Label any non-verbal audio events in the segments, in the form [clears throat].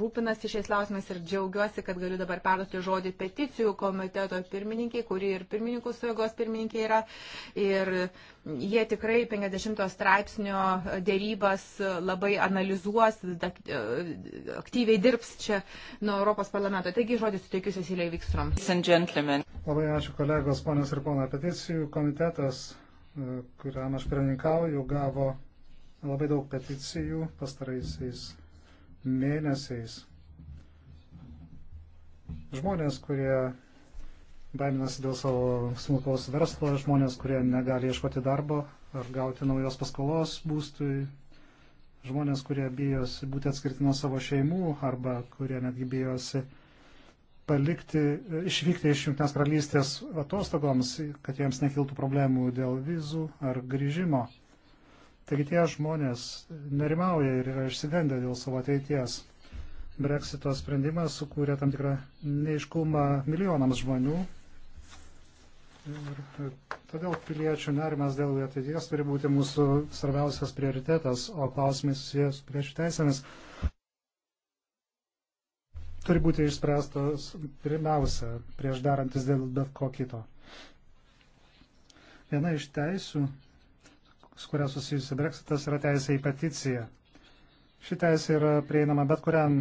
rūpinasi šiais klausimais ir džiaugiuosi, kad galiu dabar perduoti žodį peticijų komiteto pirmininkiai, kuri ir pirmininkų suėgos pirmininkė yra. Ir jie tikrai 50 straipsnio dėrybas labai analizuos, e, aktyviai dirbs čia nuo Europos parlamento. Taigi žodį suteikiu Cecilijai Vikstrom. Labai ačiū kolegos, ponios ir ponai. Peticijų komitetas, e, kuriam aš pirmininkauju, gavo labai daug peticijų pastaraisiais mėnesiais. Žmonės, kurie baiminasi dėl savo smulkaus verslo, žmonės, kurie negali ieškoti darbo ar gauti naujos paskolos būstui, žmonės, kurie bijosi būti atskirti nuo savo šeimų arba kurie netgi bijosi palikti, išvykti iš Junktinės karalystės atostogoms, kad jiems nekiltų problemų dėl vizų ar grįžimo. Taigi tie žmonės nerimauja ir yra išsigandę dėl savo ateities. Brexito sprendimas sukūrė tam tikrą neiškumą milijonams žmonių. Ir todėl piliečių nerimas dėl ateities turi būti mūsų svarbiausias prioritetas, o klausimai susijęs su piliečių teisėmis turi būti išspręstos pirmiausia, prieš darantis dėl bet ko kito. Viena iš teisių su kuria susijusi Brexitas, yra teisė į peticiją. Ši teisė yra prieinama bet kuriam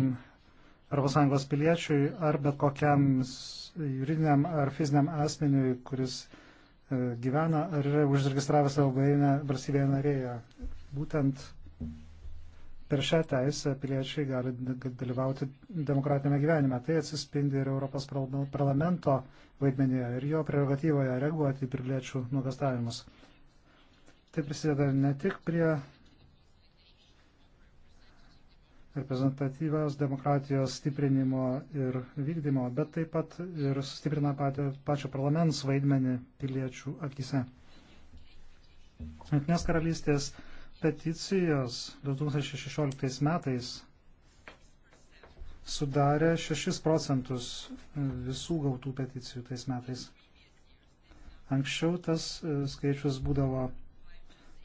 ES piliečiui ar bet kokiam juridiniam ar fiziniam asmeniui, kuris e, gyvena ar yra užregistravęs savo buveinę valstybėje narėje. Būtent per šią teisę piliečiai gali dalyvauti demokratinėme gyvenime. Tai atsispindi ir Europos parlamento vaidmenyje ir jo prerogatyvoje reaguoti į piliečių nuogastavimus. Tai prisideda ne tik prie reprezentatyvios demokratijos stiprinimo ir vykdymo, bet taip pat ir sustiprina patį, pačio parlaments vaidmenį piliečių akise. Jungtinės karalystės peticijos 2016 metais sudarė 6 procentus visų gautų peticijų tais metais. Anksčiau tas e, skaičius būdavo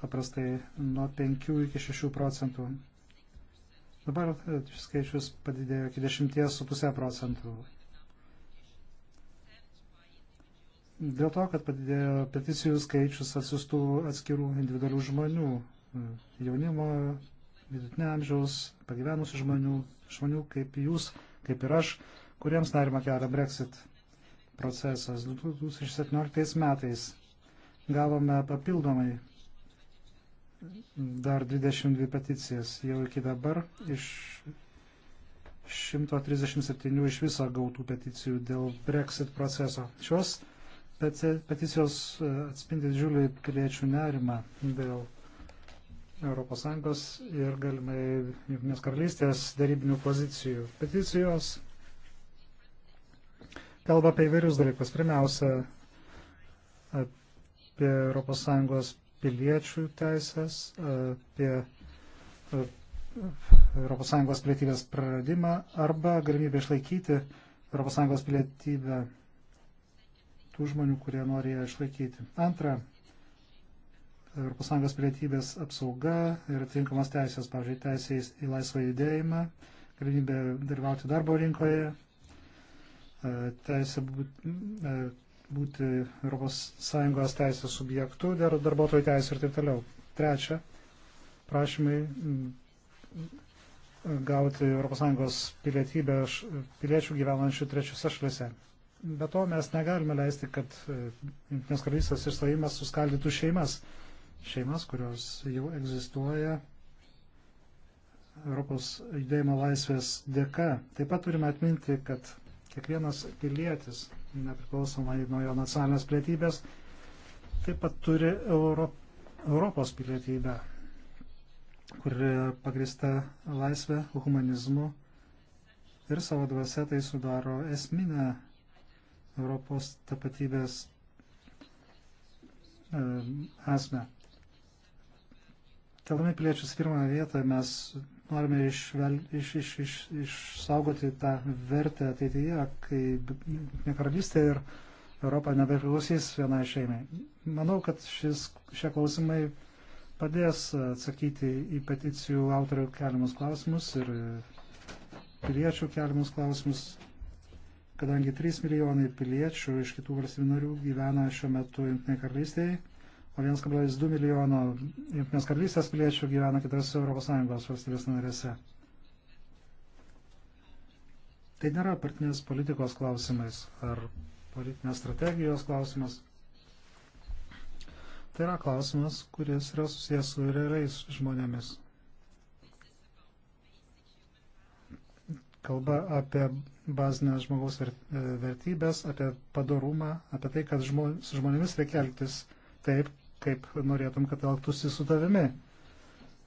paprastai nuo 5 iki 6 procentų. Dabar e, skaičius padidėjo iki 10,5 procentų. Dėl to, kad padidėjo peticijų skaičius atsistų atskirų individualių žmonių, e, jaunimo, vidutinio amžiaus, pagyvenusių žmonių, žmonių kaip jūs, kaip ir aš, kuriems nerima kelia Brexit procesas. 2017 metais gavome papildomai dar 22 peticijas jau iki dabar iš 137 iš viso gautų peticijų dėl Brexit proceso. Šios peticijos e, atspindi didžiulį piliečių nerimą dėl ES ir galimai Junktinės karalystės darybinių pozicijų. Peticijos kalba apie įvairius dalykus. Pirmiausia, apie ES piliečių teisės, apie ES pilietybės praradimą arba galimybę išlaikyti ES pilietybę tų žmonių, kurie nori ją išlaikyti. Antra, ES pilietybės apsauga ir atitinkamos teisės, pavyzdžiui, teisės į laisvą judėjimą, galimybę dalyvauti darbo rinkoje, e, teisė būti e, būti ES teisės subjektų, darbuotojų teisų ir taip toliau. Trečia, prašymai mm, gauti ES pilietybę piliečių gyvenančių trečiose šalise. Be to mes negalime leisti, kad e, Junktinės karalystės išstojimas suskaldytų šeimas. Šeimas, kurios jau egzistuoja Europos judėjimo laisvės dėka. Taip pat turime atminti, kad kiekvienas pilietis nepriklausomai nuo jo nacionalinės pilietybės, taip pat turi Euro, Europos pilietybę, kuri pagrista laisvė, humanizmu ir savo dvasia tai sudaro esminę Europos tapatybės e, esmę. Keldami piliečius į pirmą vietą mes norime išsaugoti iš, iš, iš, iš tą vertę ateityje, kai nekaralystė ir Europa nebepriklausys vienai šeimai. Manau, kad šis, šie klausimai padės atsakyti į peticijų autorių keliamus klausimus ir piliečių keliamus klausimus, kadangi 3 milijonai piliečių iš kitų valstybių narių gyvena šiuo metu Junktinėje karalystėje o 1,2 milijono Junktinės karalystės piliečių gyvena kitose ES valstybės narėse. Tai nėra partinės politikos klausimais ar politinės strategijos klausimas. Tai yra klausimas, kuris yra susijęs su realiais žmonėmis. Kalba apie bazinės žmogaus e, vertybės, apie padarumą, apie tai, kad žmo, su žmonėmis reikia elgtis taip, kaip norėtum, kad elgtųsi su tavimi.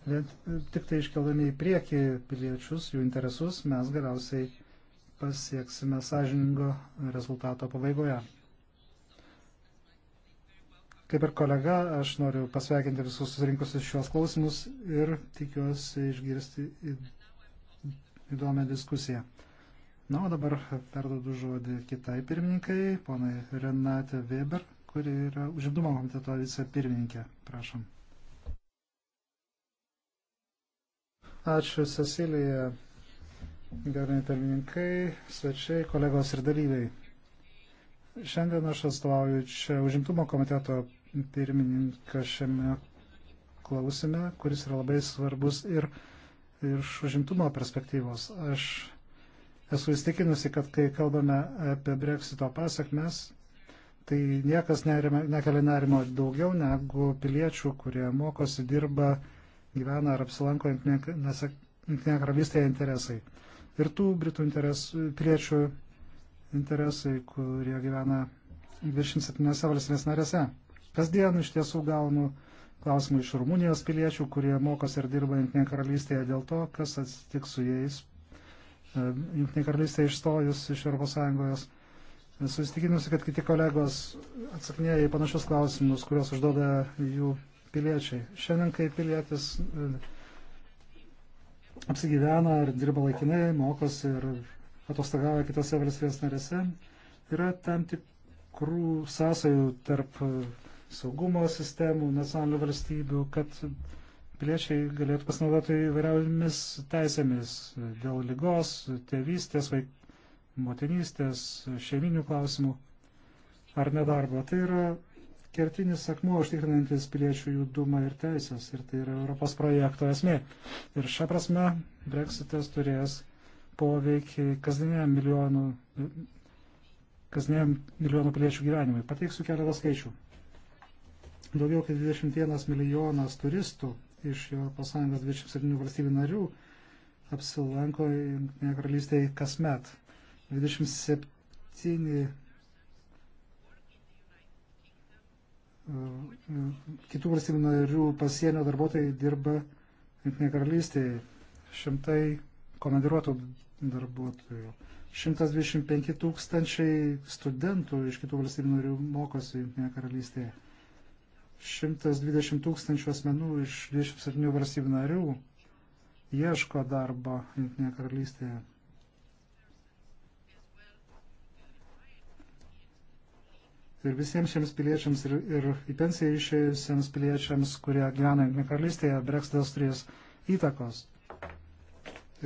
Vien tik tai iškeldami į priekį piliečius, jų interesus, mes galiausiai pasieksime sąžiningo rezultato pabaigoje. Kaip ir kolega, aš noriu pasveikinti visus susirinkusius šios klausimus ir tikiuosi išgirsti įdomią diskusiją. Na, o dabar perdodu žodį kitai pirmininkai, ponai Renate Weber kuri yra užimtumo komiteto vicepirmininkė. Prašom. Ačiū, Cecilija. Gerai, pirmininkai, svečiai, kolegos ir dalyviai. Šiandien aš atstovauju čia užimtumo komiteto pirmininką šiame klausime, kuris yra labai svarbus ir iš užimtumo perspektyvos. Aš esu įstikinusi, kad kai kalbame apie breksito pasiekmes, tai niekas nerima, nekelia nerimo daugiau negu piliečių, kurie mokosi, dirba, gyvena ar apsilanko Junktinėje karalystėje interesai. Ir tų Britų interes, piliečių interesai, kurie gyvena 27 valstybės narėse. Kasdien iš tiesų gaunu klausimų iš Rumunijos piliečių, kurie mokosi ir dirba Junktinėje karalystėje dėl to, kas atsitiks su jais e, Junktinė karalystė išstojus iš ES Esu įstikinusi, kad kiti kolegos atsakinėja į panašius klausimus, kuriuos užduoda jų piliečiai. Šiandien, kai pilietis e, apsigyvena ar dirba laikinai, mokosi ir atostogauja kitose valstybės narėse, yra tam tikrų sąsajų tarp e, saugumo sistemų, nacionalinių valstybių, kad piliečiai galėtų pasinaudoti įvairiausiamis teisėmis dėl lygos, tėvystės, vaik, motinystės, šeiminių klausimų ar nedarbo. Tai yra kertinis akmuo užtikrinantis piliečių judumą ir teisės. Ir tai yra Europos projekto esmė. Ir šią prasme Brexitas turės poveikį kasdieniam milijonų, kasdieniam milijonų piliečių gyvenimui. Pateiksiu keletą skaičių. Daugiau kaip 21 milijonas turistų iš ES 27 valstybių narių apsilanko Jungtinėje karalystėje kasmet. 27 e, e, kitų valstybių narių pasienio darbuotojai dirba Junktinėje karalystėje. Šimtai komandiruotų darbuotojų. 125 tūkstančiai studentų iš kitų valstybių narių mokosi Junktinėje karalystėje. 120 tūkstančių asmenų iš 27 valstybių narių ieško darbo Junktinėje karalystėje. ir visiems šiems piliečiams ir, ir į pensiją išėjusiems piliečiams, kurie gyvena Junktinėje karalystėje, Brexitas turės įtakos.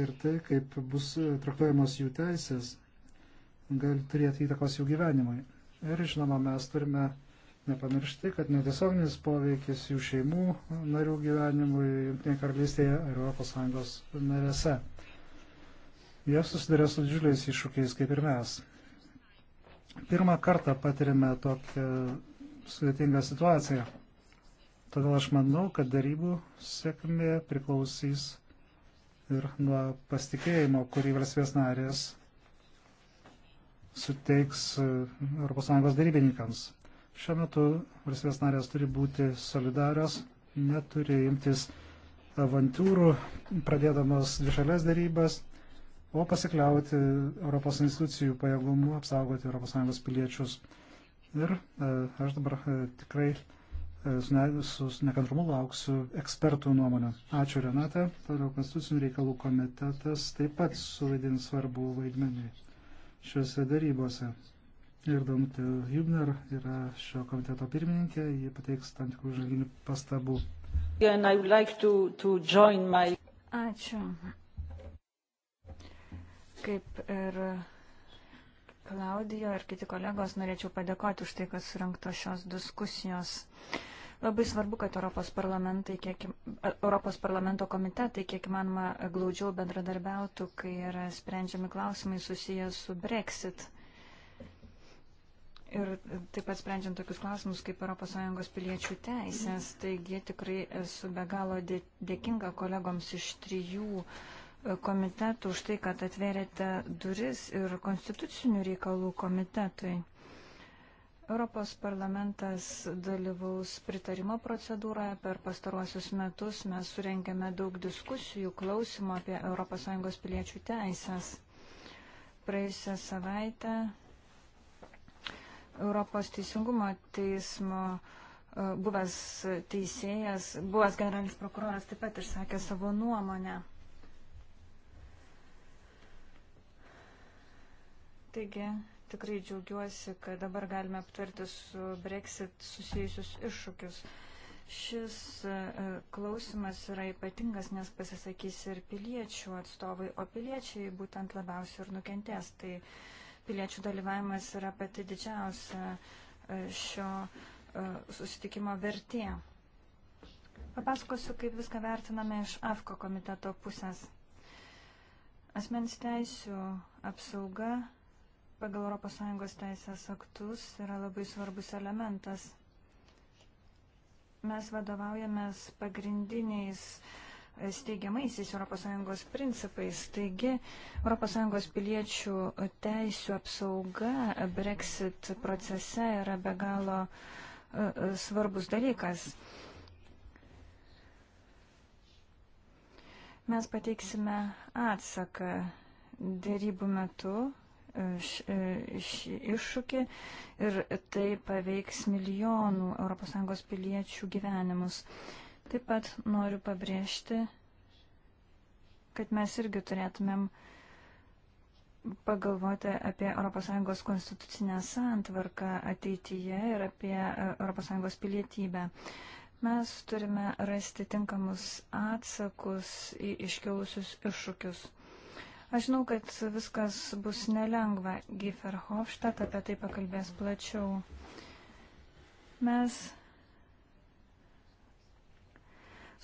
Ir tai, kaip bus e, traktuojamos jų teisės, gali turėti įtakos jų gyvenimui. Ir žinoma, mes turime nepamiršti, kad netiesioginis poveikis jų šeimų narių gyvenimui Junktinėje karalystėje ir ES narėse. Jie susiduria su didžiuliais iššūkiais kaip ir mes pirmą kartą patirime tokią sudėtingą situaciją. Todėl aš manau, kad darybų sėkmė priklausys ir nuo pasitikėjimo, kurį valstybės narės suteiks ES darybininkams. Šiuo metu valstybės narės turi būti solidarios, neturi imtis avantūrų, pradėdamas dvišalės darybas o pasikliauti Europos institucijų pajėgumu apsaugoti ES piliečius. Ir e, aš dabar e, tikrai e, su, ne, su nekantrumu lauksiu ekspertų nuomonę. Ačiū Renate. Toliau Konstitucinių reikalų komitetas taip pat suvaidins svarbų vaidmenį šiuose darybose. Ir Danutė Hübner yra šio komiteto pirmininkė, ji pateiks tam tikrų žalinių pastabų. Like to, to my... Ačiū. Kaip ir Klaudijo ir kiti kolegos, norėčiau padėkoti už tai, kad surinkto šios diskusijos. Labai svarbu, kad Europos, kiek, e, Europos parlamento komitetai kiek įmanoma glaudžiau bendradarbiautų, kai yra sprendžiami klausimai susijęs su Brexit. Ir taip pat sprendžiant tokius klausimus kaip ES piliečių teisės, taigi tikrai esu be galo dėkinga kolegoms iš trijų uh, komitetų už tai, kad atvėrėte duris ir konstitucinių reikalų komitetui. Europos parlamentas dalyvaus pritarimo procedūroje. Per pastaruosius metus mes surengėme daug diskusijų, klausimų apie ES piliečių teisės. Praėjusią savaitę Europos teisingumo teismo e, buvęs teisėjas, buvęs generalinis prokuroras taip pat išsakė savo nuomonę. Taigi tikrai džiaugiuosi, kad dabar galime aptarti su Brexit susijusius iššūkius. Šis e, klausimas yra ypatingas, nes pasisakys ir piliečių atstovai, o piliečiai būtent labiausiai ir nukentės. Tai piliečių dalyvavimas yra pati didžiausia e, šio e, susitikimo vertė. Papasakosiu, kaip viską vertiname iš AFKO komiteto pusės. Asmens teisų apsauga pagal ES teisės aktus yra labai svarbus elementas. Mes vadovaujamės pagrindiniais e, steigiamaisiais ES principais. Taigi, ES piliečių teisų apsauga Brexit procese yra be galo e, e, svarbus dalykas. Mes pateiksime atsaką dėrybų metu E, šį iššūkį ir tai paveiks milijonų ES piliečių gyvenimus. Taip pat noriu pabrėžti, kad mes irgi turėtumėm pagalvoti apie ES konstitucinę santvarką ateityje ir apie e, ES pilietybę. Mes turime rasti tinkamus atsakus į iškiausius iššūkius. Aš žinau, kad viskas bus nelengva. Gifer Hofstadt apie tai pakalbės plačiau. Mes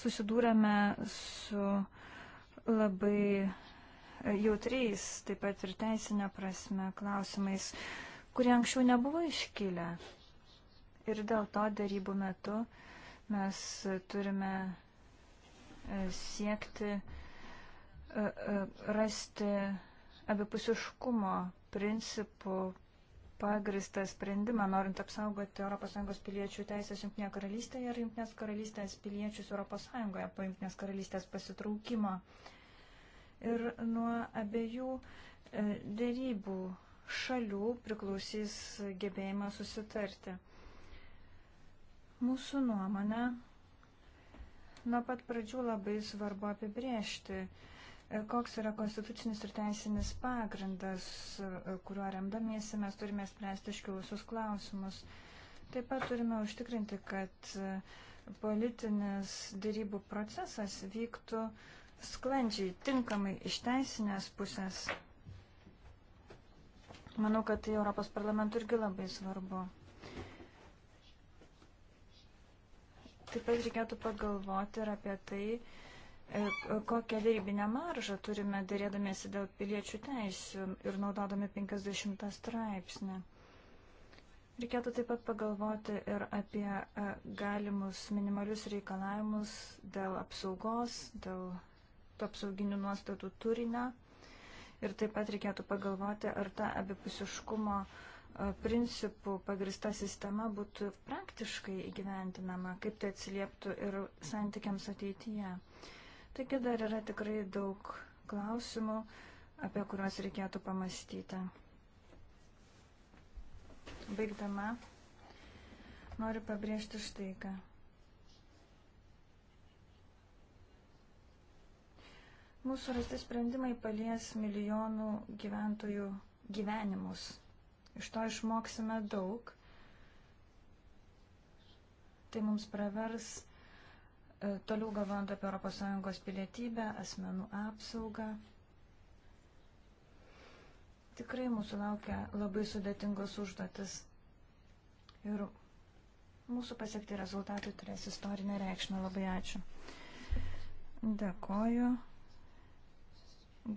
susidūrėme su labai jautriais, taip pat ir teisinė prasme, klausimais, kurie anksčiau nebuvo iškilę. Ir dėl to darybų metu mes turime e, siekti E, e, rasti abipusiškumo principų pagristą sprendimą, norint apsaugoti ES piliečių teisės Junktinėje karalystėje ir Junktinės karalystės piliečius ES po Junktinės karalystės pasitraukimo. Ir nuo abiejų e, dėrybų šalių priklausys gebėjimas susitarti. Mūsų nuomonė, nuo pat pradžių labai svarbu apibriežti, E, koks yra konstitucinis ir teisinis pagrindas, e, kuriuo remdamiesi mes turime spręsti iškilusius klausimus. Taip pat turime užtikrinti, kad e, politinis dėrybų procesas vyktų sklandžiai, tinkamai iš teisinės pusės. Manau, kad tai Europos parlamentui irgi labai svarbu. Taip pat reikėtų pagalvoti ir apie tai, E, kokią darybinę maržą turime darėdamėsi dėl piliečių teisių ir naudodami 50 straipsnį. Reikėtų taip pat pagalvoti ir apie e, galimus minimalius reikalavimus dėl apsaugos, dėl apsauginių nuostatų turinio. Ir taip pat reikėtų pagalvoti, ar ta abipusiškumo e, principų pagrista sistema būtų praktiškai įgyventinama, kaip tai atsilieptų ir santykiams ateityje. Taigi dar yra tikrai daug klausimų, apie kuriuos reikėtų pamastyti. Baigdama, noriu pabrėžti štai ką. Mūsų rasti sprendimai palies milijonų gyventojų gyvenimus. Iš to išmoksime daug. Tai mums pravers E, toliau galvojant apie ES pilietybę, asmenų apsaugą, tikrai mūsų laukia labai sudėtingos užduotis. Ir mūsų pasiekti rezultatai turės istorinę reikšmę. Labai ačiū. Dėkoju.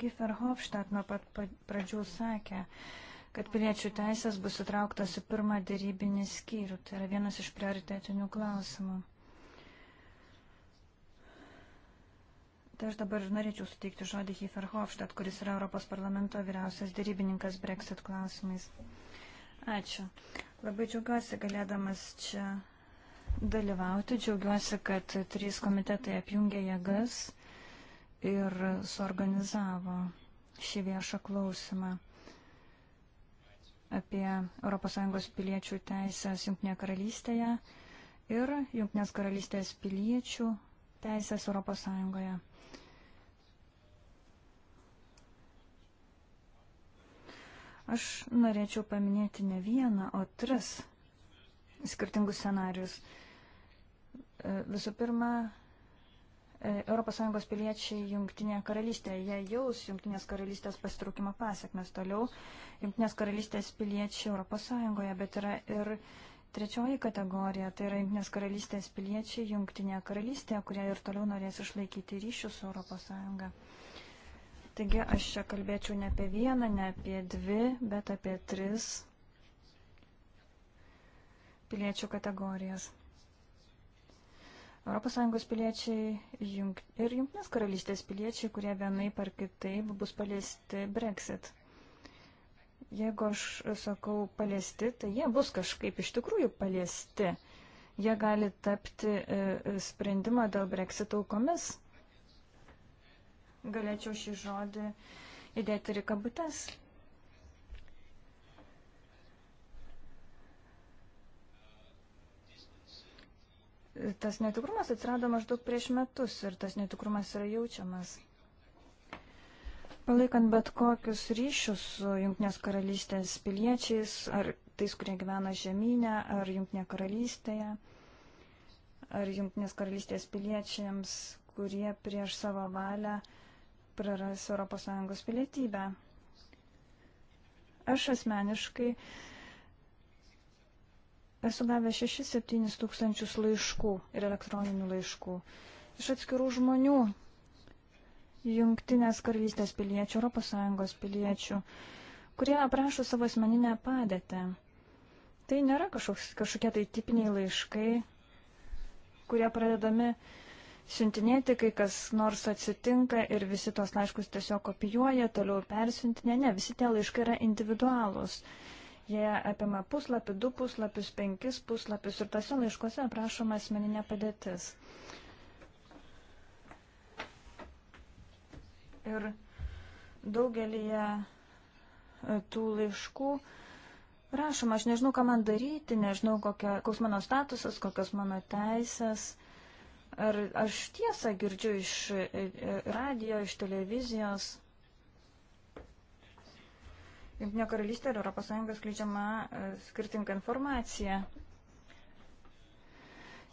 Gifer Hofstadt nuo pat pradžių sakė, kad piliečių teisės bus įtrauktos į pirmą dėrybinį skyrių. Tai yra vienas iš prioritetinių klausimų. Tai aš dabar norėčiau suteikti žodį Heifer Hofstadt, kuris yra Europos parlamento vyriausias dėrybininkas Brexit klausimais. Ačiū. Labai džiaugiuosi galėdamas čia dalyvauti. Džiaugiuosi, kad trys komitetai apjungė jėgas ir suorganizavo šį viešą klausimą apie ES piliečių teisės Junktinėje karalystėje ir Junktinės karalystės piliečių teisės ES. Aš norėčiau paminėti ne vieną, o tris skirtingus scenarius. E, visų pirma, ES piliečiai Junktinėje karalystėje, jie jaus Junktinės karalystės pasitraukimo pasiekmes toliau, Junktinės karalystės piliečiai ES, bet yra ir trečioji kategorija, tai yra Junktinės karalystės piliečiai Junktinėje karalystėje, kurie ir toliau norės išlaikyti ryšius su ES. Taigi aš čia kalbėčiau ne apie vieną, ne apie dvi, bet apie tris piliečių kategorijas. ES piliečiai jung... ir Junktinės karalystės piliečiai, kurie vienaip ar kitaip bus paliesti Brexit. Jeigu aš sakau paliesti, tai jie bus kažkaip iš tikrųjų paliesti. Jie gali tapti e, e, sprendimo dėl Brexit aukomis galėčiau šį žodį įdėti ir į kabutes. Tas netikrumas atsirado maždaug prieš metus ir tas netikrumas yra jaučiamas. Palaikant bet kokius ryšius su Junktinės karalystės piliečiais, ar tais, kurie gyvena žemynę, ar Junktinė karalystėje, ar Junktinės karalystės piliečiams, kurie prieš savo valią uh, praras ES pilietybę. Aš asmeniškai esu gavęs 6-7 tūkstančius laiškų ir elektroninių laiškų iš atskirų žmonių, jungtinės karalystės piliečių, ES piliečių, kurie aprašo savo asmeninę padėtę. Tai nėra kažkoks, kažkokie tai tipiniai laiškai, kurie pradedami uh, siuntinėti, kai kas nors atsitinka ir visi tos laiškus tiesiog kopijuoja, toliau persiuntinė. Ne, visi tie laiškai yra individualūs. Jie apima puslapį, du puslapius, penkis puslapius ir tose laiškose aprašoma asmeninė padėtis. Ir daugelį e, tų laiškų rašoma, aš nežinau, ką man daryti, nežinau, kokia, koks mano statusas, kokios mano teisės. Ar aš tiesą girdžiu iš e, e, radijo, iš televizijos? Junktinė karalystė ir ES skleidžiama e, skirtinga informacija.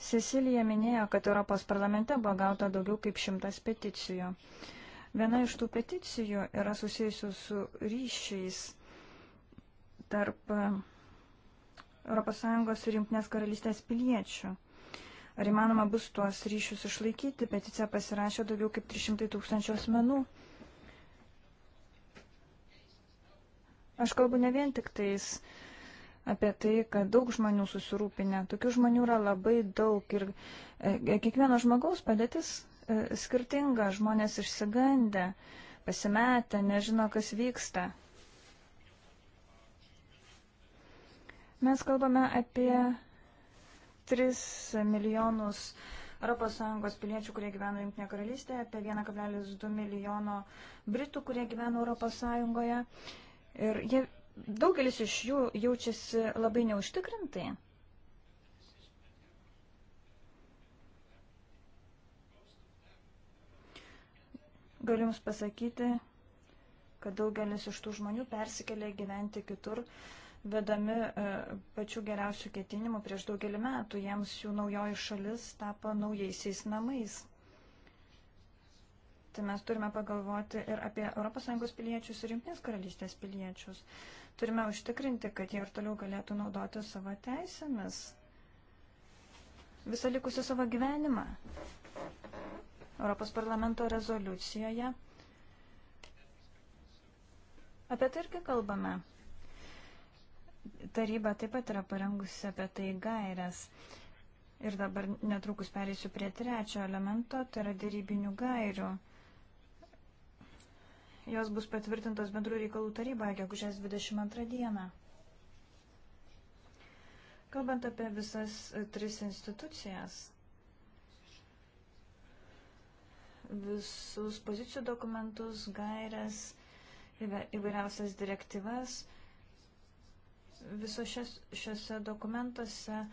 Cecilija minėjo, kad Europos parlamente buvo gauta daugiau kaip šimtas peticijų. Viena iš tų peticijų yra susijusių su ryšiais tarp ES ir Junktinės karalystės piliečių. Ar įmanoma bus tuos ryšius išlaikyti? Peticiją pasirašė daugiau kaip 300 tūkstančių asmenų. Aš kalbu ne vien tik tais apie tai, kad daug žmonių susirūpinę. Tokių žmonių yra labai daug ir e, e, kiekvieno žmogaus padėtis e, skirtinga. Žmonės išsigandę, pasimetę, nežino, kas vyksta. Mes kalbame apie 3 milijonus ES piliečių, kurie gyvena Junktinė karalystė, apie 1,2 milijono Britų, kurie gyvena ES. Ir jie, daugelis iš jų jaučiasi labai neužtikrintai. Galiu Jums pasakyti, kad daugelis iš tų žmonių persikelia gyventi kitur. Uh, vedami e, pačių geriausių ketinimų prieš daugelį metų. Jiems jų naujoji šalis tapo naujaisiais namais. Tai mes turime pagalvoti ir apie ES piliečius ir Junktinės karalystės piliečius. Turime užtikrinti, kad jie ir toliau galėtų naudoti savo teisėmis visą likusią savo gyvenimą. Europos parlamento rezoliucijoje apie tai irgi kalbame. Taryba taip pat yra parengusi apie tai gairias. Ir dabar netrukus perėsiu prie trečio elemento, tai yra dėrybinių gairių. Jos bus patvirtintos bendrų reikalų taryboje gegužės 22 dieną. Kalbant apie visas e, tris institucijas, visus pozicijų dokumentus, gairias, įvairiausias direktyvas, viso šios, šiose dokumentuose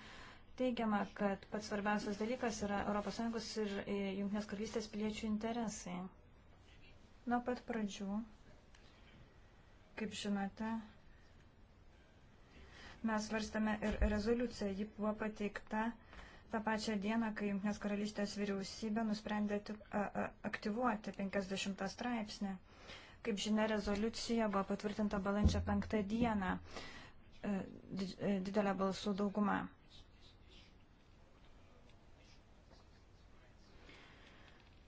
teigiama, kad pats svarbiausias dalykas yra ES ir e, Junktinės karalystės piliečių interesai. Nuo pat pradžių, kaip žinote, mes varstame ir rezoliuciją. Ji buvo pateikta tą pačią dieną, kai Junktinės karalystės vyriausybė nusprendė aktyvuoti 50 straipsnį. Kaip žinia, rezoliucija buvo patvirtinta balandžio 5 dieną. E, e, didelę balsų daugumą.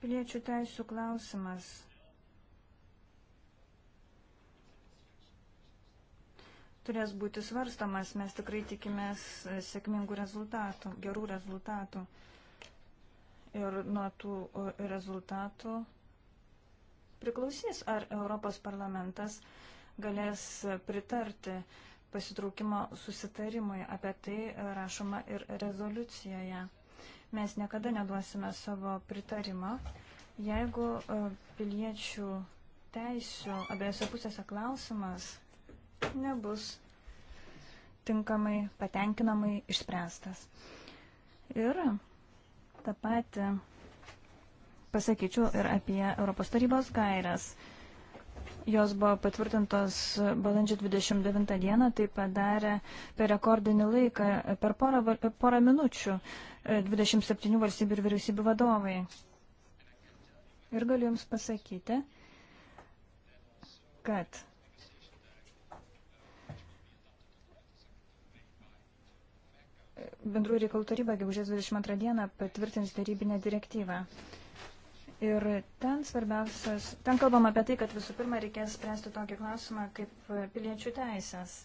Piliečių teisų klausimas. Turės būti svarstamas, mes tikrai tikimės sėkmingų rezultatų, gerų rezultatų. Ir nuo tų e, rezultatų priklausys, ar Europos parlamentas galės pritarti uh, pasitraukimo susitarimui. Apie tai rašoma ir rezoliucijoje. Mes niekada neduosime savo pritarimo, jeigu e, piliečių teisių abiejose pusėse klausimas nebus tinkamai, patenkinamai išspręstas. Ir tą patį pasakyčiau ir apie Europos tarybos gairias. Jos buvo patvirtintos balandžio 29 dieną, tai padarė per rekordinį laiką, per porą, porą minučių 27 e, valstybių ir vyriausybių vadovai. Ir galiu Jums pasakyti, kad bendrų reikalų taryba gegužės 22 dieną patvirtins darybinę direktyvą. Ir ten svarbiausias, ten kalbam apie tai, kad visų pirma reikės spręsti tokį klausimą kaip piliečių teisės.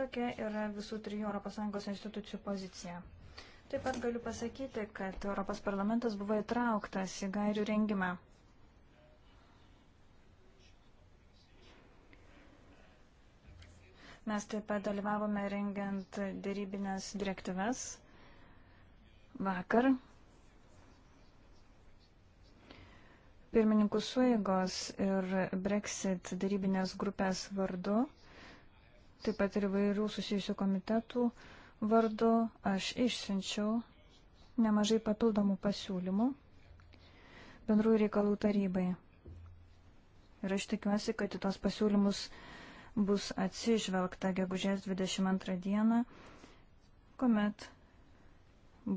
Tokia yra visų trijų ES institucijų pozicija. Taip pat galiu pasakyti, kad Europos parlamentas buvo įtrauktas į gairių rengimą. Mes taip pat dalyvavome rengiant dėrybinės direktyves vakar pirmininkų suėgos ir Brexit darybinės grupės vardu, taip pat ir vairių susijusių komitetų vardu, aš išsiunčiau nemažai papildomų pasiūlymų bendrųjų reikalų tarybai. Ir aš tikiuosi, kad į tos pasiūlymus bus atsižvelgta gegužės 22 dieną, kuomet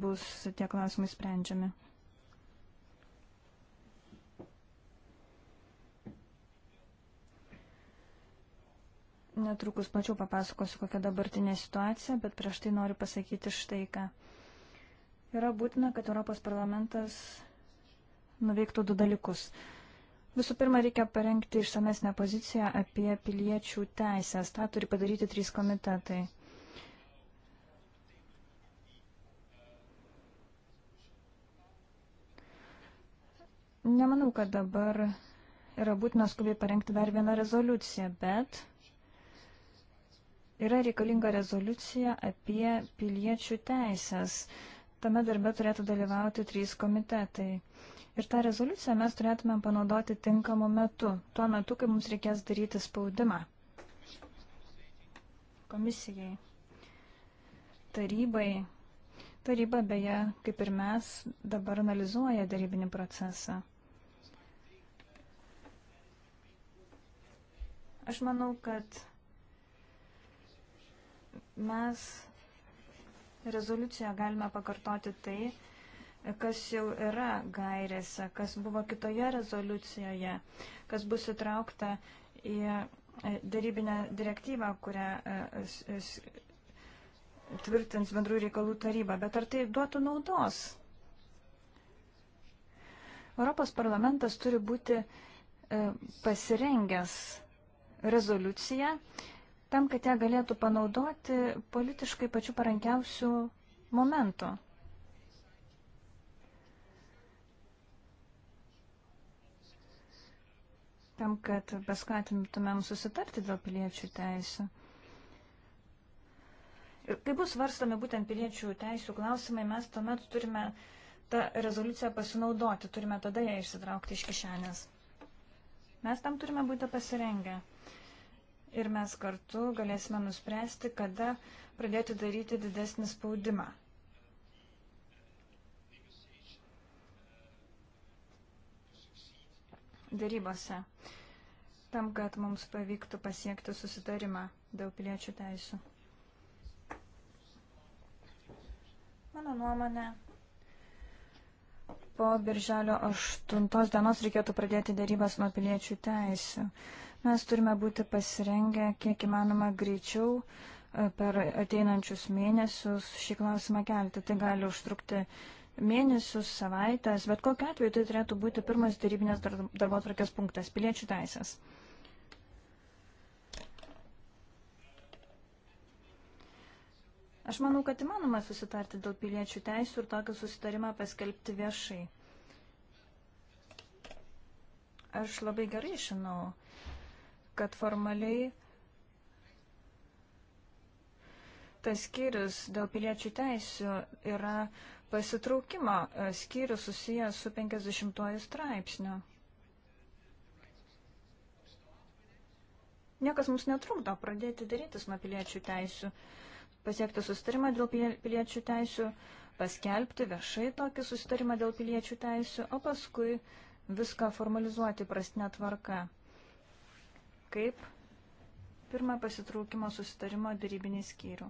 bus tie klausimai sprendžiami. Netrukus plačiau papasakosiu, kokia dabartinė situacija, bet prieš tai noriu pasakyti štai ką. Yra būtina, kad Europos parlamentas nuveiktų du dalykus. Visų pirma, reikia parengti išsamesnę poziciją apie piliečių teisės. Ta turi padaryti trys komitetai. Nemanau, kad dabar yra būtina skubiai parengti dar vieną rezoliuciją, bet Yra reikalinga rezoliucija apie piliečių teisės. Tame darbe turėtų dalyvauti trys komitetai. Ir tą rezoliuciją mes turėtumėm panaudoti tinkamu metu, tuo metu, kai mums reikės daryti spaudimą komisijai, tarybai. Taryba beje, kaip ir mes, dabar analizuoja darybinį procesą. Aš manau, kad Mes rezoliucijoje galime pakartoti tai, kas jau yra gairėse, kas buvo kitoje rezoliucijoje, kas bus įtraukta į e, darybinę direktyvą, kurią e, tvirtins bendrų reikalų taryba. Bet ar tai duotų naudos? Europos parlamentas turi būti e, pasirengęs rezoliuciją tam, kad ją galėtų panaudoti politiškai pačiu parankiausių momentų. Tam, kad paskatintumėm susitarti dėl piliečių teisų. Ir kai bus svarstami būtent piliečių teisų klausimai, mes tuomet turime tą rezoliuciją pasinaudoti, turime tada ją išsitraukti iš kišenės. Mes tam turime būti pasirengę ir mes kartu galėsime nuspręsti, kada pradėti daryti didesnį spaudimą. Darybose, tam, kad mums pavyktų pasiekti susitarimą dėl piliečių teisų. Mano nuomonė, po birželio 8 dienos reikėtų pradėti darybas nuo piliečių teisų. Mes turime būti pasirengę kiek įmanoma greičiau e, per ateinančius mėnesius šį klausimą kelti. Tai gali užtrukti mėnesius, savaitės, bet kokiu atveju tai turėtų būti pirmas darybinės darbo atvarkės punktas - piliečių teisės. Aš manau, kad įmanoma susitarti dėl piliečių teisų ir tokį susitarimą paskelbti viešai. Aš labai gerai žinau, kad formaliai tas skyrius dėl piliečių teisių yra pasitraukimo e, skyrius susijęs su 50 straipsniu. Niekas mums netrukdo pradėti darytis nuo piliečių teisių, pasiekti sustarimą dėl piliečių teisių, paskelbti viešai tokį sustarimą dėl piliečių teisių, o paskui viską formalizuoti prastinę tvarką kaip pirmą pasitraukimo susitarimo darybinį skyrių.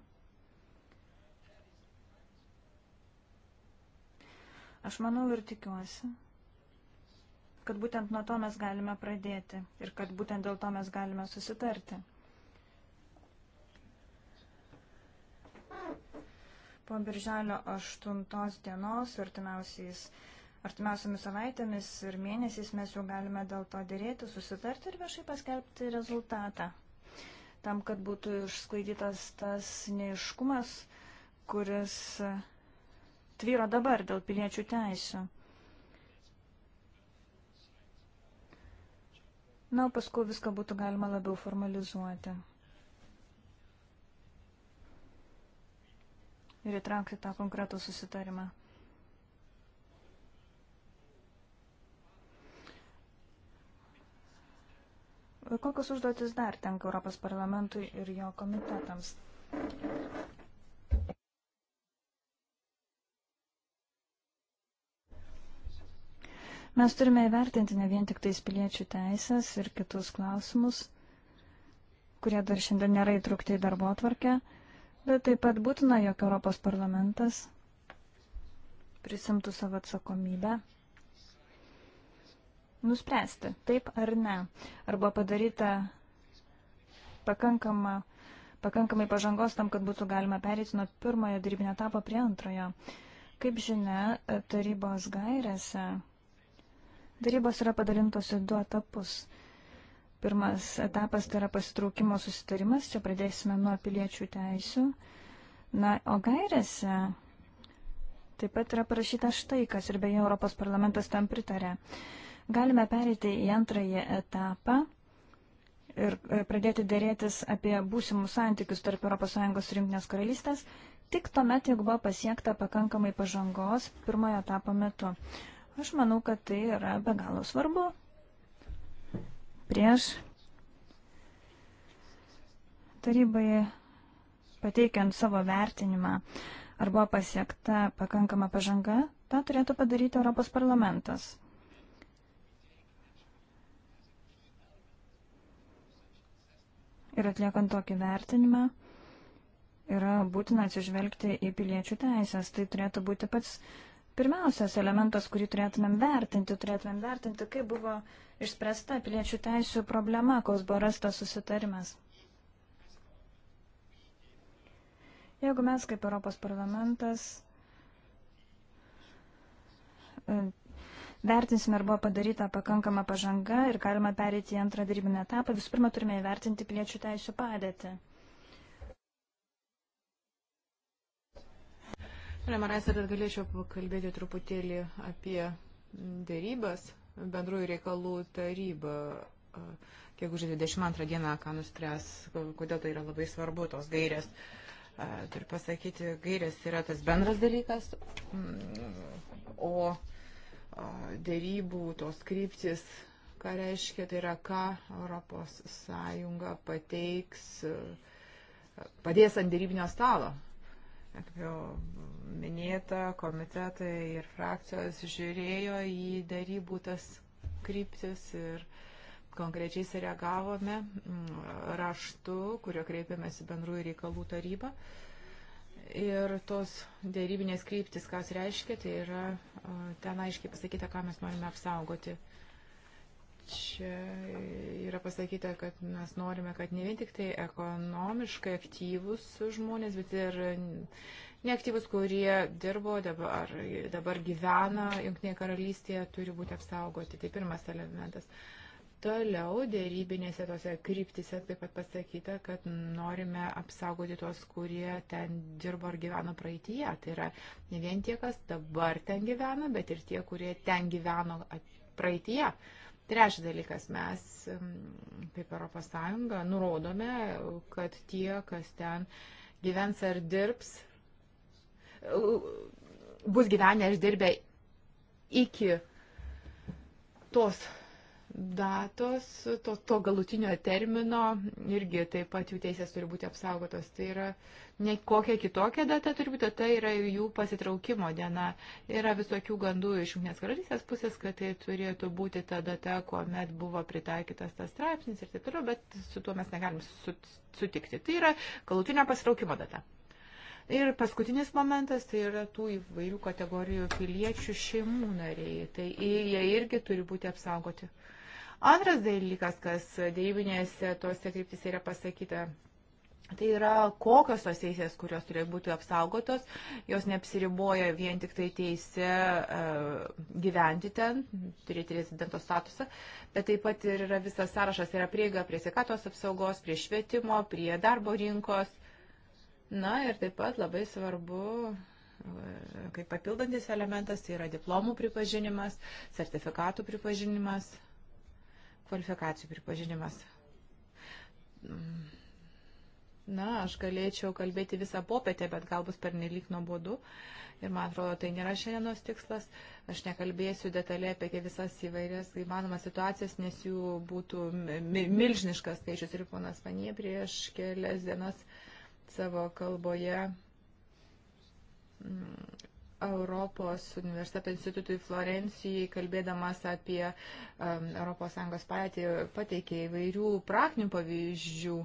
Aš manau ir tikiuosi, kad būtent nuo to mes galime pradėti ir kad būtent dėl to mes galime susitarti. Po birželio 8 dienos artimiausiais artimiausiamis savaitėmis ir mėnesiais mes jau galime dėl to dėrėti, susitarti ir viešai paskelbti rezultatą. Tam, kad būtų išsklaidytas tas neiškumas, kuris e, tvyro dabar dėl piliečių teisų. Na, o paskui viską būtų galima labiau formalizuoti. Ir įtraukti tą konkretų susitarimą. Kokios užduotis dar tenka Europos parlamentui ir jo komitetams? Mes turime įvertinti ne vien tik tais piliečių teisės ir kitus klausimus, kurie dar šiandien nėra įtrukti į darbo atvarkę, bet taip pat būtina, jog Europos parlamentas prisimtų savo atsakomybę nuspręsti, taip ar ne. Arba padaryta pakankama, pakankamai pažangos tam, kad būtų galima perėti nuo pirmojo dirbinio etapo prie antrojo. Kaip žinia, tarybos gairėse darybos yra padalintos į du etapus. Pirmas etapas tai yra pasitraukimo susitarimas, čia pradėsime nuo piliečių teisių. Na, o gairėse taip pat yra parašyta štai kas ir beje Europos parlamentas tam pritarė. Galime perėti į antrąjį etapą ir e, pradėti dėrėtis apie būsimus santykius tarp ES ir Junktinės karalystės tik tuomet, jeigu buvo pasiekta pakankamai pažangos pirmojo etapo metu. Aš manau, kad tai yra be galo svarbu. Prieš tarybai pateikiant savo vertinimą, ar buvo pasiekta pakankama pažanga, tą turėtų padaryti Europos parlamentas. ir atliekant tokį vertinimą yra būtina atsižvelgti į piliečių teisės. Tai turėtų būti pats pirmiausias elementas, kurį turėtumėm vertinti. Turėtumėm vertinti, kaip buvo išspręsta piliečių teisų problema, koks buvo rastas susitarimas. Jeigu mes kaip Europos parlamentas e, vertinsime, ar buvo padaryta pakankama pažanga ir galima perėti į antrą darybinę etapą. Visų pirma, turime įvertinti piliečių teisų padėtį. Pane Marais, ar galėčiau pakalbėti truputėlį apie dėrybas bendrųjų reikalų tarybą kiek už 22 dieną, ką nuspręs, kodėl tai yra labai svarbu, tos gairės. Turiu pasakyti, gairės yra tas bendras dalykas, mm, o dėrybų, tos kryptis, ką reiškia, tai yra ką ES pateiks, padės ant dėrybinio stalo. Kaip jau minėta, komitetai ir frakcijos žiūrėjo į dėrybų tas kryptis ir konkrečiai sureagavome mm, raštu, kurio kreipėmės į bendrųjų reikalų tarybą. Uh, Ir tos dėrybinės kryptis, kas reiškia, tai yra ten aiškiai pasakyta, ką mes norime apsaugoti. Čia yra pasakyta, kad mes norime, kad ne vien tik tai ekonomiškai aktyvus žmonės, bet ir neaktyvus, kurie dirbo dabar, dabar gyvena Junktinėje karalystėje, turi būti apsaugoti. Tai pirmas elementas. Uh, Toliau dėrybinėse tose kryptise taip pat pasakyta, kad norime apsaugoti tuos, kurie ten dirbo ar gyveno praeitie. Tai yra ne vien tie, kas dabar ten gyvena, bet ir tie, kurie ten gyveno praeitie. Trečias dalykas, mes kaip ES nurodome, kad tie, kas ten gyvens ar dirbs, bus gyvenę ir dirbę iki tos datos, to, to galutinio termino, irgi taip pat jų teisės turi būti apsaugotos. Tai yra ne kokia kitokia data turi būti, tai yra jų pasitraukimo diena. Yra visokių gandų iš Junktinės karalystės pusės, kad tai turėtų būti ta data, kuomet buvo pritaikytas tas straipsnis ir taip toliau, bet su tuo mes negalim sutikti. Tai yra galutinio pasitraukimo data. Ir paskutinis momentas tai yra tų įvairių kategorijų piliečių šeimų nariai. Tai jie irgi turi būti apsaugoti. Antras dalykas, kas dėrybinėse tose kryptise yra pasakyta, Tai yra kokios tos teisės, kurios turėtų būti apsaugotos, jos neapsiriboja vien tik tai teisė e, gyventi ten, turėti rezidento statusą, bet taip pat ir yra visas sąrašas, tai yra prieiga prie sveikatos apsaugos, prie švietimo, prie darbo rinkos. Na ir taip pat labai svarbu, e, kaip papildantis elementas, tai yra diplomų pripažinimas, sertifikatų pripažinimas, kvalifikacijų pripažinimas. Na, aš galėčiau kalbėti visą popietę, bet gal bus pernelyg nuobodu. Ir man atrodo, tai nėra šiandienos tikslas. Aš nekalbėsiu detaliai apie visas įvairias įmanomas situacijas, nes jų būtų milžiniškas skaičius. Ir ponas Panie prieš kelias dienas savo kalboje mm, Europos universiteto institutui Florencijai, kalbėdamas apie um, ES patį, pateikė įvairių praktinių pavyzdžių.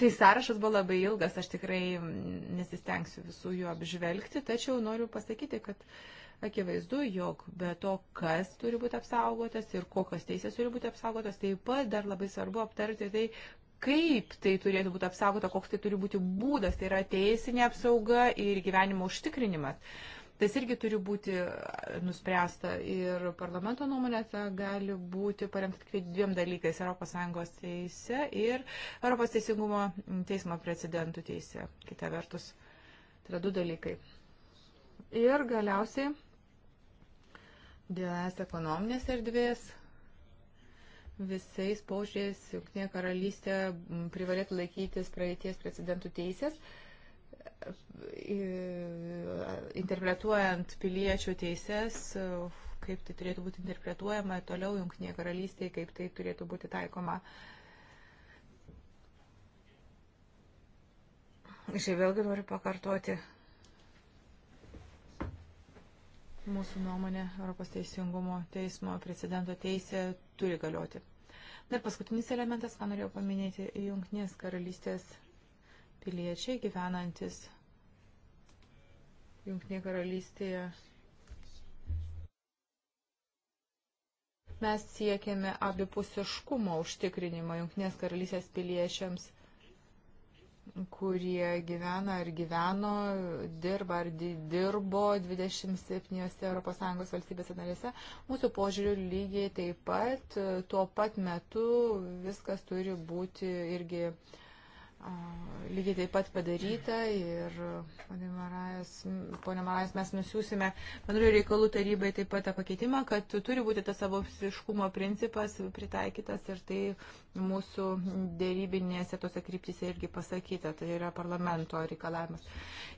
Tai sąrašas buvo labai ilgas, aš tikrai mm, nesistengsiu visų jų apžvelgti, tačiau noriu pasakyti, kad akivaizdu, jog be to, kas turi būti apsaugotas ir kokios teisės turi būti apsaugotas, taip pat dar labai svarbu aptarti tai, kaip tai turėtų būti apsaugota, koks tai turi būti būdas, tai yra teisinė apsauga ir gyvenimo užtikrinimas. Tas irgi turi būti nuspręsta ir parlamento nuomonė gali būti paremta tik dviem dalykais - ES teise ir ES teisingumo teismo precedentų teise. Kita vertus, tai yra du dalykai. Ir galiausiai dėl es ekonominės erdvės visais paužiais Junktinė karalystė privalėtų laikytis praeities precedentų teisės. Uh, interpretuojant piliečių teises, kaip tai turėtų būti interpretuojama toliau Junktinėje karalystėje, kaip tai turėtų būti taikoma. Šiaip vėlgi noriu pakartoti mūsų nuomonė Europos Teisingumo teismo precedento teisė turi galioti. Na ir paskutinis elementas, ką norėjau paminėti, Junktinės karalystės piliečiai gyvenantis Junktinėje karalystėje. Mes siekiame abipusiškumo užtikrinimo Junktinės karalystės piliečiams kurie gyvena ar gyveno, dirba ar dirbo 27 ES valstybėse narėse. Mūsų požiūrių lygiai taip pat, tuo pat metu viskas turi būti irgi lygiai taip pat padaryta ir ponė Marajas mes nusiūsime bendrųjų reikalų tarybai taip pat tą pakeitimą, kad turi būti tas savofiškumo principas pritaikytas ir tai mūsų dėrybinėse tose kryptise irgi pasakyta, tai yra parlamento reikalavimas.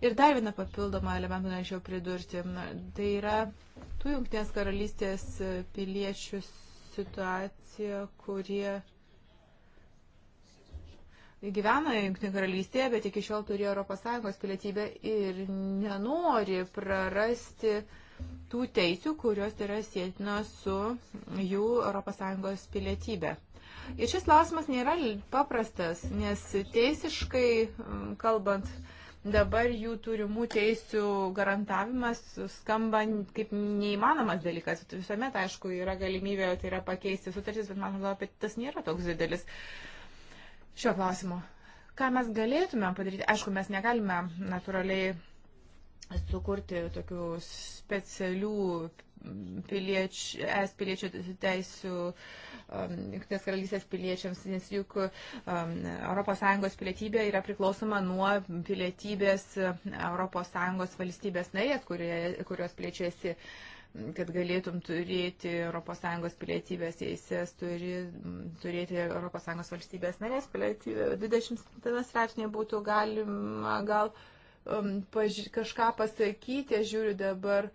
Ir dar vieną papildomą elementą norėčiau pridurti, tai yra tų jungtinės karalystės piliečių situacija, kurie gyvena Junktinė karalystėje, bet iki šiol turi ES pilietybę ir nenori prarasti tų teisių, kurios yra sėtinos su jų ES pilietybė. Ir šis klausimas nėra paprastas, nes teisiškai kalbant, dabar jų turimų teisių garantavimas skamba kaip neįmanomas dalykas. Visuomet, aišku, yra galimybė, tai yra pakeisti sutartis, bet man atrodo, kad tas nėra toks didelis šio klausimo. Ką mes galėtume padaryti? Aišku, mes negalime natūraliai sukurti tokių specialių piliečių, es piliečių teisų, um, Junktinės karalystės piliečiams, nes juk um, ES pilietybė yra priklausoma nuo pilietybės ES valstybės narės, kurie, kurios piliečiai esi. Uh, kad galėtum turėti ES pilietybės teises, turi turėti ES valstybės narės pilietybę. 20 straipsnė būtų galima gal um, paž, kažką pasakyti, aš žiūriu dabar,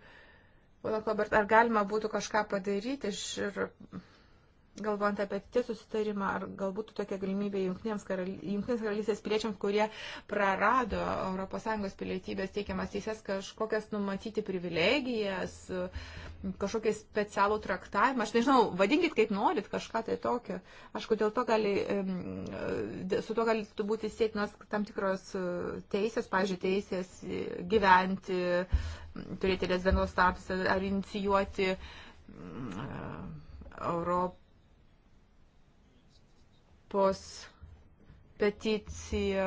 Pana Klobert, ar galima būtų kažką padaryti, aš ir galvojant apie tie susitarimą, ar galbūt tokia galimybė jungtinės karalystės piliečiams, kurie prarado ES pilietybės teikiamas teises, kažkokias numatyti privilegijas, kažkokį specialų traktavimą. Aš nežinau, vadinkit kaip norit kažką tai tokio. Aišku, dėl to gali, su to gali būti sėtinos tam tikros e, teisės, pažiūrėjau, teisės gyventi, turėti rezidento statusą ar inicijuoti e, Europą Europos peticiją,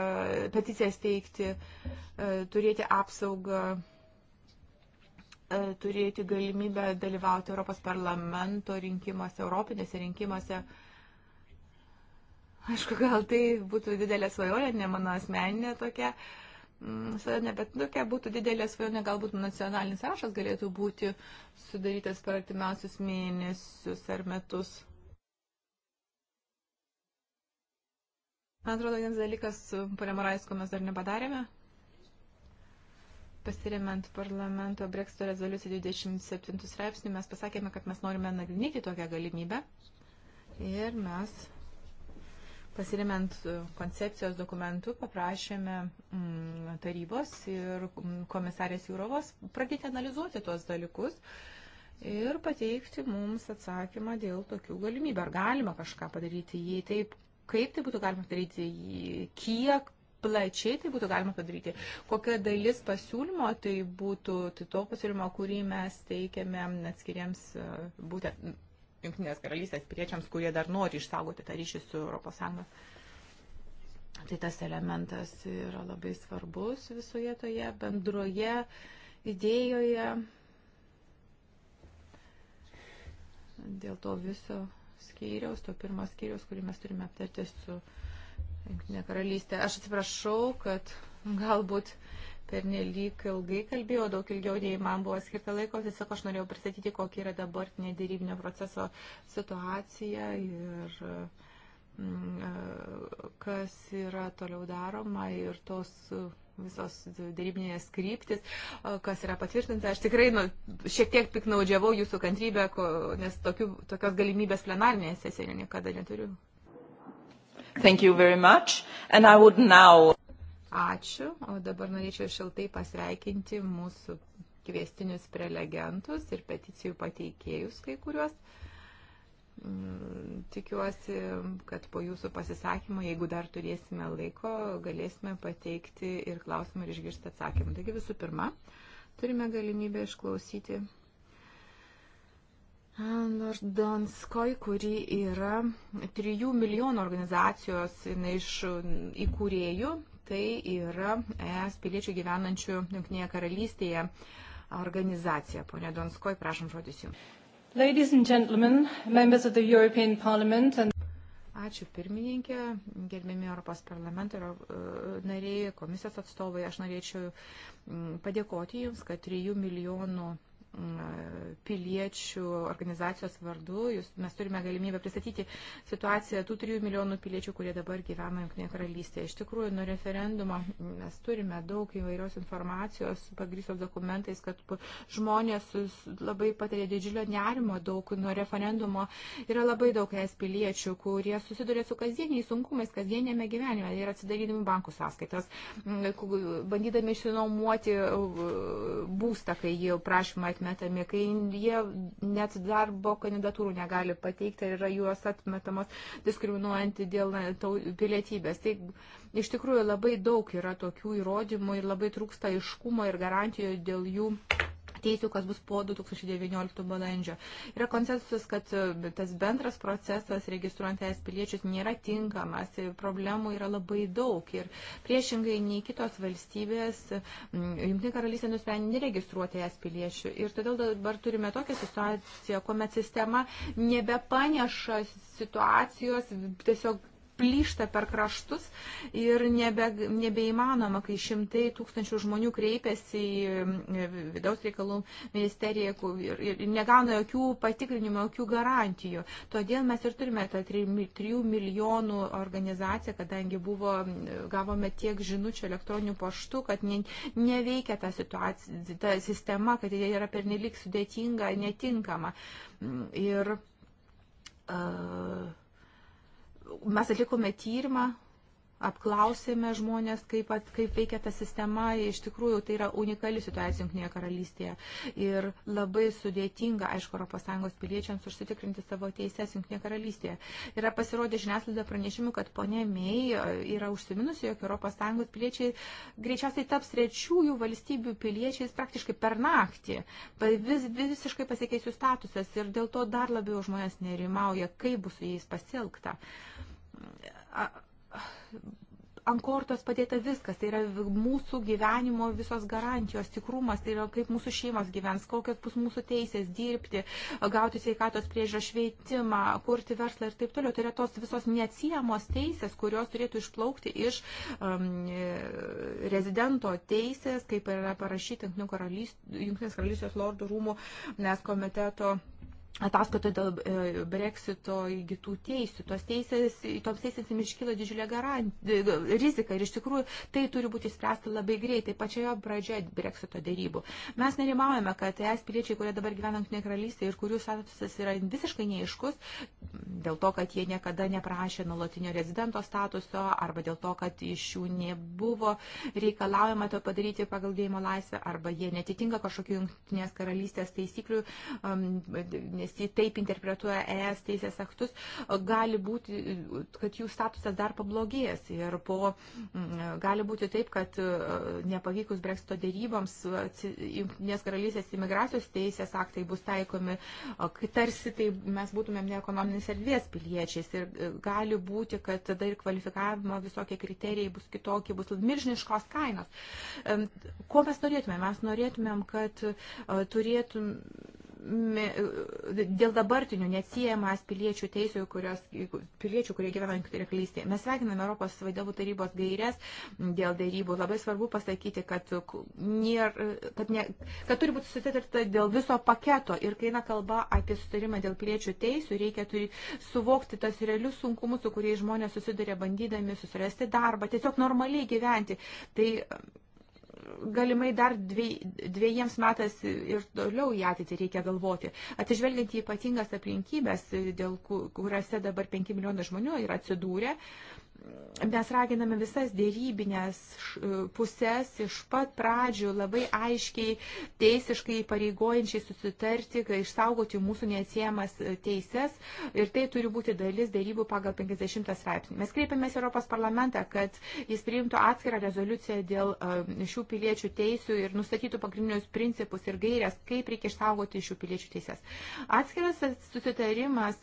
peticijas teikti, e, turėti apsaugą, e, turėti galimybę dalyvauti Europos parlamento rinkimuose, Europinėse rinkimuose. Aišku, gal tai būtų didelė svajonė, ne mano asmeninė tokia mm, svajonė, bet tokia būtų didelė svajonė, galbūt nacionalinis sąrašas galėtų būti sudarytas per artimiausius mėnesius ar metus. Man atrodo, vienas dalykas, ponia Moraisko, mes dar nepadarėme. Pasiremiant parlamento Brexito rezoliuciją 27 straipsnių, mes pasakėme, kad mes norime nagrinėti tokią galimybę. Ir mes pasiremiant e, koncepcijos dokumentu paprašėme mm, tarybos ir mm, komisarės Jūrovos pradėti analizuoti tuos dalykus ir pateikti mums atsakymą dėl tokių galimybių. Ar galima kažką padaryti, jei taip kaip tai būtų galima daryti, kiek plačiai tai būtų galima padaryti, kokia dalis pasiūlymo tai būtų tai to pasiūlymo, kurį mes teikiame atskiriems e, būtent Junktinės karalystės piliečiams, kurie dar nori išsaugoti tą ryšį su ES. Tai tas elementas yra labai svarbus visoje toje bendroje idėjoje dėl to viso skyriaus, to pirmo skyriaus, kurį mes turime aptarti su Junktinė karalystė. Aš atsiprašau, kad galbūt per nelik ilgai kalbėjau, daug ilgiau nei man buvo skirta laiko, tiesiog aš norėjau pristatyti, kokia yra dabartinė dėrybinio proceso situacija ir mm, e, kas yra toliau daroma ir tos visos dėrybinės kryptis, kas yra patvirtinta. Aš tikrai nu, šiek tiek piknaudžiavau jūsų kantrybę, ko, nes tokiu, tokios galimybės plenarinėje sesijoje niekada neturiu. Now... Ačiū. O dabar norėčiau šiltai pasveikinti mūsų kviestinius prelegentus ir peticijų pateikėjus kai kuriuos. Mm, tikiuosi, kad po jūsų pasisakymo, jeigu dar turėsime laiko, galėsime pateikti ir klausimą ir išgirsti atsakymą. Taigi visų pirma, turime galimybę išklausyti Nordanskoj, kuri yra 3 milijonų organizacijos iš mm, įkūrėjų, tai yra ES piliečių gyvenančių Junktinėje karalystėje organizacija. Pone Donskoj, prašom žodis jums. Ladies and gentlemen, members of the European Parliament and Ačiū pirmininkė, gerbėmi Europos parlamento uh, nariai, komisijos atstovai. Aš norėčiau mm, padėkoti Jums, kad 3 milijonų piliečių organizacijos vardu. Jūs, mes turime galimybę pristatyti situaciją tų 3 milijonų piliečių, kurie dabar gyvena Junktinėje karalystėje. Iš tikrųjų, nuo referendumo mes turime daug įvairios informacijos pagrįstos dokumentais, kad žmonės labai patiria didžiulio nerimo daug nuo referendumo. Yra labai daug es piliečių, kurie susiduria su kasdieniais sunkumais, kasdienėme gyvenime ir atsidarydami bankų sąskaitas, bandydami išsinomuoti uh, būstą, kai jų prašymą atmeta atmetami, kai jie net darbo kandidatūrų negali pateikti ir yra juos atmetamos diskriminuojant dėl pilietybės. Tai iš tikrųjų labai daug yra tokių įrodymų ir labai trūksta aiškumo ir garantijų dėl jų ateisiu, kas bus po 2019 balandžio. Yra konsensusas, kad e, tas bendras procesas registruojant es piliečius nėra tinkamas, problemų yra labai daug ir priešingai nei kitos valstybės, Junktinė karalystė nusprendė neregistruoti es piliečių. Ir todėl dabar turime tokią situaciją, kuomet sistema nebepaneša situacijos tiesiog plyšta per kraštus ir nebe, nebeįmanoma, kai šimtai tūkstančių žmonių kreipiasi į vidaus reikalų ministeriją ir, ir negauna jokių patikrinimų, jokių garantijų. Todėl mes ir turime tą 3, 3 milijonų organizaciją, kadangi buvo, gavome tiek žinučių elektroninių paštų, kad ne, neveikia ta, situacija, ta sistema, kad jie yra pernelik sudėtinga, netinkama. Ir uh, mes atlikome tyrimą apklausėme žmonės, kaip, at, kaip veikia ta sistema. Iš tikrųjų, tai yra unikali situacija Junktinėje karalystėje. Ir labai sudėtinga, aišku, ES piliečiams užsitikrinti savo teises Junktinėje karalystėje. Yra pasirodę žiniasklaida pranešimų, kad ponė Mei yra užsiminusi, jog ES piliečiai greičiausiai taps trečiųjų valstybių piliečiais praktiškai per naktį. Vis, visiškai pasikeisių statusas ir dėl to dar labiau žmonės nerimauja, kaip bus su jais pasielgta ant kortos padėta viskas, tai yra mūsų gyvenimo visos garantijos, tikrumas, tai yra kaip mūsų šeimos gyvens, kokios bus mūsų teisės dirbti, gauti sveikatos priežą šveitimą, kurti verslą ir taip toliau. Tai yra tos visos neatsiejamos teisės, kurios turėtų išplaukti iš um, e, rezidento teisės, kaip yra parašyti Junktinės karalystės lordų rūmų nes komiteto ataskaitoje dėl e, breksito įgytų teisių. Tos teisės, toms teisėms iškyla didžiulė garantija, e, rizika ir iš tikrųjų tai turi būti spręsta labai greitai, pačioje pradžioje breksito dėrybų. Mes nerimaujame, kad es piliečiai, kurie dabar gyvena Junktinėje karalystėje ir kurių statusas yra visiškai neiškus, dėl to, kad jie niekada neprašė nuolatinio rezidento statuso arba dėl to, kad iš jų nebuvo reikalaujama to padaryti pagal dėjimo laisvę arba jie netitinka kažkokių Junktinės karalystės taisyklių. Um, duomenys, jį taip interpretuoja ES teisės aktus, gali būti, kad jų statusas dar pablogės ir po, mm, gali būti taip, kad e, nepavykus Brexito dėryboms, nes karalystės imigracijos teisės aktai bus taikomi, tarsi tai mes būtumėm ne ekonominės erdvės piliečiais ir e, gali būti, kad tada ir kvalifikavimo visokie kriterijai bus kitokie, bus milžiniškos kainos. Ko mes norėtume? Mes norėtumėm, kad e, turėtum dėl dabartinių neatsiejamas piliečių teisų, kurios, piliečių, kurie gyvena jungtinėje karalystėje. Mes sveikiname Europos vadovų tarybos gairias dėl dėrybų. Labai svarbu pasakyti, kad, nėr, kad, ne, kad turi būti susitarta dėl viso paketo ir kai eina kalba apie sutarimą dėl piliečių teisų, reikia turi suvokti tas realius sunkumus, su kuriais žmonės susiduria bandydami susirasti darbą, tiesiog normaliai gyventi. Tai galimai dar dviejiems metais ir toliau į ateitį reikia galvoti. Atsižvelgiant į ypatingas aplinkybės, dėl kuriuose dabar 5 milijonai žmonių yra atsidūrę, uh, mes raginame visas dėrybinės e, pusės iš pat pradžių labai aiškiai teisiškai pareigojančiai susitarti, kai išsaugoti mūsų neatsiejamas e, teises ir tai turi būti dalis dėrybų pagal 50 straipsnį. Mes kreipiamės Europos parlamentą, kad jis priimtų atskirą rezoliuciją dėl e, šių piliečių teisių ir nustatytų pagrindinius principus ir gairias, kaip reikia išsaugoti šių piliečių teises. Atskiras susitarimas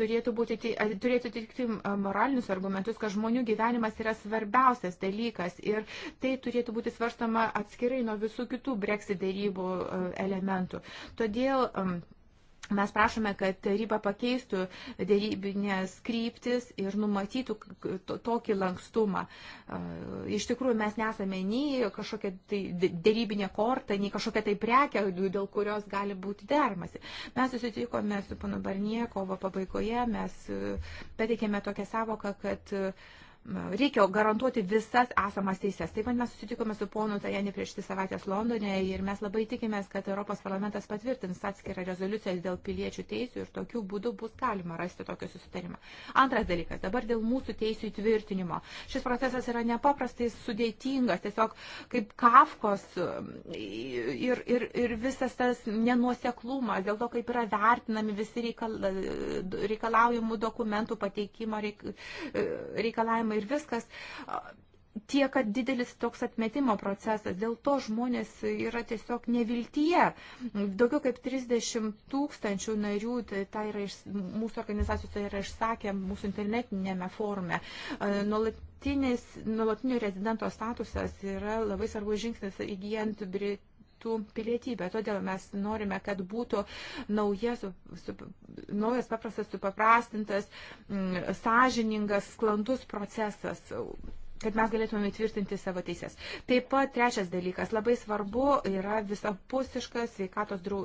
turėtų, būti, turėtų tikti moralinius argumentus pasakius, kad žmonių gyvenimas yra svarbiausias dalykas ir tai turėtų būti svarstama atskirai nuo visų kitų Brexit dėrybų e, elementų. Todėl Mes prašome, kad taryba pakeistų dėrybinės kryptis ir numatytų tokį lankstumą. Iš tikrųjų, mes nesame nei kažkokia tai dėrybinė korta, nei kažkokia tai prekia, dėl kurios gali būti dermasi. Mes susitikome su panu Barnie kovo pabaigoje, mes e, pateikėme tokią savoką, kad uh, Reikia garantuoti visas esamas teises. Taip pat mes susitikome su ponu Tajani prieš tris savaitės Londone ir mes labai tikimės, kad Europos parlamentas patvirtins atskirą rezoliuciją dėl piliečių teisų ir tokiu būdu bus galima rasti tokį susitarimą. Antras dalykas, dabar dėl mūsų teisų įtvirtinimo. Šis procesas yra nepaprastai sudėtingas, tiesiog kaip kafkos um, ir, ir, ir visas tas nenuoseklumas, dėl to, kaip yra vertinami visi reikala, reikalaujamų dokumentų pateikimo reik, reikalavimai įstatymai ir viskas tiek, kad didelis toks atmetimo procesas. Dėl to žmonės yra tiesiog neviltyje. Daugiau kaip 30 tūkstančių narių tai, tai yra iš, mūsų organizacijos tai yra išsakę mūsų internetinėme forume. Nuolatinis, nuolatinio rezidento statusas yra labai svarbus žingsnis įgyjant Britaniją metų pilietybę. Todėl mes norime, kad būtų nauja, su, su, naujas paprastas, supaprastintas, m, mm, sąžiningas, sklandus procesas kad mes galėtume įtvirtinti savo teises. Taip pat trečias dalykas, labai svarbu yra visapusiškas sveikatos drau,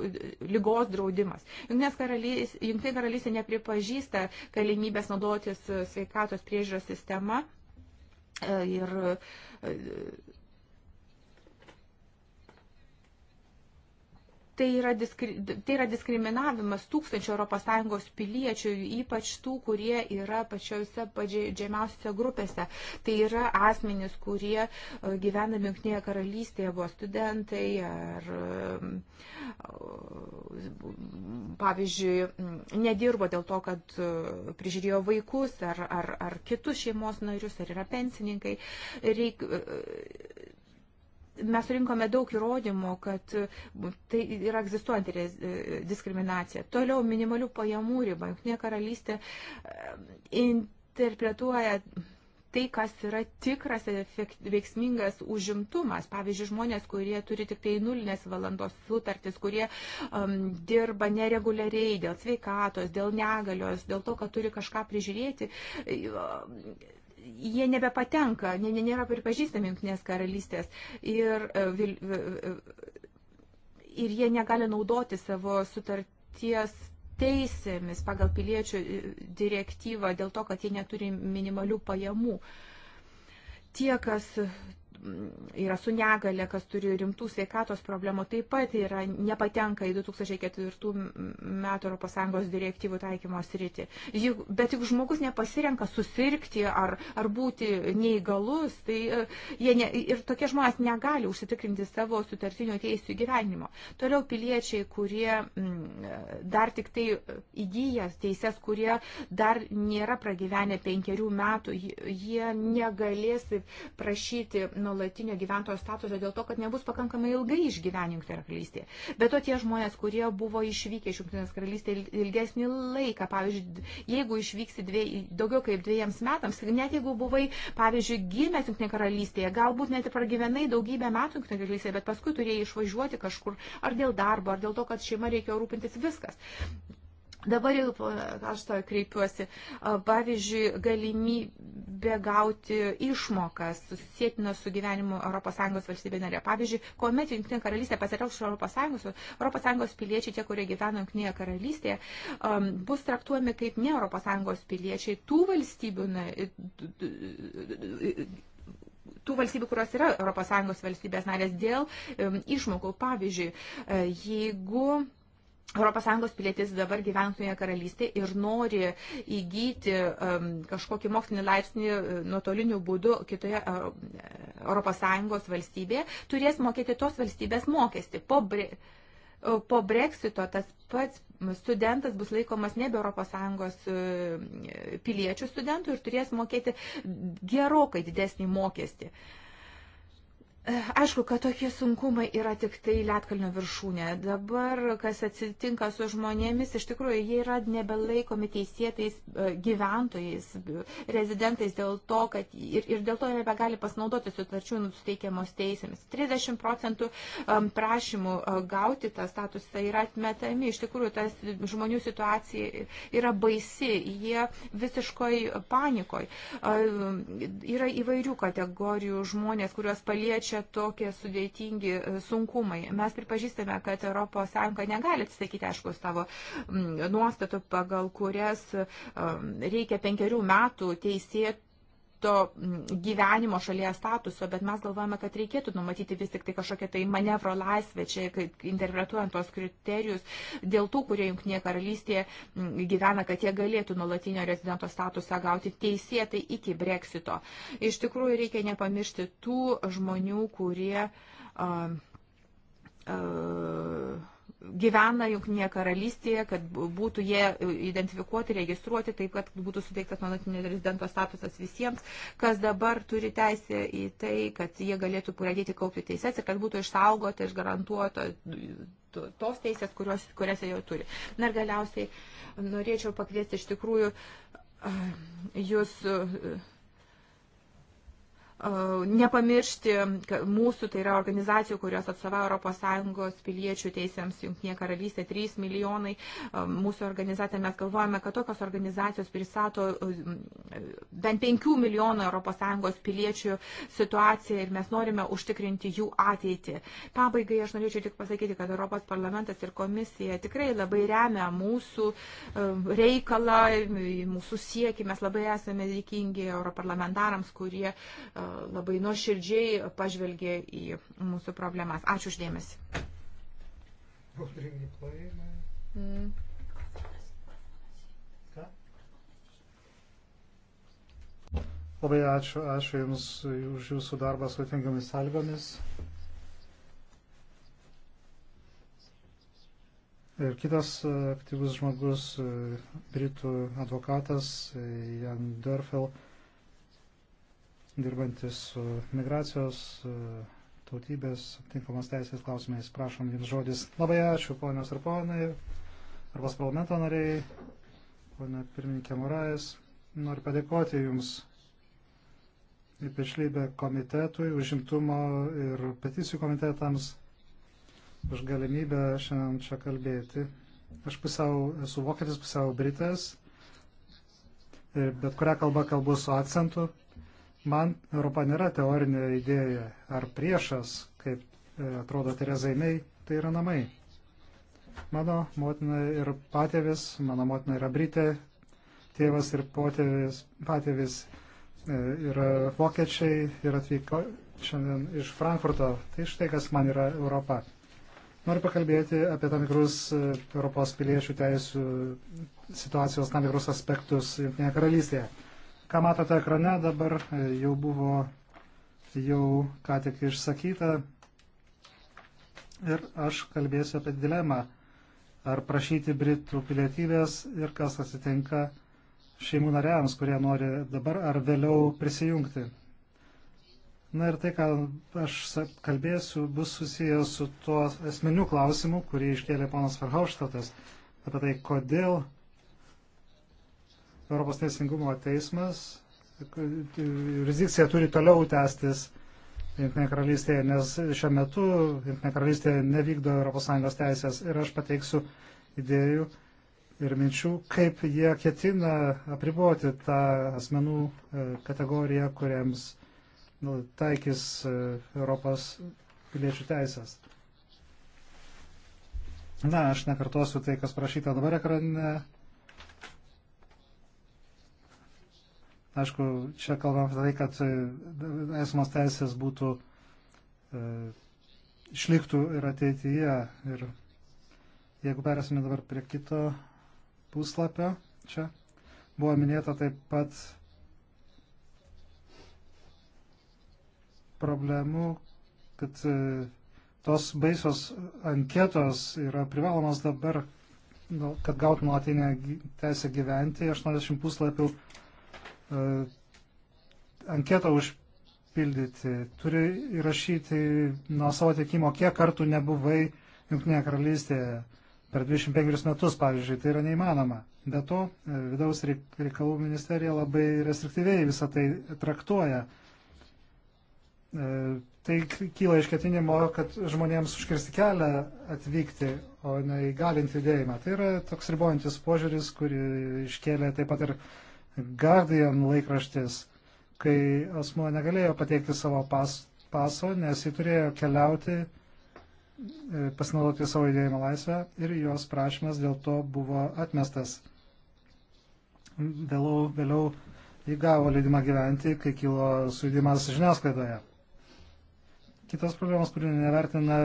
lygos draudimas. Junktinė karalys, karalystė nepripažįsta galimybės naudotis sveikatos priežiūros sistema e, ir e, Tai yra, diskri, tai yra diskriminavimas tūkstančių ES piliečių, ypač tų, kurie yra pačiose pažeidžiamiausiose grupėse. Tai yra asmenys, kurie e, gyvena Junktinėje karalystėje, buvo studentai ar, e, pavyzdžiui, nedirbo dėl to, kad e, prižiūrėjo vaikus ar, ar, ar kitus šeimos narius, ar yra pensininkai. Reik, mes surinkome daug įrodymų, kad tai yra egzistuojanti e, diskriminacija. Toliau minimalių pajamų riba. Junktinė karalystė e, interpretuoja tai, kas yra tikras veiksmingas užimtumas. Pavyzdžiui, žmonės, kurie turi tik tai nulinės valandos sutartis, kurie um, dirba nereguliariai dėl sveikatos, dėl negalios, dėl to, kad turi kažką prižiūrėti. Um, jie nebepatenka, jie nėra pripažįstami Junktinės karalystės. Ir, e, ir jie negali naudoti savo sutarties teisėmis pagal piliečių e, direktyvą dėl to, kad jie neturi minimalių pajamų. Tie, kas yra su negale, kas turi rimtų sveikatos problemų, taip pat yra, nepatenka į 2004 metų ES direktyvų taikymo sritį. Bet jeigu žmogus nepasirenka susirgti ar, ar būti neįgalus, tai e, jie ne, ir tokie žmonės negali užsitikrinti savo sutartinių teisų gyvenimo. Toliau piliečiai, kurie mm, dar tik tai įgyjas teises, kurie dar nėra pragyvenę penkerių metų, jie negalės prašyti nuo nuolatinio gyventojo statuso dėl to, kad nebus pakankamai ilgai išgyvenę Junktinėje karalystėje. Bet to tie žmonės, kurie buvo išvykę iš Junktinės karalystės ilgesnį laiką, pavyzdžiui, jeigu išvyksi dviej, daugiau kaip dviejams metams, net jeigu buvai, pavyzdžiui, gimęs Junktinėje karalystėje, galbūt net ir pragyvenai daugybę metų Junktinėje karalystėje, bet paskui turėjai išvažiuoti kažkur ar dėl darbo, ar dėl to, kad šeima reikėjo rūpintis viskas. Dabar jau aš to kreipiuosi. Pavyzdžiui, galimybė gauti išmokas susisėtina su gyvenimu ES valstybė narė. Pavyzdžiui, kuomet Junktinė karalystė pasitrauks iš ES, ES piliečiai, tie, kurie gyvena Junktinėje karalystėje, um, bus traktuojami kaip ne ES piliečiai tų valstybių. Na, tų valstybių, kurios yra ES valstybės narės dėl um, išmokų. Pavyzdžiui, e, jeigu ES pilietis dabar gyventoje karalystėje ir nori įgyti um, kažkokį mokslinį laipsnį uh, nuotoliniu būdu kitoje uh, ES valstybėje, turės mokėti tos valstybės mokestį. Po, bre, uh, po breksito tas pats studentas bus laikomas nebe ES piliečių studentų ir turės mokėti gerokai didesnį mokestį. Uh, Aišku, kad tokie sunkumai yra tik tai Lietkalnio viršūnė. Dabar, kas atsitinka su žmonėmis, iš tikrųjų, jie yra nebelaikomi teisėtais e, gyventojais, rezidentais dėl to, kad ir, ir dėl to jie nebegali pasinaudoti sutarčių nuteikiamos teisėmis. 30 procentų prašymų e, gauti tą statusą yra atmetami. Iš tikrųjų, tas žmonių situacija yra baisi, jie visiškoj panikoj. E, yra įvairių kategorijų žmonės, kuriuos paliečia čia tokie sudėtingi e, sunkumai. Mes pripažįstame, kad ES negali atsisakyti, aišku, savo mm, nuostatų, pagal kurias e, reikia penkerių metų teisėtų to mm, gyvenimo šalyje statuso, bet mes galvojame, kad reikėtų numatyti vis tik tai kažkokią tai manevro laisvę čia, kaip interpretuojant tos kriterijus, dėl tų, kurie Junktinėje karalystėje mm, gyvena, kad jie galėtų nuolatinio rezidento statusą gauti teisėtai iki breksito. Iš tikrųjų, reikia nepamiršti tų žmonių, kurie. Uh, uh, gyvena Junktinėje karalystėje, kad būtų jie identifikuoti, registruoti, taip kad būtų suteiktas nuolatinio rezidento statusas visiems, kas dabar turi teisę į tai, kad jie galėtų pradėti kaupti teises ir kad būtų išsaugota, išgarantuota tos teisės, kurios, kurias jie jau turi. Na ir galiausiai norėčiau pakviesti iš tikrųjų jūs nepamiršti mūsų, tai yra organizacijų, kurios atstovauja ES piliečių teisėms Junktinė karalystė, 3 milijonai. Mūsų organizacija, mes galvojame, kad tokios organizacijos pristato bent 5 milijonų ES piliečių situaciją ir mes norime užtikrinti jų ateitį. Pabaigai aš norėčiau tik pasakyti, kad Europos parlamentas ir komisija tikrai labai remia mūsų reikalą, mūsų siekį. Mes labai esame dėkingi europarlamentarams, kurie uh, labai nuoširdžiai pažvelgė į mūsų problemas. Ačiū uždėmesi. Mm. Labai ačiū, ačiū Jums už Jūsų darbą sudėtingomis sąlygomis. Ir kitas aktyvus žmogus, Britų advokatas Jan Dörfel, dirbantis su migracijos tautybės tinkamas teisės klausimais. Prašom Jums žodis. Labai ačiū, ponios ir ponai, arba parlamento nariai, ponia pirmininkė Morais. Noriu padėkoti Jums ypač lybę komitetui, užimtumo ir peticijų komitetams už galimybę šiandien čia kalbėti. Aš pusiau esu vokietis, pusiau britas ir bet kurią kalbą kalbu su akcentu. Man Europa nėra teorinė idėja ar priešas, kaip e, atrodo Terezai Mei, tai yra namai. Mano motina ir patėvis, mano motina yra Britė, tėvas ir potėvis, patėvis e, yra vokiečiai ir atvyko šiandien iš Frankfurto. Tai štai kas man yra Europa. Noriu pakalbėti apie tam tikrus e, Europos piliečių teisų situacijos tam tikrus aspektus Junktinėje karalystėje. Ką matote ekrane dabar e, jau buvo jau ką tik išsakyta. Ir aš kalbėsiu apie dilemą, ar prašyti Britų pilietybės ir kas atsitinka šeimų nariams, kurie nori dabar ar vėliau prisijungti. Na ir tai, ką aš kalbėsiu, bus susijęs su tuo esminiu klausimu, kurį iškėlė ponas Verhofštatas, apie tai, kodėl Europos teisingumo teismas jurisdikcija turi toliau tęstis Junktinėje karalystėje, nes šiuo metu Junktinėje karalystėje nevykdo ES teisės ir aš pateiksiu idėjų ir minčių, kaip jie ketina apriboti tą asmenų e, kategoriją, kuriems nu, taikys e, Europos piliečių teisės. Na, aš nekartosiu tai, kas prašyta dabar ekrane, Aišku, čia kalbam apie tai, kad esamos teisės būtų e, išliktų ir ateityje. Ir jeigu perėsime dabar prie kito puslapio, čia buvo minėta taip pat problemų, kad e, tos baisios anketos yra privalomas dabar, nu, kad gautum nuolatinę teisę gyventi, 80 puslapių E, anketą užpildyti, turi įrašyti nuo savo tiekimo, kiek kartų nebuvai Junktinėje karalystėje per 25 metus, pavyzdžiui, tai yra neįmanoma. Be to, e, vidaus reikalų ministerija labai restriktyviai visą tai traktuoja. E, tai kyla iš ketinimo, kad žmonėms užkirsti kelią atvykti, o ne įgalinti judėjimą. Tai yra toks ribojantis požiūris, kurį iškėlė taip pat ir Guardian laikraštis, kai asmuo negalėjo pateikti savo pas, paso, nes jį turėjo keliauti, e, pasinaudoti savo judėjimo laisvę ir jos prašymas dėl to buvo atmestas. Vėliau, vėliau jį gavo leidimą gyventi, kai kilo sujudimas žiniasklaidoje. Kitos problemos, kurių nevertina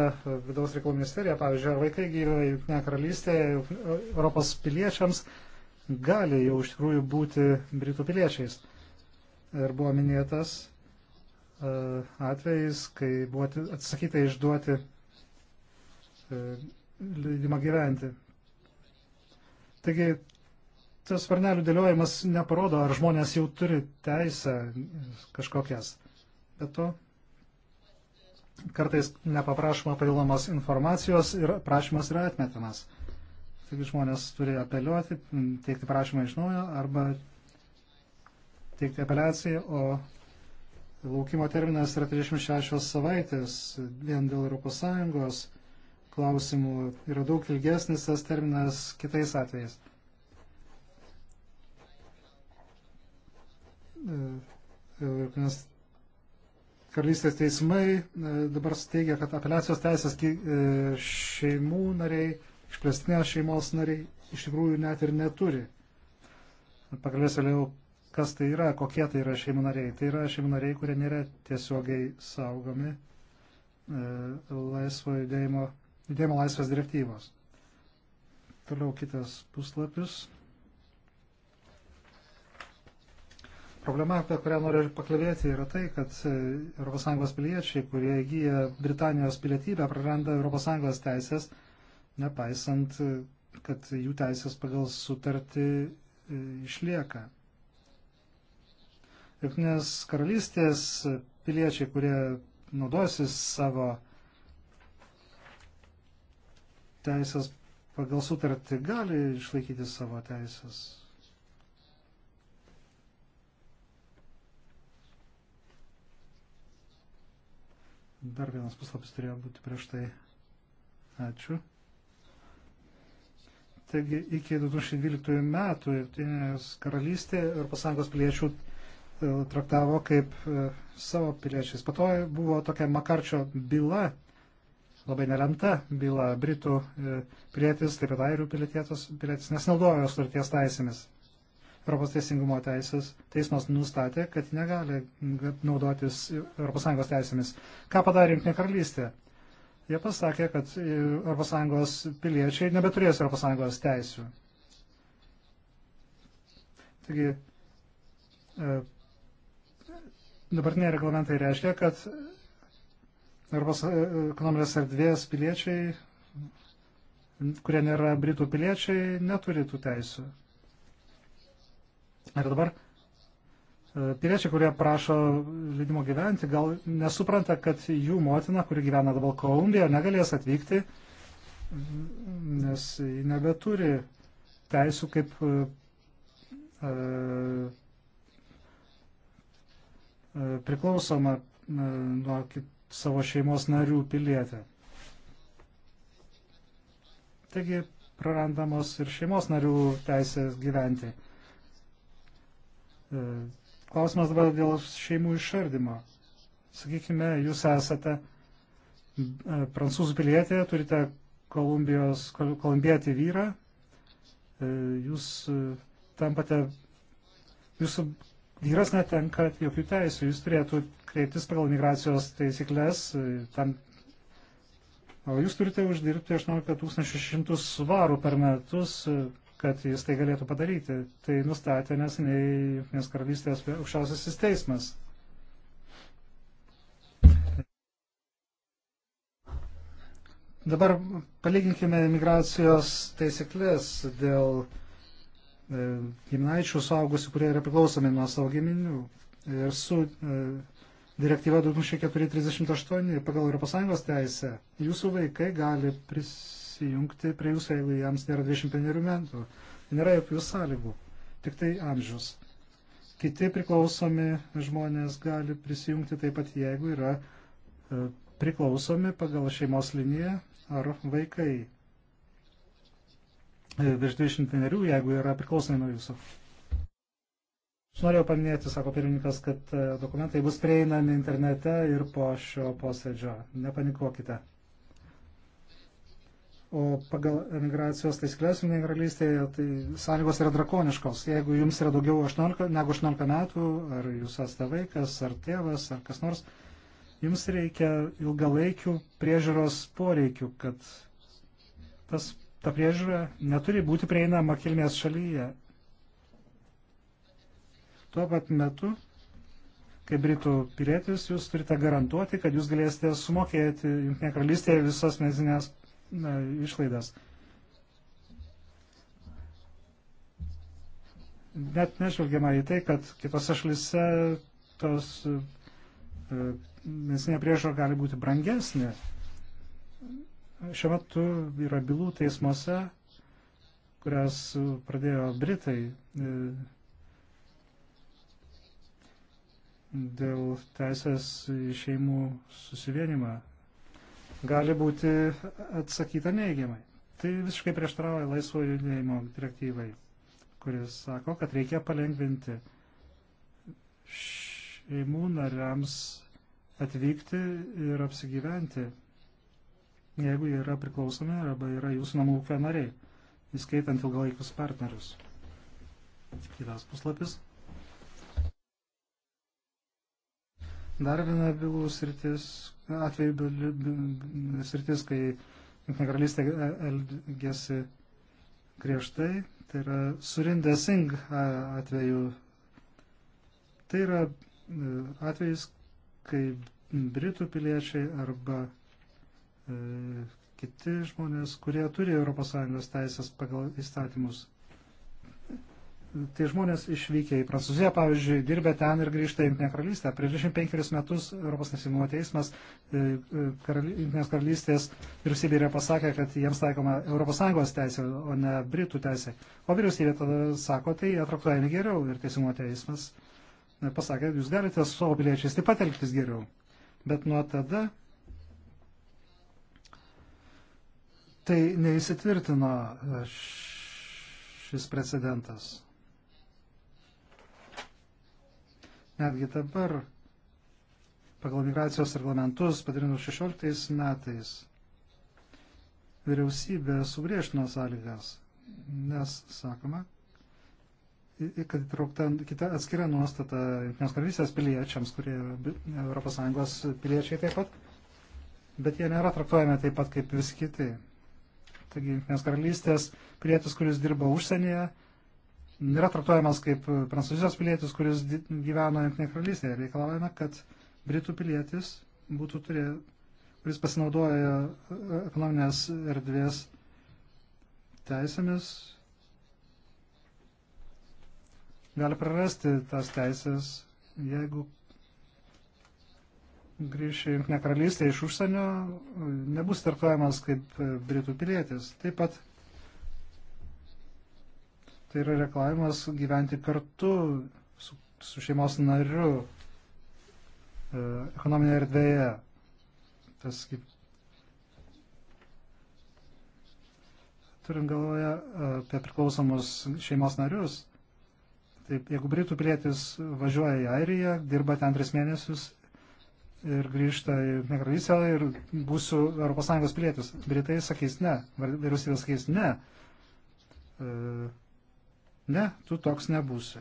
vidaus reikalų ministerija, pavyzdžiui, ar vaikai gyvena Junktinėje karalystėje, Europos piliečiams, gali jau iš tikrųjų būti Britų piliečiais. Ir buvo minėtas e, atvejais, kai buvo atsakyta išduoti e, leidimą gyventi. Taigi, tas varnelių dėliojimas neparodo, ar žmonės jau turi teisę kažkokias. Bet to kartais nepaprašoma papildomos informacijos ir prašymas yra atmetamas. Taigi žmonės turi apeliuoti, teikti prašymą iš naujo arba teikti apeliaciją, o laukimo terminas yra 36 savaitės vien dėl ES klausimų yra daug ilgesnis tas terminas kitais atvejais. Nes karalystės teismai e, dabar steigia, kad apeliacijos teisės e, šeimų nariai išplėstinės šeimos nariai iš tikrųjų net ir neturi. Pakalbės vėliau, kas tai yra, kokie tai yra šeimų nariai. Tai yra šeimų nariai, kurie nėra tiesiogiai saugomi e, laisvo judėjimo, judėjimo laisvės direktyvos. Toliau kitas puslapis. Problema, apie kurią noriu pakalbėti, yra tai, kad ES piliečiai, kurie įgyja Britanijos pilietybę, praranda ES teisės nepaisant, kad jų teisės pagal sutartį e, išlieka. Junktinės karalystės piliečiai, kurie naudosis savo teisės pagal sutartį, gali išlaikyti savo teisės. Dar vienas puslapis turėjo būti prieš tai. Ačiū. Taigi iki 2012 metų Junktinės karalystė ir pasangos piliečių e, traktavo kaip e, savo piliečiais. Po to buvo tokia Makarčio byla, labai nelemta byla, Britų e, pilietis, taip pat airių pilietis, pilietis nesinaudojo sutarties teisėmis. Europos teisingumo teisės teismas nustatė, kad negali naudotis ES teisėmis. Ką padarė Junktinė karalystė? Jie pasakė, kad ES piliečiai nebeturės ES teisių. Taigi, e, dabartiniai reglamentai reiškia, kad Europos e, ekonominės erdvės piliečiai, kurie nėra Britų piliečiai, neturi tų teisų. Ir dabar Piliečiai, kurie prašo leidimo gyventi, gal nesupranta, kad jų motina, kuri gyvena dabar Kolumbijoje, negalės atvykti, nes ji nebeturi teisų kaip e, e, priklausoma e, nuo savo šeimos narių pilietė. Taigi prarandamos ir šeimos narių teisės gyventi Klausimas dabar dėl šeimų išardymo. Sakykime, jūs esate e, prancūzų pilietė, turite Kolumbijos, kolumbietį vyrą, e, jūs e, tampate, jūsų vyras netenka jokių teisų, jūs turėtų kreiptis pagal migracijos taisyklės, tam, o jūs turite uždirbti 18 600 svarų per metus kad jis tai galėtų padaryti. Tai nustatė neseniai Junktinės karalystės aukščiausiasis teismas. Dabar palyginkime migracijos taisyklės dėl e, giminaičių suaugusių, kurie yra priklausomi nuo savo giminių. Ir su e, direktyva 2438 pagal ES teisę jūsų vaikai gali pris, prisijungti prie jūsų, jeigu jiems nėra 25 metų. Nėra jokių sąlygų, tik tai amžius. Kiti priklausomi žmonės gali prisijungti taip pat, jeigu yra e, priklausomi pagal šeimos liniją ar vaikai e, virš 25, jeigu yra priklausomi nuo jūsų. Aš norėjau paminėti, sako pirmininkas, kad e, dokumentai bus prieinami internete ir po šio posėdžio. Nepanikuokite. O pagal emigracijos taisyklės Junktinėje karalystėje tai sąlygos yra drakoniškos. Jeigu jums yra daugiau 18, negu 18 metų, ar jūs esate vaikas, ar tėvas, ar kas nors, jums reikia ilgalaikių priežiūros poreikių, kad tas, ta priežiūra neturi būti prieinama kilmės šalyje. Tuo pat metu, kaip Britų pilietis, jūs turite garantuoti, kad jūs galėsite sumokėti Junktinėje karalystėje visas medicinės na, išlaidas. Net nežvelgiama į tai, kad kitose šalise tos nesinė priežiūra gali būti brangesnė. Šiuo metu yra bylų teismuose, kurias pradėjo Britai e, dėl teisės į šeimų susivienimą gali būti atsakyta neigiamai. Tai visiškai prieštarauja laisvo judėjimo direktyvai, kuris sako, kad reikia palengvinti šeimų nariams atvykti ir apsigyventi, jeigu jie yra priklausomi arba yra jūsų namų ūkio nariai, įskaitant ilgalaikius partnerius. Kitas puslapis. Dar viena bylų sritis, atveju sritis, kai Junktinė karalystė e- elgėsi griežtai, tai yra surindė Singh atveju. Tai yra e, atvejis, kai Britų piliečiai arba e, kiti žmonės, kurie turi ES teisės pagal įstatymus tai žmonės išvykę į Prancūziją, pavyzdžiui, dirbę ten ir grįžta į Junktinę karalystę. Prieš 25 metus Europos teisingumo teismas e, e, Junktinės karalystės vyriausybė yra pasakę, kad jiems taikoma ES teisė, o ne Britų teisė. O vyriausybė tada sako, tai atraktuojami geriau ir teisingumo teismas e, pasakė, jūs galite su savo piliečiais taip pat elgtis geriau. Bet nuo tada tai neįsitvirtino šis precedentas. Netgi dabar pagal migracijos reglamentus padarinus 16 metais vyriausybė sugriežtino sąlygas, nes sakoma, kad įtraukta kita atskira nuostata Junktinės karalystės piliečiams, kurie ES piliečiai taip pat, bet jie nėra traktuojami taip pat kaip visi kiti. Taigi Junktinės karalystės pilietis, kuris dirba užsienyje, nėra traktuojamas kaip prancūzijos pilietis, kuris gyveno Junktinėje karalystėje. Reikalavome, kad Britų pilietis būtų turė, kuris pasinaudoja e, ekonominės erdvės teisėmis, gali prarasti tas teisės, jeigu grįžti į Junktinę karalystę iš užsienio, nebus traktuojamas kaip Britų pilietis. Taip pat tai yra reklamas gyventi kartu su, su šeimos nariu e, ekonominėje erdvėje. Tas kaip turint galvoje e, apie priklausomus šeimos narius, taip, jeigu Britų pilietis važiuoja į Airiją, dirba ten tris mėnesius ir grįžta į Negralysę ir būsiu ES pilietis, Britai sakys ne, vyriausybė sakys ne. E, Ne, tu toks nebūsi.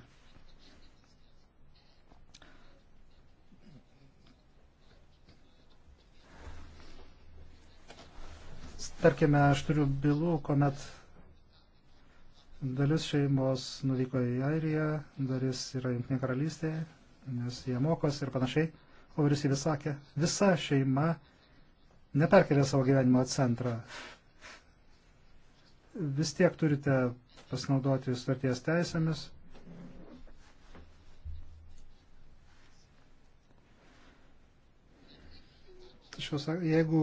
Tarkime, aš turiu bylų, kuomet dalis šeimos nuvyko į Airiją, dalis yra Junktinė karalystė, nes jie mokosi ir panašiai. O vyriausybė sakė, visa šeima neperkelė savo gyvenimo centrą. Vis tiek turite pasinaudoti sutarties teisėmis. Tačiau, jeigu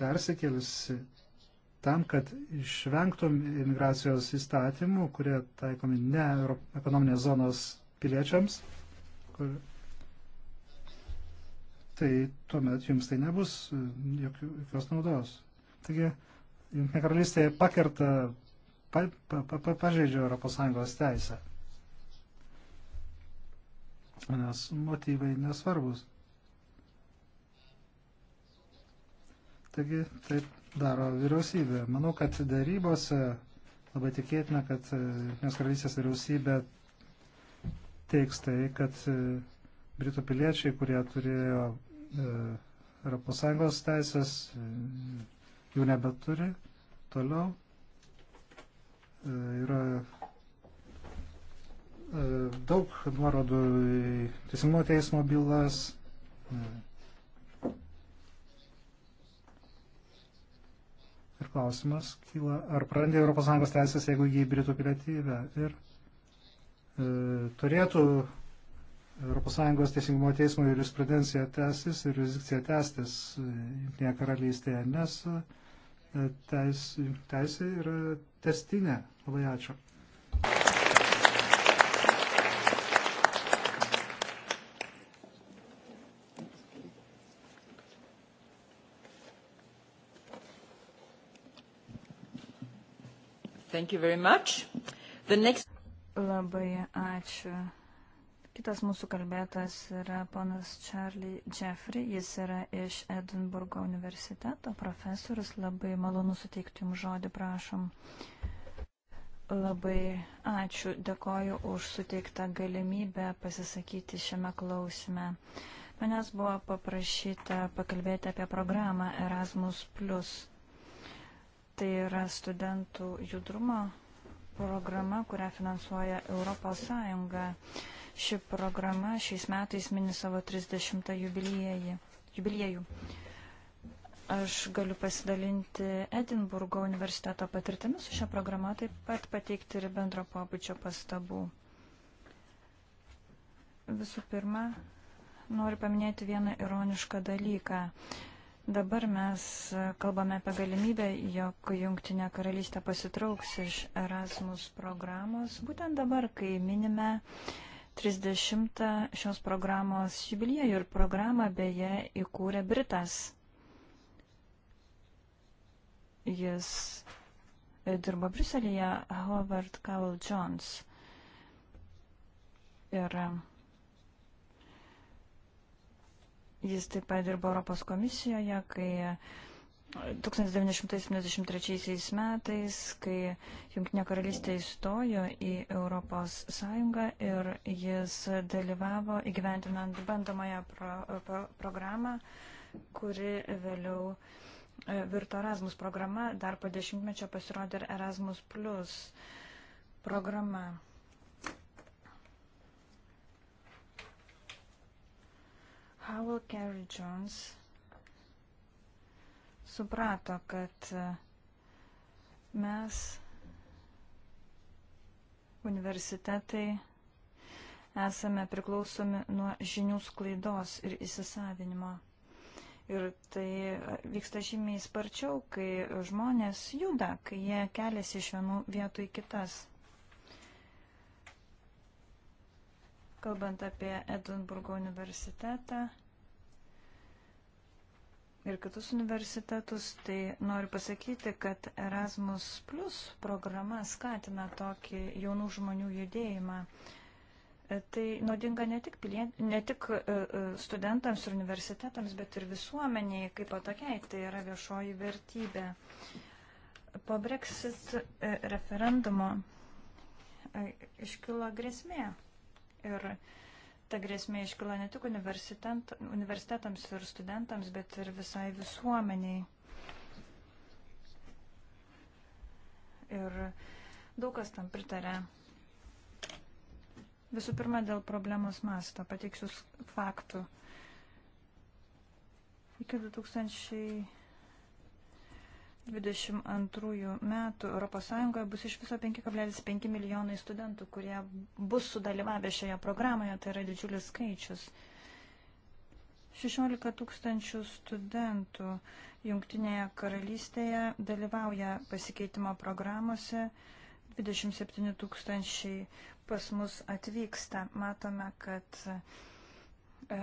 persikėlisi tam, kad išvengtum imigracijos įstatymų, kurie taikomi ne ekonominės zonos piliečiams, kur, tai tuomet jums tai nebus e, jokios naudos. Taigi, Junkinė karalystė pakerta pa, pa, pa, pažeidžia ES teisę. Nes motyvai nesvarbus. Taigi taip daro vyriausybė. Manau, kad darybose labai tikėtina, kad e, Junktinės karalystės vyriausybė teiks tai, kad e, Britų piliečiai, kurie turėjo ES teisės, e, jų nebeturi toliau. E, yra e, daug nuorodų į teisingumo teismo bylas. E, ir klausimas kyla, ar prarandė ES teisės, jeigu jį britų pilietybę. Ir e, turėtų ES teisingumo teismo jurisprudencija tęsis ir jurisdikcija tęstis Junktinėje karalystėje, nes e, teis, teisė yra testinė. Labai ačiū. Thank you very much. The next... Labai ačiū. Kitas mūsų kalbėtas yra ponas Charlie Jeffrey, jis yra iš Edinburgo universiteto profesorius. Labai malonu suteikti jums žodį, prašom. Labai ačiū, dėkoju už suteiktą galimybę pasisakyti šiame klausime. Manęs buvo paprašyta pakalbėti apie programą Erasmus. Tai yra studentų judrumo programa, kurią finansuoja Europos Sąjunga. Ši programa šiais metais mini savo 30 jubiliejų. Aš galiu pasidalinti Edinburgo universiteto patirtimi su šia programa, taip pat pateikti ir bendro pobūdžio pastabų. Visų pirma, noriu paminėti vieną ironišką dalyką. Dabar mes kalbame apie galimybę, jog Jungtinė karalystė pasitrauks iš Erasmus programos, būtent dabar, kai minime 30 šios programos jubiliejų ir programą beje įkūrė Britas. Jis e, dirbo Briuselėje Howard Cowell Jones. Ir e, jis taip pat dirbo Europos komisijoje, kai 1973 metais, kai Junktinė karalystė įstojo į Europos Sąjungą ir jis dalyvavo įgyventinant bandomąją pro, pro, programą, kuri vėliau e, virto Erasmus programa, dar po dešimtmečio pasirodė ir Erasmus Plus programa. Howell Carey Jones suprato, kad e, mes, universitetai, esame priklausomi nuo žinių sklaidos ir įsisavinimo. Ir tai e, vyksta žymiai sparčiau, kai žmonės juda, kai jie keliasi iš vienų vietų į kitas. Kalbant apie Edinburgo universitetą, ir kitus universitetus, tai noriu pasakyti, kad Erasmus Plus programa skatina tokį jaunų žmonių judėjimą. E, tai naudinga ne tik, pilien, ne tik e, e, studentams ir universitetams, bet ir visuomeniai kaip patokiai, tai yra viešoji vertybė. Po Brexit referendumo iškilo grėsmė ir Ta grėsmė iškilo ne tik universitetams ir studentams, bet ir visai visuomeniai. Ir daug kas tam pritarė. Visų pirma, dėl problemos masto. Pateiksiu faktų. Iki 2000. 22 metų ES bus iš viso 5,5 milijonai studentų, kurie bus sudalyvavę šioje programoje, tai yra didžiulis skaičius. 16 tūkstančių studentų Jungtinėje karalystėje dalyvauja pasikeitimo programuose, 27 tūkstančiai pas mus atvyksta. Matome, kad e,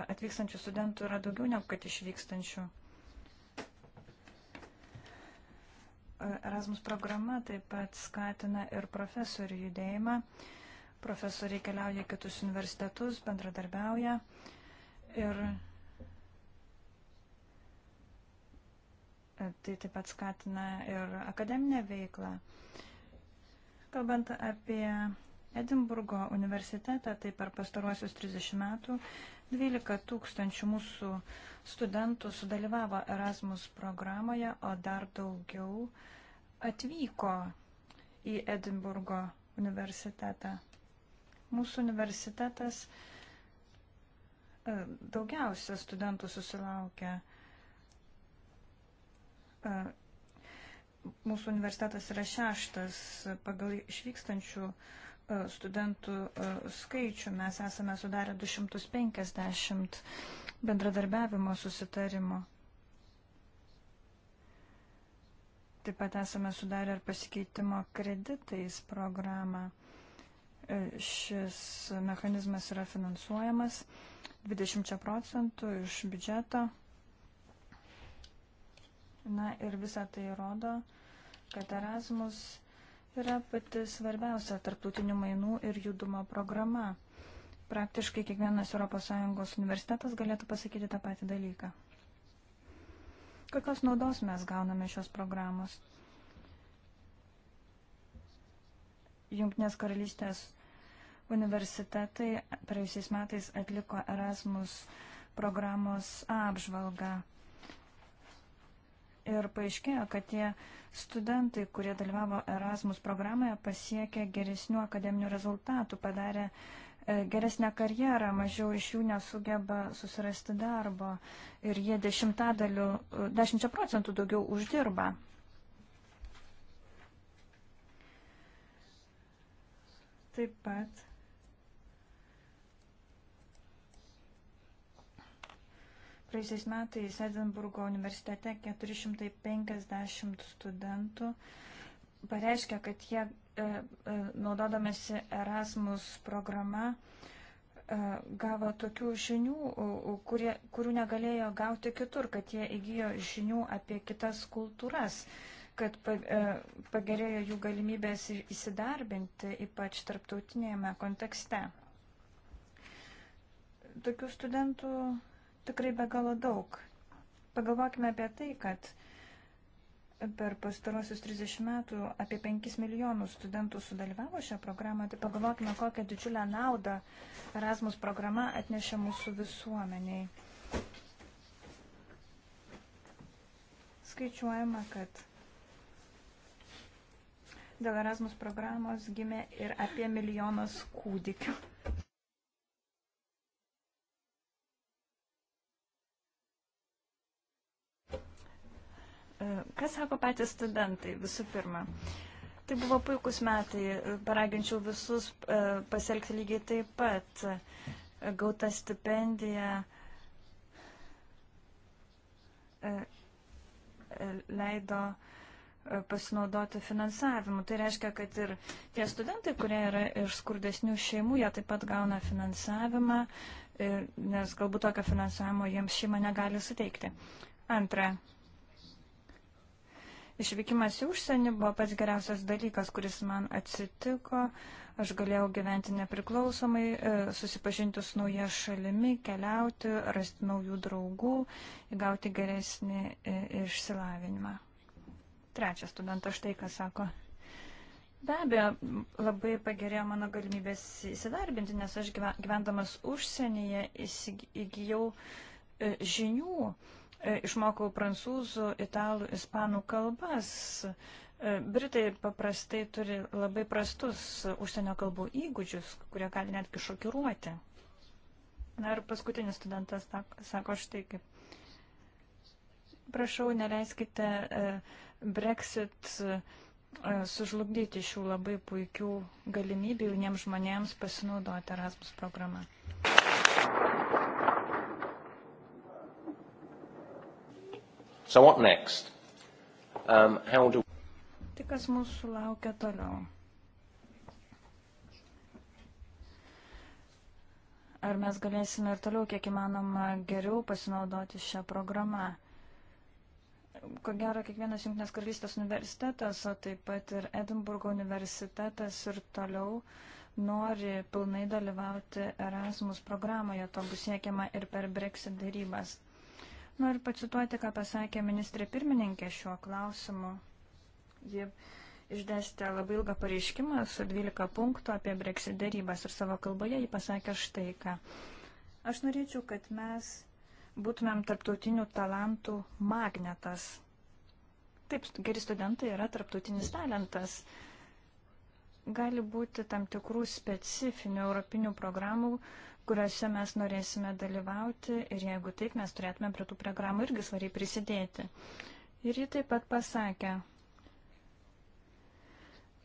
atvykstančių studentų yra daugiau negu kad išvykstančių. Erasmus programa taip pat skatina ir profesorių judėjimą. Profesoriai keliauja kitus universitetus, bendradarbiauja ir e, tai taip pat skatina ir akademinę veiklą. Kalbant apie Edinburgo universitetą, tai per pastaruosius 30 metų 12 tūkstančių mūsų studentų sudalyvavo Erasmus programoje, o dar daugiau uh, atvyko į Edinburgo universitetą. Mūsų universitetas e, daugiausia studentų susilaukia. E, mūsų universitetas yra šeštas pagal išvykstančių e, studentų skaičių. Mes esame sudarę 250 bendradarbiavimo susitarimo. Taip pat esame sudarę ir pasikeitimo kreditais programą. E, šis mechanizmas yra finansuojamas 20 procentų iš biudžeto. Na ir visa tai rodo, kad Erasmus yra pati svarbiausia tarptautinių mainų ir judumo programa. Praktiškai kiekvienas ES universitetas galėtų pasakyti tą patį dalyką. Kokios naudos mes gauname šios programos? Junktinės karalystės universitetai praėjusiais metais atliko Erasmus programos apžvalgą. Ir paaiškėjo, kad tie studentai, kurie dalyvavo Erasmus programoje, pasiekė geresnių akademinių rezultatų, padarė uh, E, geresnę karjerą, mažiau iš jų nesugeba susirasti darbo ir jie dešimtadaliu, e, dešimčia procentų daugiau uždirba. Taip pat. Praeisiais metais Edinburgo universitete 450 studentų pareiškia, kad jie E, e, naudodamėsi Erasmus programa, e, gavo tokių žinių, kurie, kurių negalėjo gauti kitur, kad jie įgyjo žinių apie kitas kultūras, kad pagerėjo jų galimybės įsidarbinti, ypač tarptautinėme kontekste. Tokių studentų tikrai be galo daug. Pagalvokime apie tai, kad per pastarosius 30 metų apie 5 milijonus studentų sudalyvavo šią programą, tai pagalvokime, kokią didžiulę naudą Erasmus programa atnešė mūsų visuomeniai. Skaičiuojama, kad dėl Erasmus programos gimė ir apie milijonas kūdikių. E, Kas sako patys studentai visų pirma? Tai buvo puikus metai, paraginčiau visus e, pasielgti lygiai taip pat. E, gauta stipendija leido pasinaudoti finansavimu. Tai reiškia, kad ir tie studentai, kurie yra iš skurdesnių šeimų, jie taip pat gauna finansavimą, nes galbūt tokio finansavimo jiems šeima negali suteikti. Antra, Išvykimas į užsienį buvo pats geriausias dalykas, kuris man atsitiko. Aš galėjau gyventi nepriklausomai, e, susipažinti su nauja šalimi, keliauti, rasti naujų draugų, įgauti geresnį e, išsilavinimą. Trečias studentas štai ką sako. Be abejo, labai pagerėjo mano galimybės įsidarbinti, nes aš gyvendamas užsienyje įsigijau e, žinių E, išmokau prancūzų, italų, ispanų kalbas. E, Britai paprastai turi labai prastus užsienio kalbų įgūdžius, kurie gali netgi šokiruoti. Na ir paskutinis studentas sako štai kaip. Prašau, neleiskite e, Brexit sužlugdyti šių labai puikių galimybių jauniems žmonėms pasinaudoti Erasmus programą. So what next? Um, how do... Tai kas mūsų laukia toliau? Ar mes galėsime ir toliau, kiek įmanoma, geriau pasinaudoti šią programą? Ko gero, kiekvienas Junktinės karalystės universitetas, o taip pat ir Edinburgo universitetas ir toliau nori pilnai dalyvauti Erasmus programoje. To bus siekiama ir per Brexit darybas. Noriu pacituoti, ką pasakė ministrė pirmininkė šiuo klausimu. Ji išdėstė labai ilgą pareiškimą su 12 punktų apie Brexit darybas ir savo kalboje ji pasakė štai ką. Aš norėčiau, kad mes būtumėm tarptautinių talentų magnetas. Taip, geri studentai yra tarptautinis talentas. Gali būti tam tikrų specifinių europinių programų, kuriuose mes norėsime dalyvauti ir jeigu taip, mes turėtume prie tų programų irgi svariai prisidėti. Ir ji taip pat pasakė,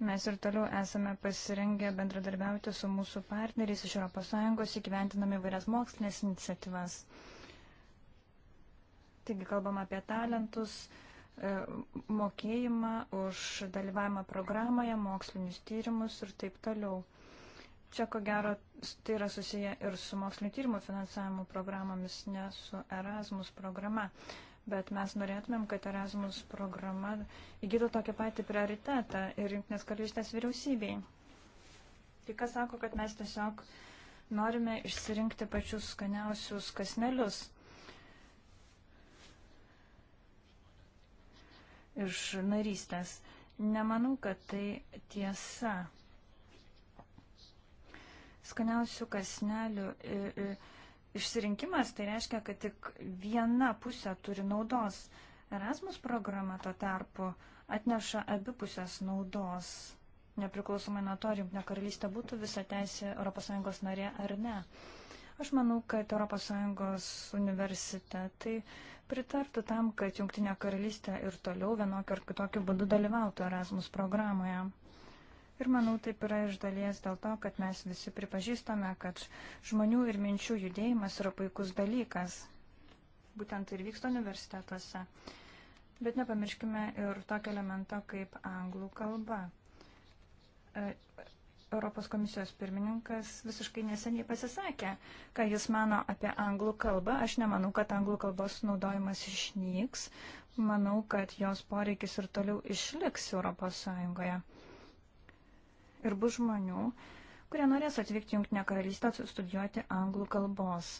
mes ir toliau esame pasirengę bendradarbiauti su mūsų partneriais iš ES įgyventinami vairias mokslinės iniciatyvas. Taigi kalbam apie talentus, e, mokėjimą už dalyvavimą programoje, mokslinius tyrimus ir taip toliau. Čia, ko gero, tai yra susiję ir su mokslinio tyrimų finansavimo programomis, ne su Erasmus programa. Bet mes norėtumėm, kad Erasmus programa įgytų tokį patį prioritetą ir Junktinės karalystės vyriausybei. Kai kas sako, kad mes tiesiog norime išsirinkti pačius skaniausius kasnelius iš narystės. Nemanau, kad tai tiesa skaniausių kasnelių išsirinkimas, tai reiškia, kad tik viena pusė turi naudos. Erasmus programa tuo tarpu atneša abipusės naudos, nepriklausomai nuo to, ar jungtinė karalystė būtų visą teisę ES narė ar ne. Aš manau, kad ES universitetai pritartų tam, kad jungtinė karalystė ir toliau vienokiu ar kitokiu būdu dalyvautų Erasmus programoje. Ir manau, taip yra iš dalies dėl to, kad mes visi pripažįstame, kad žmonių ir minčių judėjimas yra puikus dalykas. Būtent ir vyksta universitetuose. Bet nepamirškime ir tokio elemento kaip anglų kalba. E, Europos komisijos pirmininkas visiškai neseniai pasisakė, ką jis mano apie anglų kalbą. Aš nemanau, kad anglų kalbos naudojimas išnyks. Manau, kad jos poreikis ir toliau išliks Europos Sąjungoje ir bus žmonių, kurie norės atvykti Junktinę karalystę studijuoti anglų kalbos.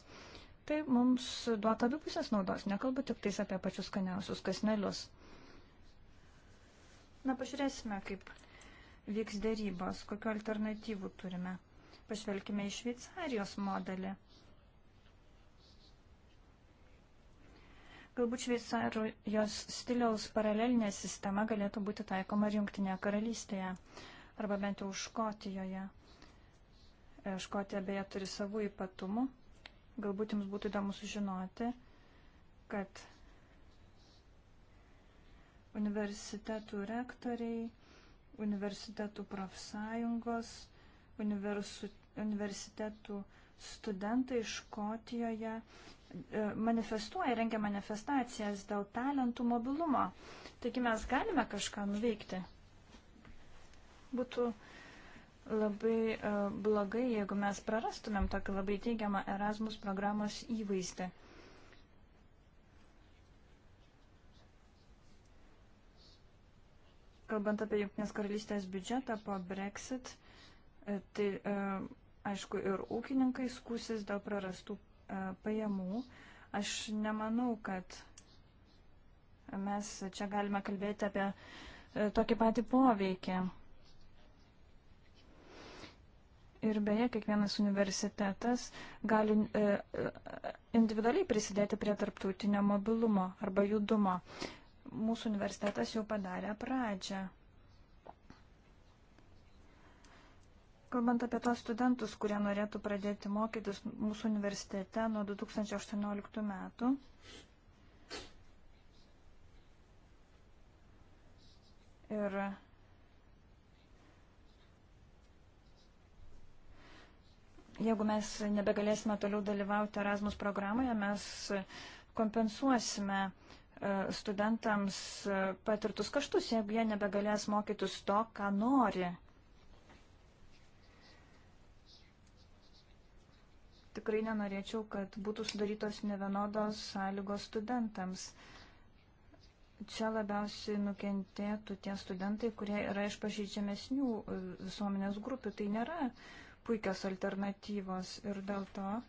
Tai mums duota abipusės naudos, nekalbu tik tais apie pačius skaniausius kasnelius. Na, pažiūrėsime, kaip vyks dėrybos, kokiu alternatyvų turime. Pažvelkime į Šveicarijos modelį. Galbūt šveicarijos stiliaus paralelinė sistema galėtų būti taikoma ir Junktinėje karalystėje arba bent jau Škotijoje. E, Škotija beje turi savų ypatumų. Galbūt jums būtų įdomu sužinoti, kad universitetų rektoriai, universitetų profsąjungos, universi universitetų studentai Škotijoje e, manifestuoja, rengia manifestacijas dėl talentų mobilumo. Taigi mes galime kažką nuveikti. Būtų labai e, blogai, jeigu mes prarastumėm tokį labai teigiamą Erasmus programos įvaizdį. Kalbant apie Junktinės karalystės biudžetą po Brexit, e, tai e, aišku ir ūkininkai skusis dėl prarastų pajamų. Aš nemanau, kad mes čia galime kalbėti apie tokį patį poveikį. Ir beje, kiekvienas universitetas gali e, e, individualiai prisidėti prie tarptautinio mobilumo arba judumo. Mūsų universitetas jau padarė pradžią. Kalbant apie tos studentus, kurie norėtų pradėti mokytis mūsų universitete nuo 2018 metų, ir Jeigu mes nebegalėsime toliau dalyvauti Erasmus programoje, mes kompensuosime e, studentams e, patirtus kaštus, jeigu jie nebegalės mokytis to, ką nori. Tikrai nenorėčiau, kad būtų sudarytos nevienodos sąlygos studentams. Čia labiausiai nukentėtų tie studentai, kurie yra iš pažeidžiamesnių e, visuomenės grupių. Tai nėra uh, puikios alternatyvos ir dėl to e,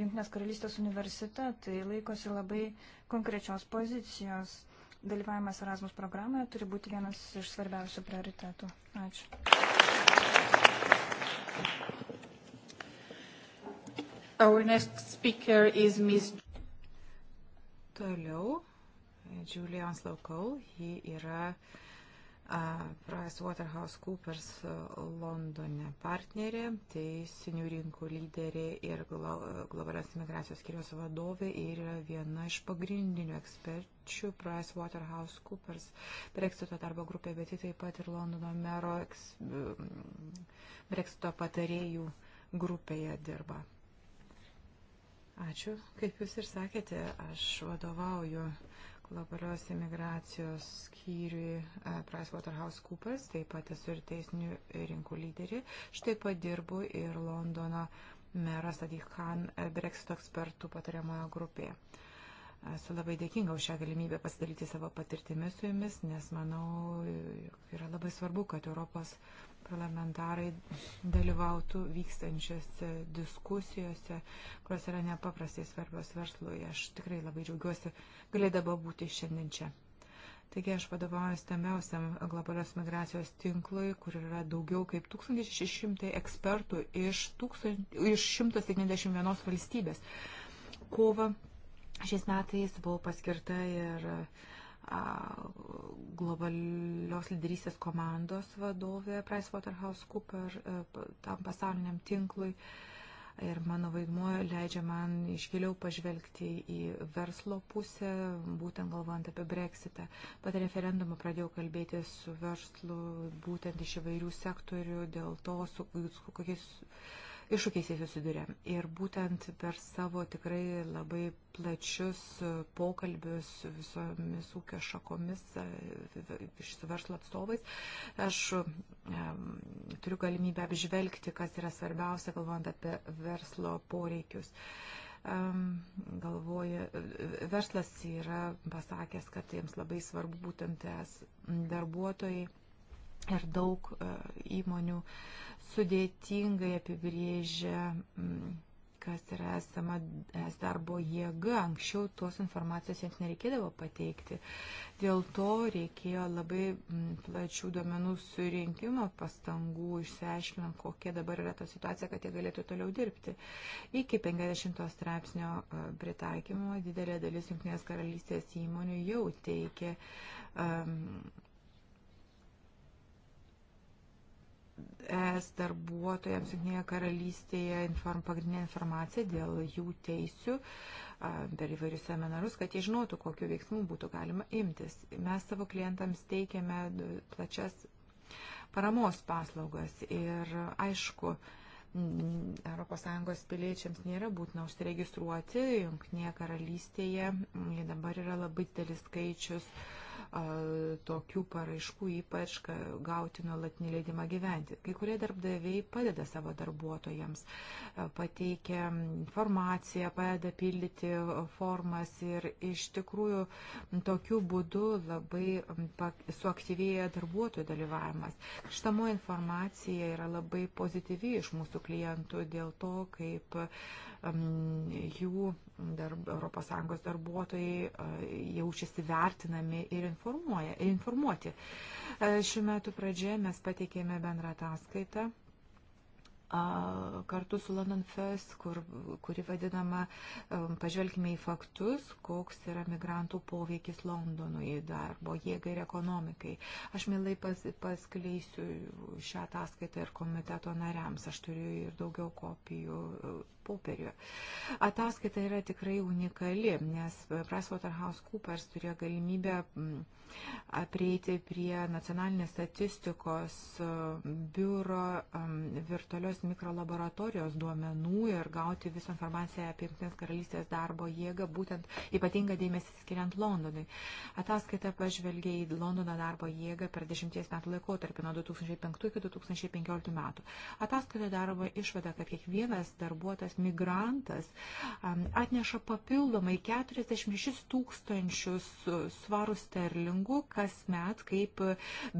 Junktinės karalystės universitetai laikosi labai konkrečios pozicijos. Dalyvavimas Erasmus programoje turi būti vienas iš svarbiausių prioritetų. Ačiū. Our next speaker is Ms. Toliau, Julian Slaukol, ji yra uh, PricewaterhouseCoopers Londone partnerė, teisinių rinkų lyderė ir globalios imigracijos skiriaus vadovė ir yra viena iš pagrindinių eksperčių PricewaterhouseCoopers Brexito darbo grupė, bet ji taip pat ir Londono mero eks, Brexito patarėjų grupėje dirba. Ačiū. Kaip jūs ir sakėte, aš vadovauju uh, globalios imigracijos skyriui e, PricewaterhouseCoopers, taip pat esu ir teisinių rinkų lyderį. Štai padirbu ir Londono meras Adih Khan e, Brexito ekspertų patariamojo grupėje. Esu labai dėkinga už šią galimybę pasidalyti savo patirtimi su jumis, nes manau, yra labai svarbu, kad Europos uh, parlamentarai dalyvautų vykstančiose diskusijose, kurios yra nepaprastai svarbios verslui. Aš tikrai labai džiaugiuosi galėdama būti šiandien čia. Taigi aš vadovauju stambiausiam globalios migracijos tinklui, kur yra daugiau kaip 1600 ekspertų iš, 1000, iš 171 valstybės. Kova šiais metais buvau paskirta ir uh, globalios lyderystės komandos vadovė PricewaterhouseCoopers e, tam pasauliniam tinklui. Ir mano vaidmuo leidžia man išgiliau pažvelgti į verslo pusę, būtent galvojant apie breksitą. Pat referendumą pradėjau kalbėti su verslu būtent iš įvairių sektorių dėl to, su kokiais iššūkiais jie susiduria. Ir būtent per savo tikrai labai plačius pokalbius su visomis ūkio šakomis, e, su verslo atstovais, aš e, turiu galimybę apžvelgti, kas yra svarbiausia, galvojant apie verslo poreikius e, galvoja, verslas yra pasakęs, kad jiems labai svarbu būtent es darbuotojai ir daug įmonių uh, sudėtingai apibrėžia, mm, kas yra esama es darbo jėga. Anksčiau tos informacijos jiems nereikėdavo pateikti. Dėl to reikėjo labai mm, plačių duomenų surinkimo pastangų, išsiaiškinant, kokia dabar yra ta situacija, kad jie galėtų toliau dirbti. Iki 50 straipsnio e, pritaikymo didelė dalis Junktinės karalystės įmonių jau teikė um, es darbuotojams Junktinėje karalystėje inform, pagrindinę informaciją dėl jų teisių per įvairius seminarus, kad jie žinotų, kokiu veiksmu būtų galima imtis. Mes savo klientams teikiame plačias paramos paslaugas ir aišku, ES piliečiams nėra būtina užsiregistruoti, Junktinėje karalystėje dabar yra labai didelis skaičius uh, tokių paraiškų, ypač gauti nuolatinį leidimą gyventi. Kai kurie darbdaviai padeda savo darbuotojams, pateikia informaciją, padeda pildyti formas ir iš tikrųjų tokiu būdu labai suaktyvėja darbuotojų dalyvavimas. Šitamo informacija yra labai pozityvi iš mūsų klientų dėl to, kaip jų darb, ES darbuotojai e, jaučiasi vertinami ir informuoti. E, Šiuo metu pradžioje mes pateikėme bendrą ataskaitą kartu su London Fest, kur, kuri vadinama e, Pažvelkime į faktus, koks yra migrantų poveikis Londonui darbo jėgai ir ekonomikai. Aš mielai pas, paskleisiu šią ataskaitą ir komiteto nariams. Aš turiu ir daugiau kopijų popieriuje. Ataskaita yra tikrai unikali, nes PricewaterhouseCoopers turėjo galimybę mm, prieiti prie nacionalinės statistikos biuro virtualios mikrolaboratorijos duomenų ir gauti visą informaciją apie Junktinės karalystės darbo jėgą, būtent ypatinga dėmesį skiriant Londonui. Ataskaita pažvelgia į Londono darbo jėgą per dešimties metų laikotarpį nuo 2005 iki 2015 metų. Ataskaita daroma išvada, kad kiekvienas darbuotojas migrantas, migrantas atneša papildomai 46 tūkstančius svarų sterlingų kasmet kaip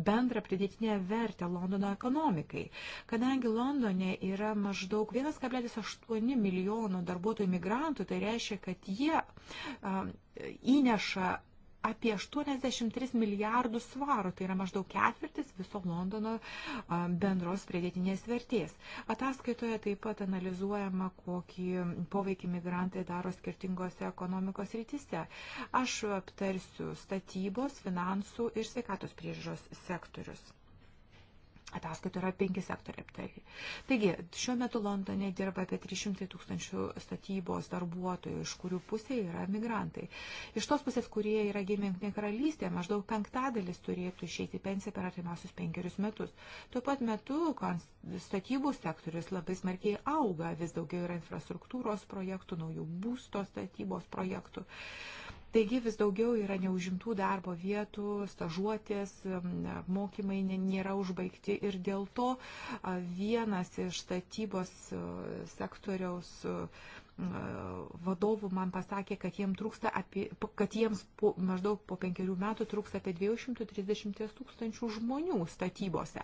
bendrą pridėtinę vertę Londono ekonomikai. Kadangi Londone yra maždaug 1,8 milijono darbuotojų migrantų, tai reiškia, kad jie įneša apie 83 milijardus svarų, tai yra maždaug ketvirtis viso Londono bendros pridėtinės vertės. Ataskaitoje taip pat analizuojama, kokį poveikį migrantai daro skirtingose ekonomikos rytise. Aš aptarsiu statybos, finansų ir sveikatos priežiūros sektorius. Ataskaita yra penki sektoriai aptarti. Taigi, šiuo metu Londone dirba apie 300 tūkstančių statybos darbuotojų, iš kurių pusė yra migrantai. Iš tos pusės, kurie yra gimę Junktinė karalystė, maždaug penktadalis turėtų išeiti pensiją per artimiausius penkerius metus. Tuo pat metu statybų sektorius labai smarkiai auga, vis daugiau yra infrastruktūros projektų, naujų būsto statybos projektų. Taigi vis daugiau yra neužimtų darbo vietų, stažuotės, mokymai nėra užbaigti ir dėl to vienas iš statybos sektoriaus E, vadovų man pasakė, kad, jiem apie, kad jiems po, maždaug po penkerių metų trūksta apie 230 tūkstančių žmonių statybose.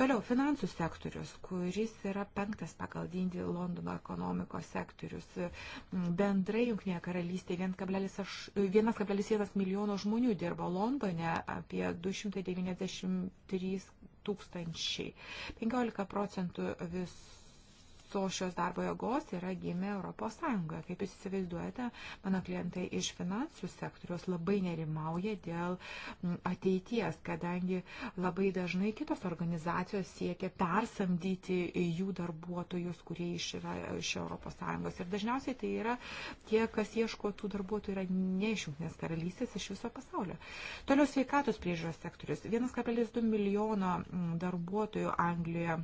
Toliau, finansų sektorius, kuris yra penktas pagal dydį Londono ekonomikos sektorius. Bendrai Junknėje karalystėje 1,1 milijono žmonių dirbo Londone apie 293 tūkstančiai. 15 procentų visų šios darbo jėgos yra gimę Europos Sąjungoje. Kaip jūs įsivaizduojate, mano klientai iš finansų sektoriaus labai nerimauja dėl ateities, kadangi labai dažnai kitos organizacijos siekia persamdyti jų darbuotojus, kurie iš, yra, iš Europos Sąjungos. Ir dažniausiai tai yra tie, kas ieško tų darbuotojų, yra ne iš Junktinės karalystės, iš viso pasaulio. Toliau sveikatos priežiūros sektorius. 1,2 milijono darbuotojų Anglijoje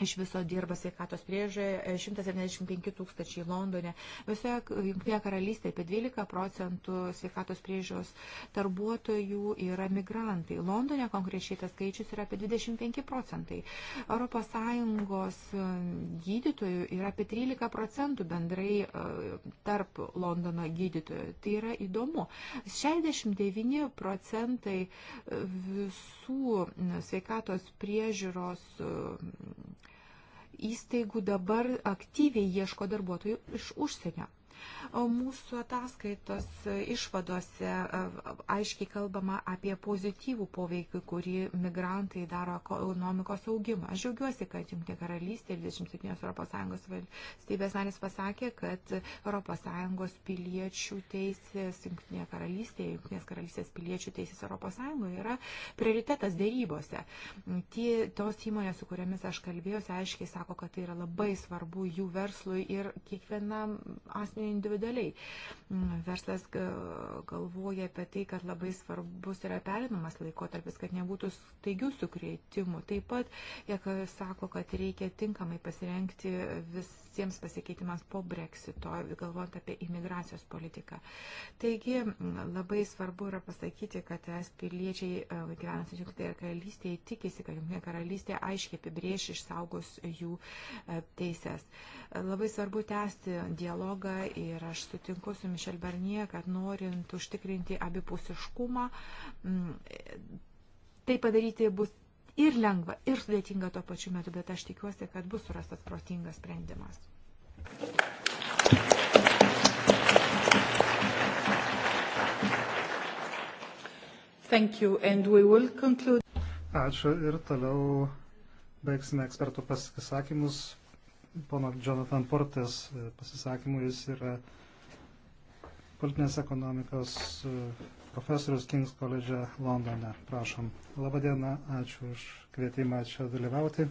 Iš viso dirba sveikatos priežoje 175 e, tūkstančiai Londone. Visoje Junktinėje karalystėje apie 12 procentų sveikatos priežos darbuotojų yra migrantai. Londone konkrečiai tas skaičius yra apie 25 procentai. ES e, gydytojų yra apie 13 procentų bendrai e, tarp Londono gydytojų. Tai yra įdomu. 69 procentai visų sveikatos priežiūros įstaigų dabar aktyviai ieško darbuotojų iš užsienio. Mūsų ataskaitos išvadose aiškiai kalbama apie pozityvų poveikį, kurį migrantai daro ekonomikos augimą. Aš džiaugiuosi, kad Junktinė karalystė ir 27 ES valstybės narės pasakė, kad ES piliečių teisės Junktinėje karalystėje, Junktinės karalystės piliečių teisės ES yra prioritetas dėrybose. Tie, tos įmonės, su kuriamis aš kalbėjausi, aiškiai sako, kad tai yra labai svarbu jų verslui ir kiekvienam asmeniui individualiai. Mm, verslas galvoja apie tai, kad labai svarbus yra perinamas laikotarpis, kad nebūtų staigių sukrėtimų. Taip pat jie sako, kad reikia tinkamai pasirenkti vis visiems pasikeitimams po breksito, galvojant apie imigracijos politiką. Taigi labai svarbu yra pasakyti, kad es piliečiai e, gyvenantys Junktinėje karalystėje tikisi, kad Junktinė karalystė aiškiai apibrieš išsaugos jų e, teises. E, labai svarbu tęsti dialogą ir aš sutinku su Mišel Barnie, kad norint užtikrinti abipusiškumą, tai padaryti bus ir lengva, ir sudėtinga tuo pačiu metu, bet aš tikiuosi, kad bus surastas protingas sprendimas. Thank you, and we will conclude. Ačiū ir toliau baigsime ekspertų pasisakymus. Pono Jonathan Portes pasisakymų jis yra politinės ekonomikos profesorius Kings koledže Londone. Prašom. Labadiena, ačiū už kvietimą čia dalyvauti.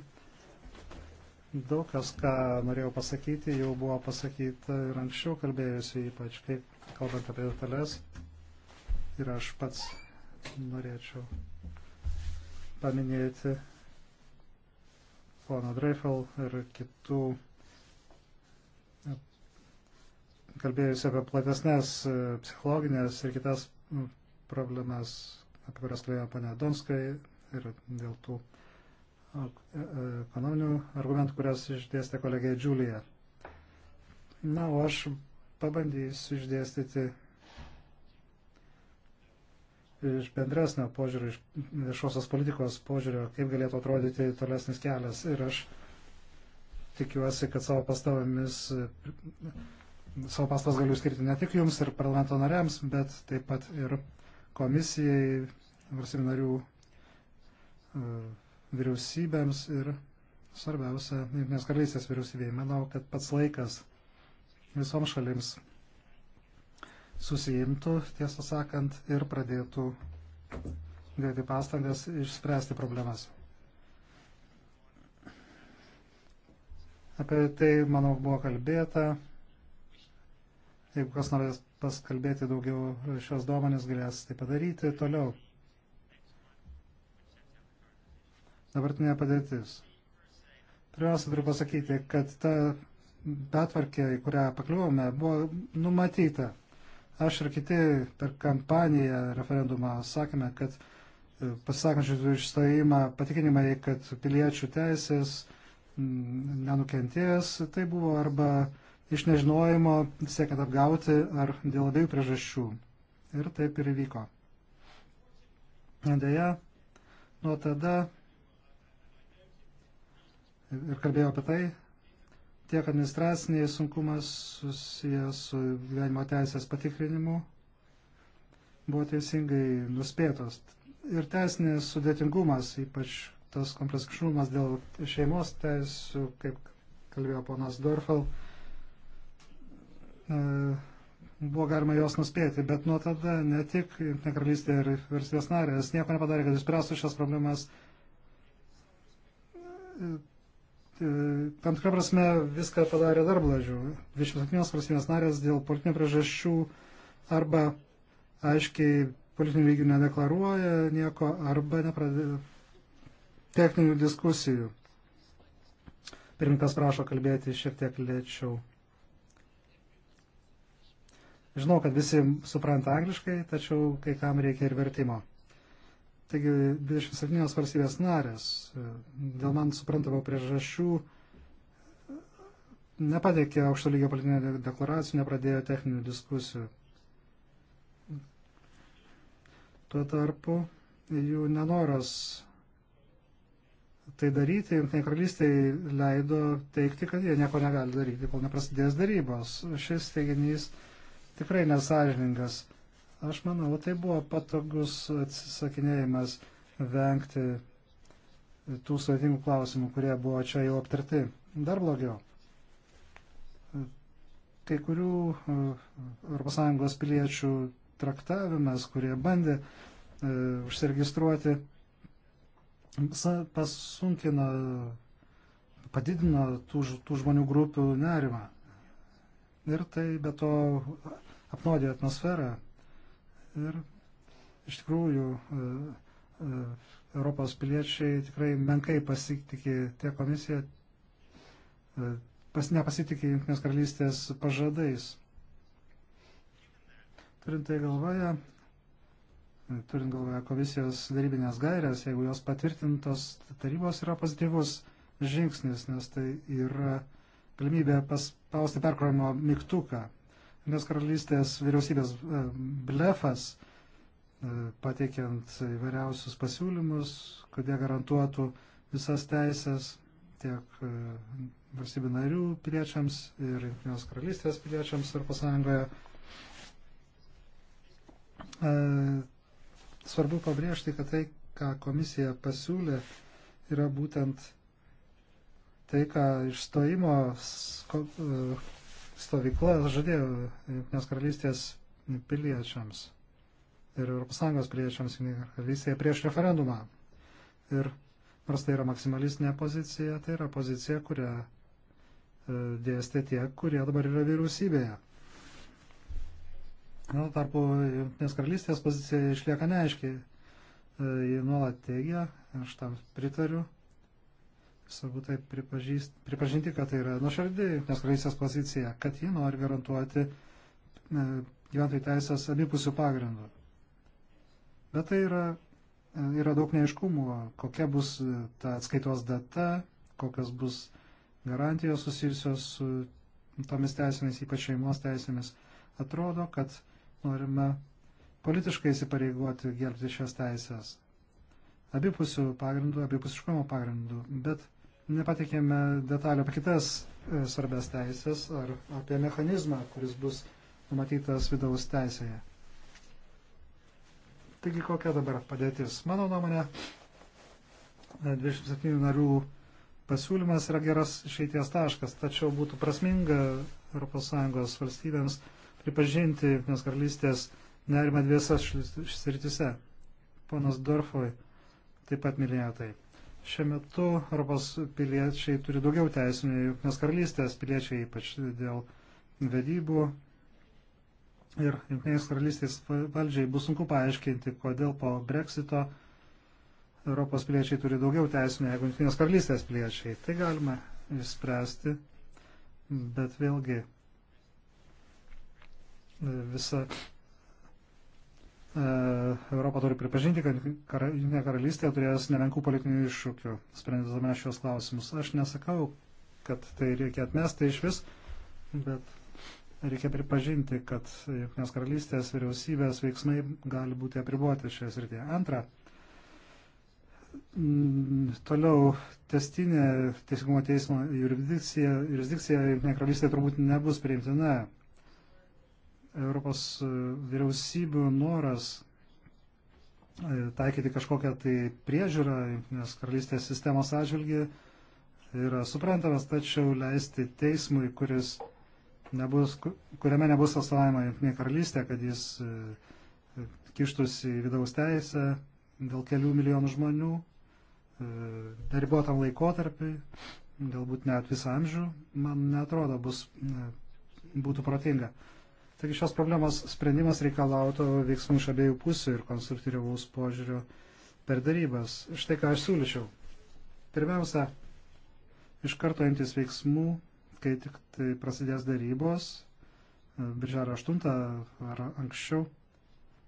Daug kas, ką norėjau pasakyti, jau buvo pasakyta ir anksčiau kalbėjusi, ypač kai kalbant apie detalės. Ir aš pats norėčiau paminėti pono Dreifel ir kitų kalbėjusi apie platesnės e, psichologinės ir kitas problemas, apie kurias kalbėjo ponia Donskai ir dėl tų e, e, ekonominių argumentų, kurias išdėstė kolegė Džiulija. Na, o aš pabandysiu išdėstyti iš bendresnio požiūrio, iš viešosios politikos požiūrio, kaip galėtų atrodyti tolesnis kelias. Ir aš tikiuosi, kad savo pastavomis, savo pastas galiu skirti ne tik jums ir parlamento nariams, bet taip pat ir komisijai, valstybių narių e, vyriausybėms ir svarbiausia, Junktinės karalystės vyriausybei. Manau, kad pats laikas visoms šalims susijimtų, tiesą sakant, ir pradėtų dėti pastangas išspręsti problemas. Apie tai, manau, buvo kalbėta. Jeigu kas norės paskalbėti daugiau šios duomenės galės tai padaryti toliau. Dabartinė padėtis. Pirmiausia, turiu pasakyti, kad ta betvarkė, į kurią pakliuvome, buvo numatyta. Aš ir kiti per kampaniją referendumą sakėme, kad e, pasakančių išstojimą patikinimai, kad piliečių teisės mm, nenukentės, tai buvo arba uh, iš nežinojimo siekiant apgauti ar dėl abiejų priežasčių. Ir taip ir įvyko. Deja, nuo tada ir kalbėjau apie tai, tiek administraciniai sunkumas susijęs su gyvenimo teisės patikrinimu buvo teisingai nuspėtos. Ir teisinės sudėtingumas, ypač tas kompleksiškumas dėl šeimos teisų, kaip kalbėjo ponas Dorfel, E, buvo galima juos nuspėti, bet nuo tada ne tik Junktinė karalystė ir valstybės narės nieko nepadarė, kad išspręstų šias problemas. E, e, tam tikrą prasme viską padarė dar blažiau. 27 valstybės narės dėl politinių priežasčių arba aiškiai politinių lygių nedeklaruoja nieko arba nepradeda techninių diskusijų. Pirmininkas prašo kalbėti šiek tiek lėčiau. Žinau, kad visi supranta angliškai, tačiau kai kam reikia ir vertimo. Taigi 27 valstybės narės dėl man suprantamo priežasčių nepateikė aukšto lygio politinio deklaracijų, nepradėjo techninių diskusijų. Tuo tarpu jų nenoras tai daryti, jungtinė karalystė leido teikti, kad jie nieko negali daryti, kol neprasidės darybos. Šis teiginys tikrai nesažiningas. Aš manau, tai buvo patogus atsisakinėjimas vengti tų sudėtingų klausimų, kurie buvo čia jau aptarti. Dar blogiau. Kai kurių ES piliečių traktavimas, kurie bandė e, užsiregistruoti, pasunkino, padidino tų, tų žmonių grupių nerimą. Ir tai be to apnuodė atmosferą. Ir iš tikrųjų e, e, Europos piliečiai tikrai menkai pasitikė tiek komisija, e, pas, nepasitikė Junktinės karalystės pažadais. Turint tai galvoje, turint galvoje komisijos darybinės gairės, jeigu jos patvirtintos tarybos yra pozityvus žingsnis, nes tai yra galimybė paspausti perkrovimo mygtuką. Nes karalystės vyriausybės e, blefas, e, pateikiant įvairiausius pasiūlymus, kad jie garantuotų visas teisės tiek e, valstybių narių piliečiams ir Junktinės karalystės piliečiams Europos Sąjungoje. Svarbu pabrėžti, kad tai, ką komisija pasiūlė, yra būtent tai, ką išstojimo stovykla žadėjo Junktinės karalystės piliečiams ir ES piliečiams Junktinėje karalystėje prieš referendumą. Ir nors tai yra maksimalistinė pozicija, tai yra pozicija, kurią e, dėstė tie, kurie dabar yra vyriausybėje. Nu, tarpu Junktinės karalystės pozicija išlieka neaiškiai. E, ji nuolat teigia, aš tam pritariu, svarbu tai pripažinti, kad tai yra nuoširdį Junktinės karalystės pozicija, kad ji nori garantuoti e, gyventojų teisės abipusių pagrindų. Bet tai yra, e, yra daug neiškumų, kokia bus e, ta atskaitos data, kokios bus garantijos susijusios su tomis teisėmis, ypač šeimos teisėmis. Atrodo, kad norime politiškai įsipareigoti gerbti šias teisės abipusių pagrindų, abipusiškumo pagrindų, bet nepatikėme detalę apie kitas e, svarbės teisės ar apie mechanizmą, kuris bus numatytas vidaus teisėje. Taigi kokia dabar padėtis? Mano nuomonė, 27 e, narių pasiūlymas yra geras išeities taškas, tačiau būtų prasminga ES valstybėms pripažinti Junktinės karalystės nerimą dviesas sritise. Ponas Dorfoj taip pat minėjo tai. Šiuo metu Europos piliečiai turi daugiau teisų nei Junktinės karalystės piliečiai, ypač dėl vedybų. Ir Junktinės karalystės valdžiai bus sunku paaiškinti, kodėl po Brexito Europos piliečiai turi daugiau teisų nei Junktinės karalystės piliečiai. Tai galima išspręsti, bet vėlgi visa E, Europa turi pripažinti, kad Junktinė karalystė turės nemenkų politinių iššūkių, sprendžiame šios klausimus. Aš nesakau, kad tai reikia atmesti iš vis, bet reikia pripažinti, kad Junktinės karalystės vyriausybės veiksmai gali būti apribuoti šioje srityje. Antra, toliau testinė teisingumo teismo jurisdikcija, jurisdikcija Junktinė karalystė turbūt nebus priimtina Europos e, vyriausybių noras e, taikyti kažkokią tai priežiūrą, nes karalystės sistemos atžvilgi yra suprantamas, tačiau leisti teismui, kuris nebus, kuriame nebus atstovavimo jungtinė karalystė, kad jis e, kištųsi į vidaus teisę dėl kelių milijonų žmonių, dar ribotam laikotarpiui, galbūt net visą amžių, man netrodo, bus, būtų protinga. Taigi šios problemos sprendimas reikalautų veiksmų iš abiejų pusių ir konstruktyvaus požiūrio per darybas. Štai ką aš siūlyčiau. Pirmiausia, iš karto imtis veiksmų, kai tik tai prasidės darybos, e, birželio 8 ar anksčiau,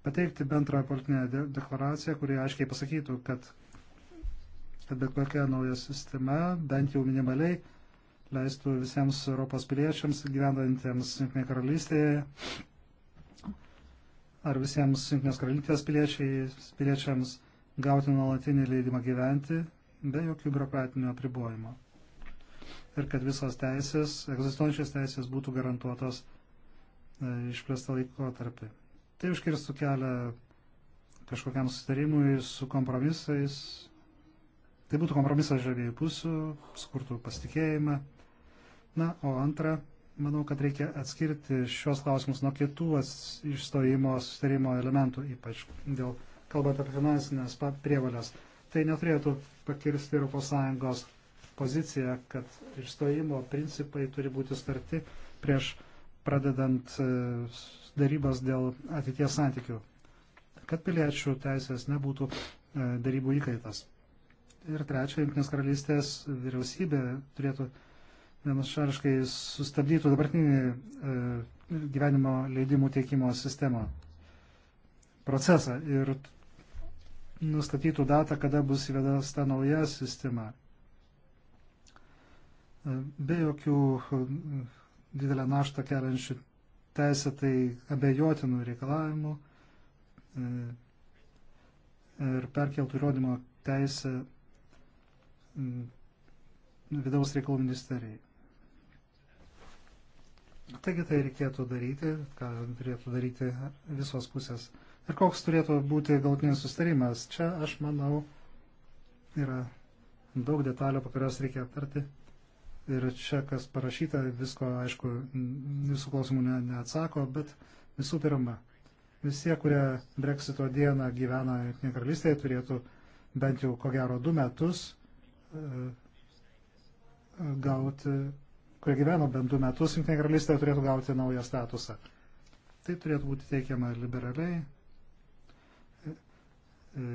pateikti bendrą politinę de deklaraciją, kurie aiškiai pasakytų, kad, kad bet kokia nauja sistema, bent jau minimaliai, leistų visiems Europos piliečiams gyvendantiems Junktinėje karalystėje ar visiems Junktinės karalystės piliečiams gauti nuolatinį leidimą gyventi be jokių biurokratinių apribojimų. Ir kad visos teisės, egzistuojančios teisės būtų garantuotos e, išplėstą laikotarpį. Tai užkirstų kelią kažkokiam sustarimui su kompromisais. Tai būtų kompromisas žavėjų pusių, skurtų pasitikėjimą. Na, o antra, manau, kad reikia atskirti šios klausimus nuo kitų išstojimo sustarimo elementų, ypač dėl kalbant apie finansinės prievalės. Tai neturėtų pakirsti ES poziciją, kad išstojimo principai turi būti starti prieš pradedant e, darybas dėl ateities santykių, kad piliečių teisės nebūtų e, darybų įkaitas. Ir trečia, Junktinės karalystės vyriausybė turėtų vienašališkai sustabdytų dabartinį e, gyvenimo leidimų teikimo sistemą, procesą ir nustatytų datą, kada bus įvedas ta nauja sistema. E, be jokių e, didelę naštą keliančių teisėtai abejotinų reikalavimų ir perkeltų įrodymo teisę vidaus reikalų ministerijai. Taigi tai reikėtų daryti, ką turėtų daryti visos pusės. Ir koks turėtų būti galtinis sustarimas? Čia, aš manau, yra daug detalių, apie kurias reikia aptarti. Ir čia, kas parašyta, visko, aišku, visų klausimų ne, neatsako, bet visų pirma, visi, kurie Brexito dieną gyvena Junktinėje karalystėje, turėtų bent jau, ko gero, du metus e, gauti kurie gyveno bent du metus, Junktinė karalystė turėtų gauti naują statusą. Tai turėtų būti teikiama liberaliai. E, e,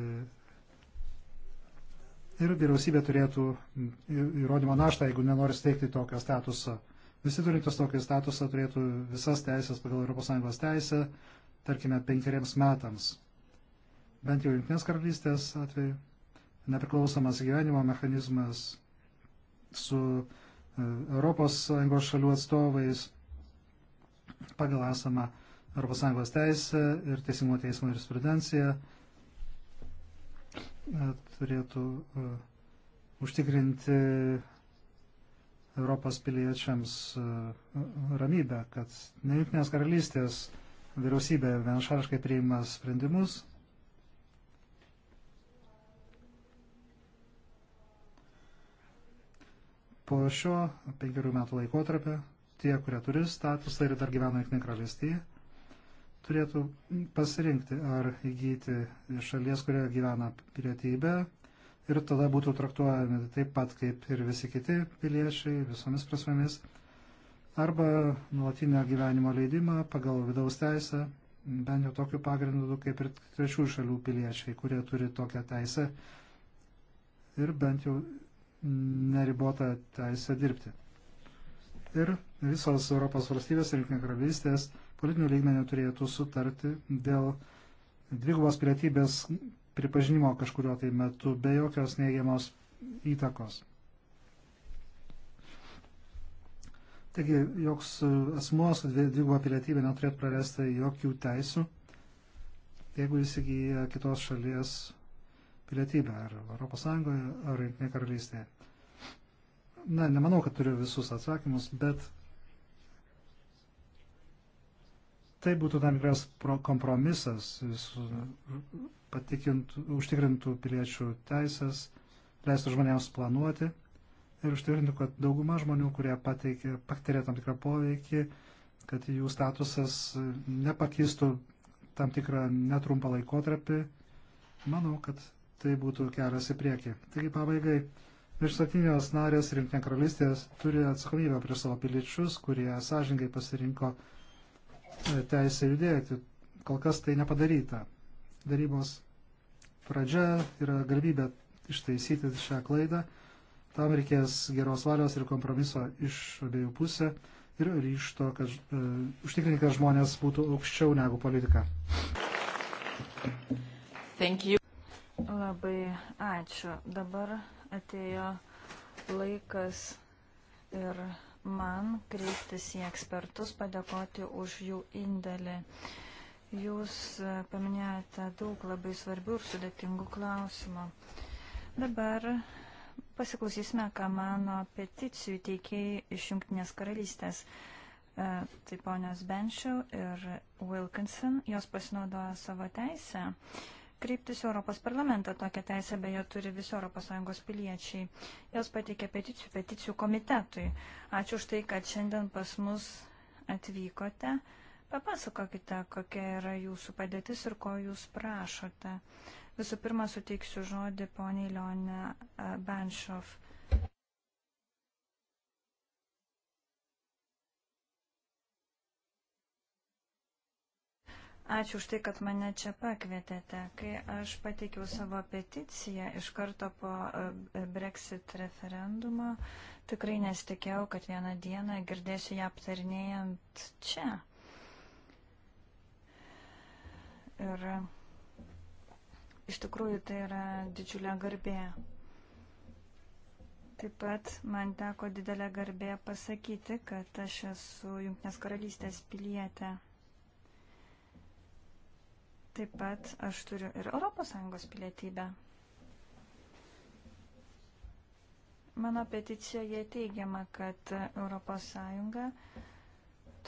ir vyriausybė turėtų įrodymo naštą, jeigu nenori steigti tokio statuso. Visi turintys tokį statusą turėtų visas teisės pagal ES teisę, tarkime, penkeriems metams. Bent jau Junktinės karalystės atveju nepriklausomas gyvenimo mechanizmas su uh, ES šalių atstovais pagal esamą ES teisę ir Teisingumo teismo jurisprudenciją e, turėtų e, užtikrinti Europos piliečiams e, ramybę, kad ne Junktinės karalystės vyriausybė vienašališkai priima sprendimus Po šio penkerių metų laikotarpio tie, kurie turi statusą ir dar gyvena Junktinė karalystėje, turėtų pasirinkti, ar įgyti šalies, kurioje gyvena pilietybę ir tada būtų traktuojami taip pat kaip ir visi kiti piliečiai visomis prasmėmis, arba nuolatinio gyvenimo leidimą pagal vidaus teisę, bent jau tokiu pagrindu kaip ir trečių šalių piliečiai, kurie turi tokią teisę ir bent jau neribotą teisę dirbti. Ir visos Europos valstybės ir Junktinė karalystės politinių lygmenių turėtų sutarti dėl dvigubos pilietybės pripažinimo kažkurio tai metu be jokios neigiamos įtakos. Taigi, joks asmuo su dvigubo pilietybė neturėtų prarasti jokių teisų, jeigu jis įgyja kitos šalies pilietybę ar ES ar Junktinė karalystėje na, nemanau, kad turiu visus atsakymus, bet tai būtų tam tikras kompromisas, užtikrintų piliečių teisės, leistų žmonėms planuoti ir užtikrintų, kad dauguma žmonių, kurie pateikė, patiria tam tikrą poveikį, kad jų statusas nepakistų tam tikrą netrumpą laikotarpį. Manau, kad tai būtų kelias į priekį. Taigi pabaigai Virštatinės narės ir Junktinė karalystė turi atsakomybę prieš savo piliečius, kurie sąžingai pasirinko e, teisę judėti. Kol kas tai nepadaryta. Darybos pradžia yra galimybė ištaisyti šią klaidą. Tam reikės geros valios ir kompromiso iš abiejų pusę ir ryšto, kad e, užtikrinti, kad žmonės būtų aukščiau negu politika. Labai ačiū. Dabar atėjo laikas ir man kreiptis į ekspertus, padėkoti už jų indėlį. Jūs paminėjote daug labai svarbių ir sudėtingų klausimų. Dabar pasiklausysime, ką mano peticijų teikėjai iš Junktinės karalystės. E, tai ponios Benšiau ir Wilkinson, jos pasinaudojo savo teisę kreiptis Europos parlamentą. Tokią teisę beje turi visi ES piliečiai. Jos pateikė peticijų, peticijų komitetui. Ačiū už tai, kad šiandien pas mus atvykote. Papasakokite, kokia yra jūsų padėtis ir ko jūs prašote. Visų pirma, suteiksiu žodį poniai Lionė Benšov. Ačiū už tai, kad mane čia pakvietėte. Kai aš pateikiau savo peticiją iš karto po e, Brexit referendumo, tikrai nesitikėjau, kad vieną dieną girdėsiu ją aptarinėjant čia. Ir iš tikrųjų tai yra didžiulė garbė. Taip pat man teko didelė garbė pasakyti, kad aš esu Junktinės karalystės pilietė. Taip pat aš turiu ir ES pilietybę. Mano peticijoje teigiama, kad ES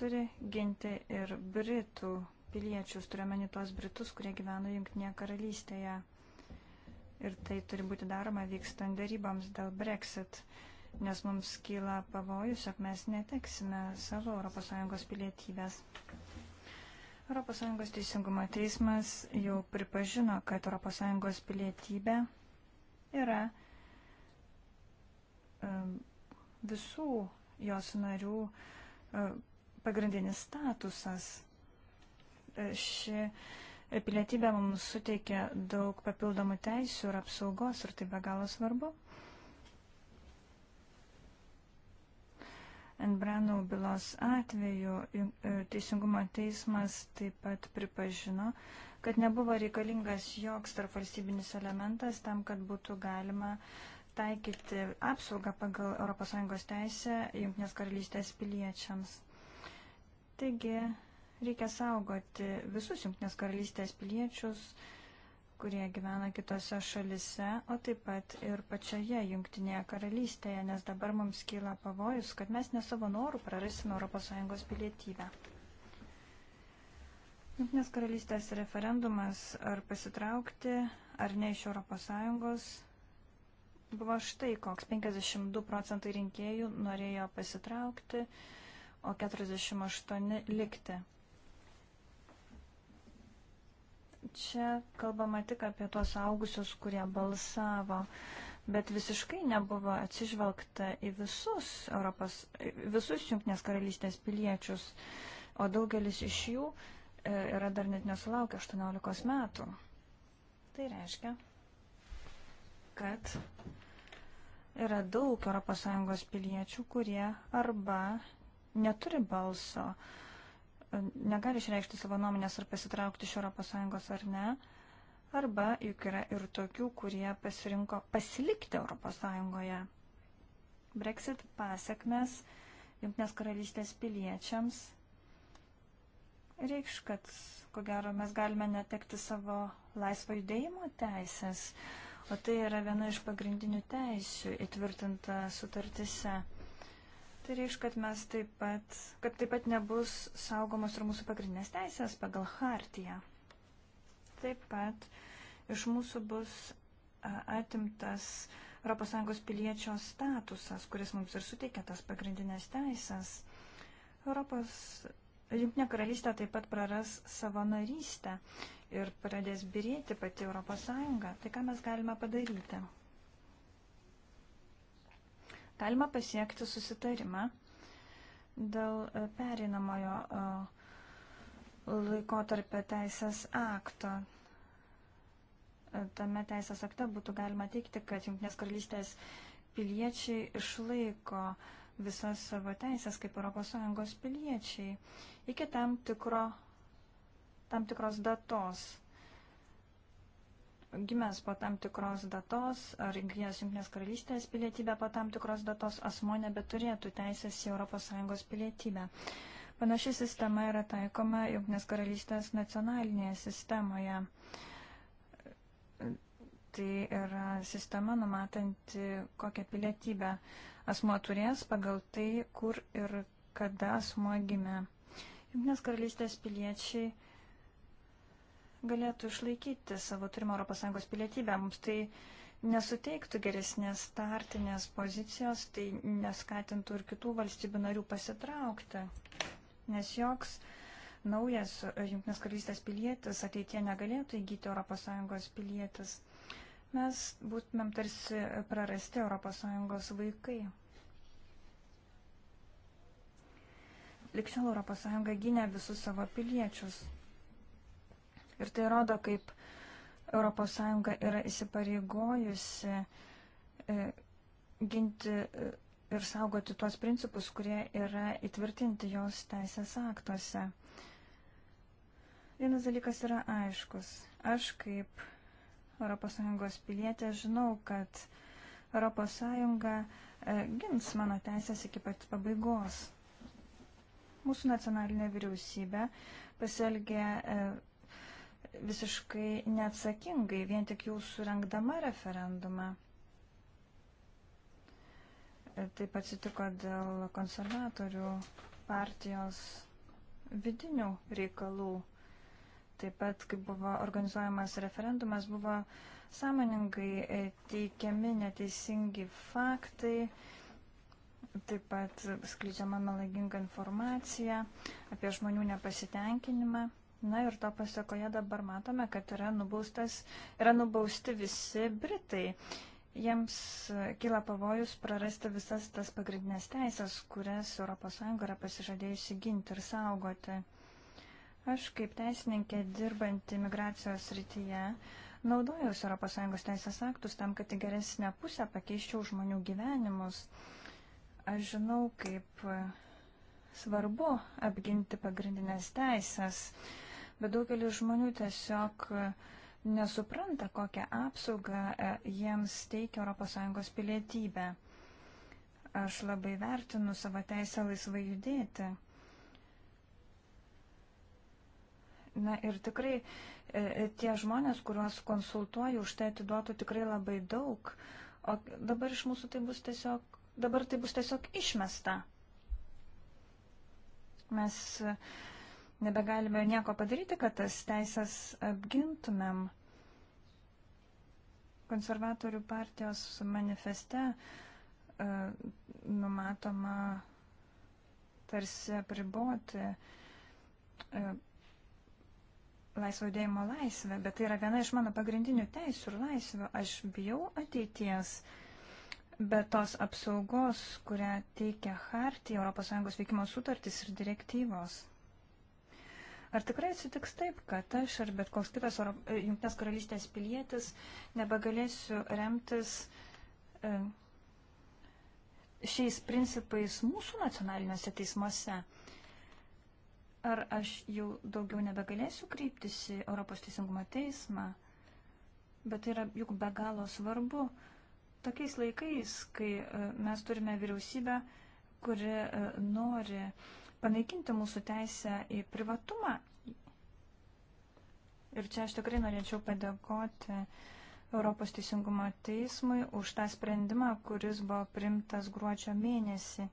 turi ginti ir Britų piliečius, turiuomenį tuos Britus, kurie gyveno Junktinėje karalystėje. Ir tai turi būti daroma vykstant daryboms dėl Brexit, nes mums kyla pavojus, jog mes neteksime savo ES pilietybės. ES teisingumo teismas jau pripažino, kad ES pilietybė yra visų jos narių e, pagrindinis statusas. E, ši pilietybė mums suteikia daug papildomų teisių ir apsaugos ir tai be galo svarbu. Enbranau bylos atveju e, Teisingumo teismas taip pat pripažino, kad nebuvo reikalingas joks tarpvalstybinis elementas tam, kad būtų galima taikyti apsaugą pagal ES teisę Junktinės karalystės piliečiams. Taigi, reikia saugoti visus Junktinės karalystės piliečius, uh, kurie gyvena kitose šalise, o taip pat ir pačioje Junktinėje karalystėje, nes dabar mums kyla pavojus, kad mes ne savo norų prarasime ES pilietybę. Junktinės karalystės referendumas ar pasitraukti, ar ne iš ES buvo štai koks. 52 procentai rinkėjų norėjo pasitraukti, o 48 likti. Čia kalbama tik apie tuos augusius, kurie balsavo, bet visiškai nebuvo atsižvelgta į visus Europos, visus Junktinės karalystės piliečius, o daugelis iš jų e, yra dar net nesulaukę 18 metų. Tai reiškia, kad yra daug ES piliečių, kurie arba neturi balso, uh, negali išreikšti savo nuomonės ar pasitraukti iš ES ar ne. Arba juk yra ir tokių, kurie pasirinko pasilikti ES. Brexit pasiekmes Junktinės karalystės piliečiams reikš, kad ko gero mes galime netekti savo laisvo judėjimo teisės, o tai yra viena iš pagrindinių teisių įtvirtinta sutartise. Tai reiškia, kad mes taip pat, kad taip pat nebus saugomos ir mūsų pagrindinės teisės pagal hartiją. Taip pat iš mūsų bus atimtas ES piliečio statusas, kuris mums ir suteikia tas pagrindinės teisės. Europos Junktinė karalystė taip pat praras savo narystę ir pradės birėti pati Europos Sąjunga. Tai ką mes galime padaryti? galima pasiekti susitarimą dėl e, pereinamojo e, laikotarpio teisės akto. E, tame teisės akte būtų galima teikti, kad Junktinės karalystės piliečiai išlaiko visas savo teisės kaip ES piliečiai iki tam, tikro, tam tikros datos gimęs po tam tikros datos ar įgyjęs Junktinės karalystės pilietybę po tam tikros datos asmo nebeturėtų teisės į ES pilietybę. Panaši sistema yra taikoma Junktinės karalystės nacionalinėje sistemoje. Tai yra sistema numatanti, kokią pilietybę asmo turės pagal tai, kur ir kada asmo gimė. Junktinės karalystės piliečiai galėtų išlaikyti savo turimą ES pilietybę. Mums tai nesuteiktų geresnės startinės pozicijos, tai neskatintų ir kitų valstybių narių pasitraukti, nes joks naujas Junktinės karalystės pilietis ateitie negalėtų įgyti ES pilietis. Mes būtumėm tarsi prarasti ES vaikai. Likščiau ES gynė visus savo piliečius. Ir tai rodo, kaip ES yra įsipareigojusi e, ginti e, ir saugoti tuos principus, kurie yra įtvirtinti jos teisės aktuose. Vienas dalykas yra aiškus. Aš kaip ES pilietė žinau, kad ES e, gins mano teisės iki pat pabaigos. Mūsų nacionalinė vyriausybė pasielgė visiškai neatsakingai, vien tik jau surengdama referendumą. Taip atsitiko dėl konservatorių partijos vidinių reikalų. Taip pat, kaip buvo organizuojamas referendumas, buvo sąmoningai e, teikiami neteisingi faktai, taip pat skleidžiama melaginga informacija apie žmonių nepasitenkinimą. Na ir to pasakoje dabar matome, kad yra, nubaustas, yra nubausti visi Britai. Jiems kyla pavojus prarasti visas tas pagrindinės teisės, kurias ES yra pasižadėjusi ginti ir saugoti. Aš kaip teisininkė dirbanti migracijos rytyje naudojausi ES teisės aktus tam, kad į geresnę pusę pakeiščiau žmonių gyvenimus. Aš žinau, kaip svarbu apginti pagrindinės teisės bet daugelis žmonių tiesiog nesupranta, kokią apsaugą e, jiems teikia ES pilietybė. Aš labai vertinu savo teisę laisvai judėti. Na ir tikrai e, e, tie žmonės, kuriuos konsultuoju, už tai atiduotų tikrai labai daug. O dabar iš mūsų tai bus tiesiog, dabar tai bus tiesiog išmesta. Mes nebegalime nieko padaryti, kad tas teisės apgintumėm. Konservatorių partijos manifeste e, numatoma tarsi apriboti e, laisvo dėjimo laisvę, bet tai yra viena iš mano pagrindinių teisų ir laisvių. Aš bijau ateities, bet tos apsaugos, kurią teikia Hartija, ES veikimo sutartys ir direktyvos. Ar tikrai atsitiks taip, kad aš ar bet koks kitas e, Junktinės karalystės pilietis nebegalėsiu remtis e, šiais principais mūsų nacionaliniuose teismuose? Ar aš jau daugiau nebegalėsiu kryptis į Europos teisingumo teismą? Bet tai yra juk be galo svarbu tokiais laikais, kai e, mes turime vyriausybę, kuri nori panaikinti mūsų teisę į privatumą, Ir čia aš tikrai norėčiau padėkoti Europos teisingumo teismui už tą sprendimą, kuris buvo primtas gruodžio mėnesį.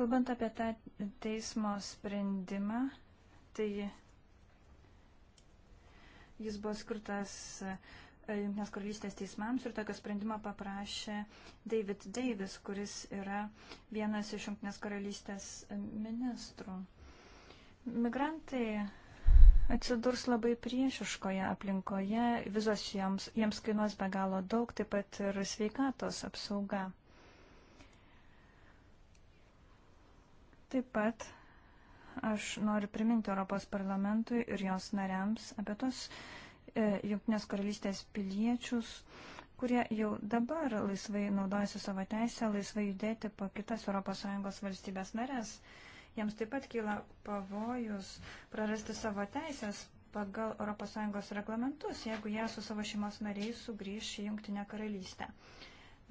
Kalbant apie tą teismo sprendimą, tai jis buvo skirtas uh, E, Junktinės karalystės teismams ir tokio sprendimo paprašė David Davis, kuris yra vienas iš Junktinės karalystės ministrų. Migrantai atsidurs labai priešiškoje aplinkoje, vizos jiems, jiems kainuos be galo daug, taip pat ir sveikatos apsauga. Taip pat aš noriu priminti Europos parlamentui ir jos nariams apie tos uh, E, Junktinės karalystės piliečius, kurie jau dabar laisvai naudojasi savo teisę, laisvai judėti po kitas ES valstybės narės. Jiems taip pat kyla pavojus prarasti savo teisės pagal ES reglamentus, jeigu jie su savo šeimos nariais sugrįš į Junktinę karalystę.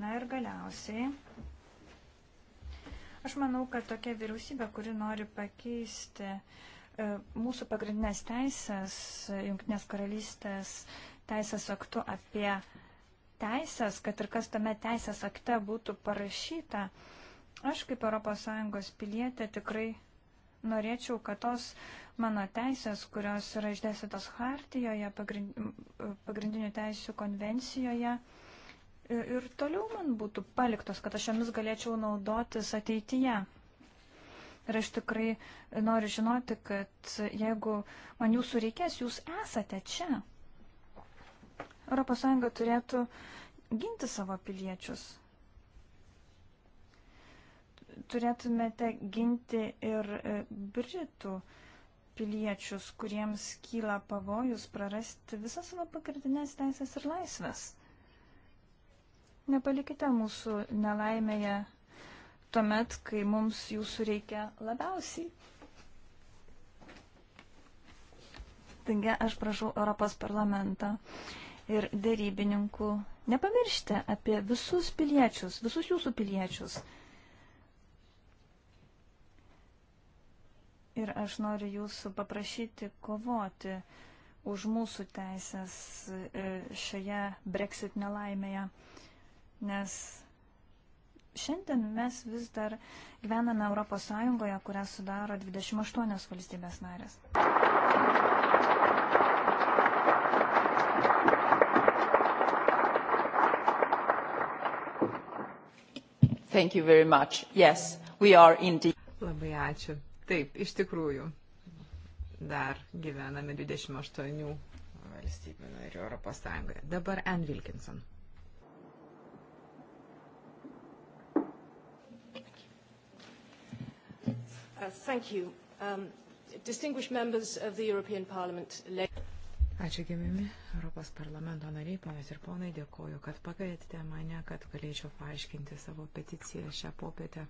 Na ir galiausiai. Aš manau, kad tokia vyriausybė, kuri nori pakeisti uh, E, mūsų pagrindinės teisės, Junktinės karalystės teisės aktu apie teisės, kad ir kas tame teisės akte būtų parašyta, aš kaip ES pilietė tikrai norėčiau, kad tos mano teisės, kurios yra išdėstytos Hartijoje, pagrindinių teisų konvencijoje, ir toliau man būtų paliktos, kad aš jomis galėčiau naudotis ateityje. Ir aš tikrai noriu žinoti, kad jeigu man jūsų reikės, jūs esate čia. ES turėtų ginti savo piliečius. Turėtumėte ginti ir e, Britų piliečius, kuriems kyla pavojus prarasti visą savo pagrindinės teisės ir laisvės. Nepalikite mūsų nelaimėje tuomet, kai mums jūsų reikia labiausiai. Taigi aš prašau Europos parlamentą ir dėrybininkų nepamiršti apie visus piliečius, visus jūsų piliečius. Ir aš noriu jūsų paprašyti kovoti už mūsų teisės e, šioje Brexit nelaimėje, nes Šiandien mes vis dar gyvename Europos Sąjungoje, kurią sudaro 28 valstybės narės. Thank you very much. Yes, we are indeed. Labai ačiū. Taip, iš tikrųjų, dar gyvename 28 valstybių narių Europos Sąjungoje. Dabar Ann Wilkinson. Uh, thank you. Um, distinguished members of the European Parliament. Ačiū gimimi Europos parlamento nariai, ponės ir ponai, dėkoju, kad pakvietėte mane, kad galėčiau paaiškinti savo peticiją šią popietę.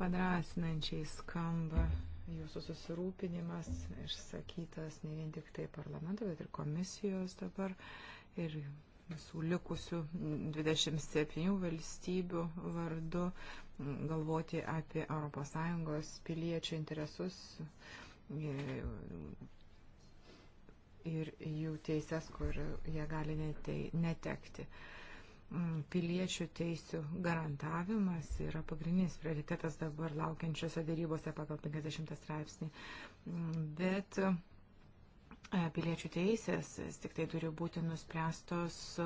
Padrasinančiai skamba jūsų susirūpinimas, išsakytas ne vien tik tai parlamento, bet ir komisijos dabar. Ir visų likusių 27 valstybių vardu galvoti apie ES piliečių interesus ir jų teises, kur jie gali netekti piliečių teisių garantavimas yra pagrindinis prioritetas dabar laukiančiose dėrybose pagal 50 straipsnį. Bet E, piliečių teisės tik tai turi būti nuspręstos e,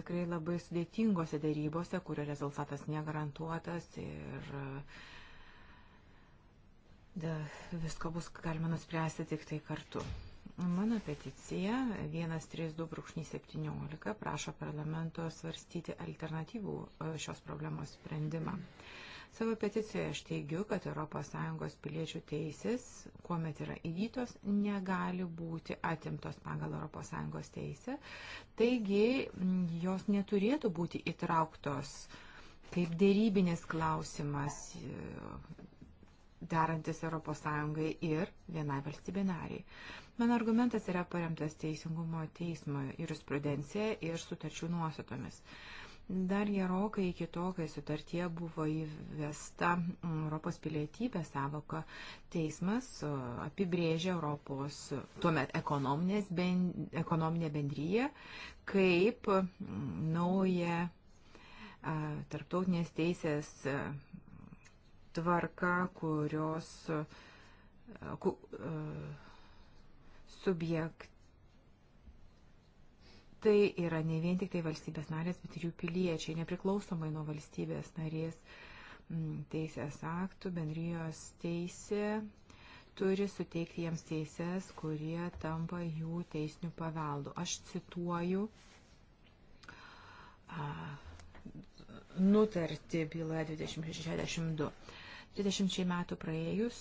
tikrai labai sudėtingose darybose, kurio rezultatas negarantuotas ir e, da, visko bus galima nuspręsti tik tai kartu. Mano peticija 132.17 prašo parlamento svarstyti alternatyvų šios problemos sprendimą. Mm. Savo peticijoje aš teigiu, kad ES piliečių teisės, kuomet yra įgytos, negali būti atimtos pagal ES teisę. Taigi jos neturėtų būti įtrauktos kaip dėrybinis klausimas e, darantis ES ir vienai valstybė nariai. Mano argumentas yra paremtas teisingumo teismo jurisprudencija ir sutarčių nuostatomis. Dar gerokai iki to, kai sutartie buvo įvesta Europos pilietybė savoka, teismas e, apibrėžė Europos tuomet bend, ekonominę bendryją kaip naują tarptautinės teisės e, tvarka, kurios e, ku, subjekt tai yra ne vien tik tai valstybės narės, bet ir jų piliečiai, nepriklausomai nuo valstybės narės mm, teisės aktų, bendrijos teisė turi suteikti jiems teises, kurie tampa jų teisinių paveldų. Aš cituoju a, nutarti byloje 2062. 20 metų praėjus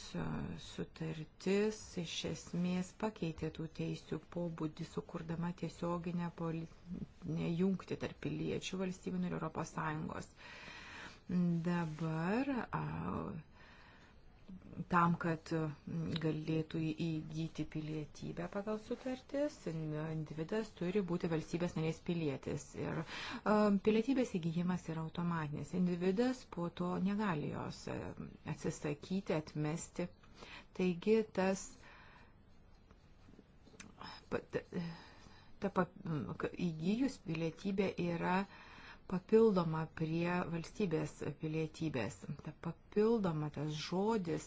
sutartis iš esmės pakeitė tų teisių pobūdį, sukurdama tiesioginę politinę jungtį tarp piliečių valstybių ir ES. Dabar tam, kad mm, galėtų įgyti pilietybę pagal sutartis, individas turi būti valstybės narės pilietis. Ir pilietybės įgyjimas yra automatinis. Individas po to negali jos atsisakyti, atmesti. Taigi tas. Ta, ta, įgyjus pilietybė yra uh, papildoma prie valstybės pilietybės. Ta papildoma tas žodis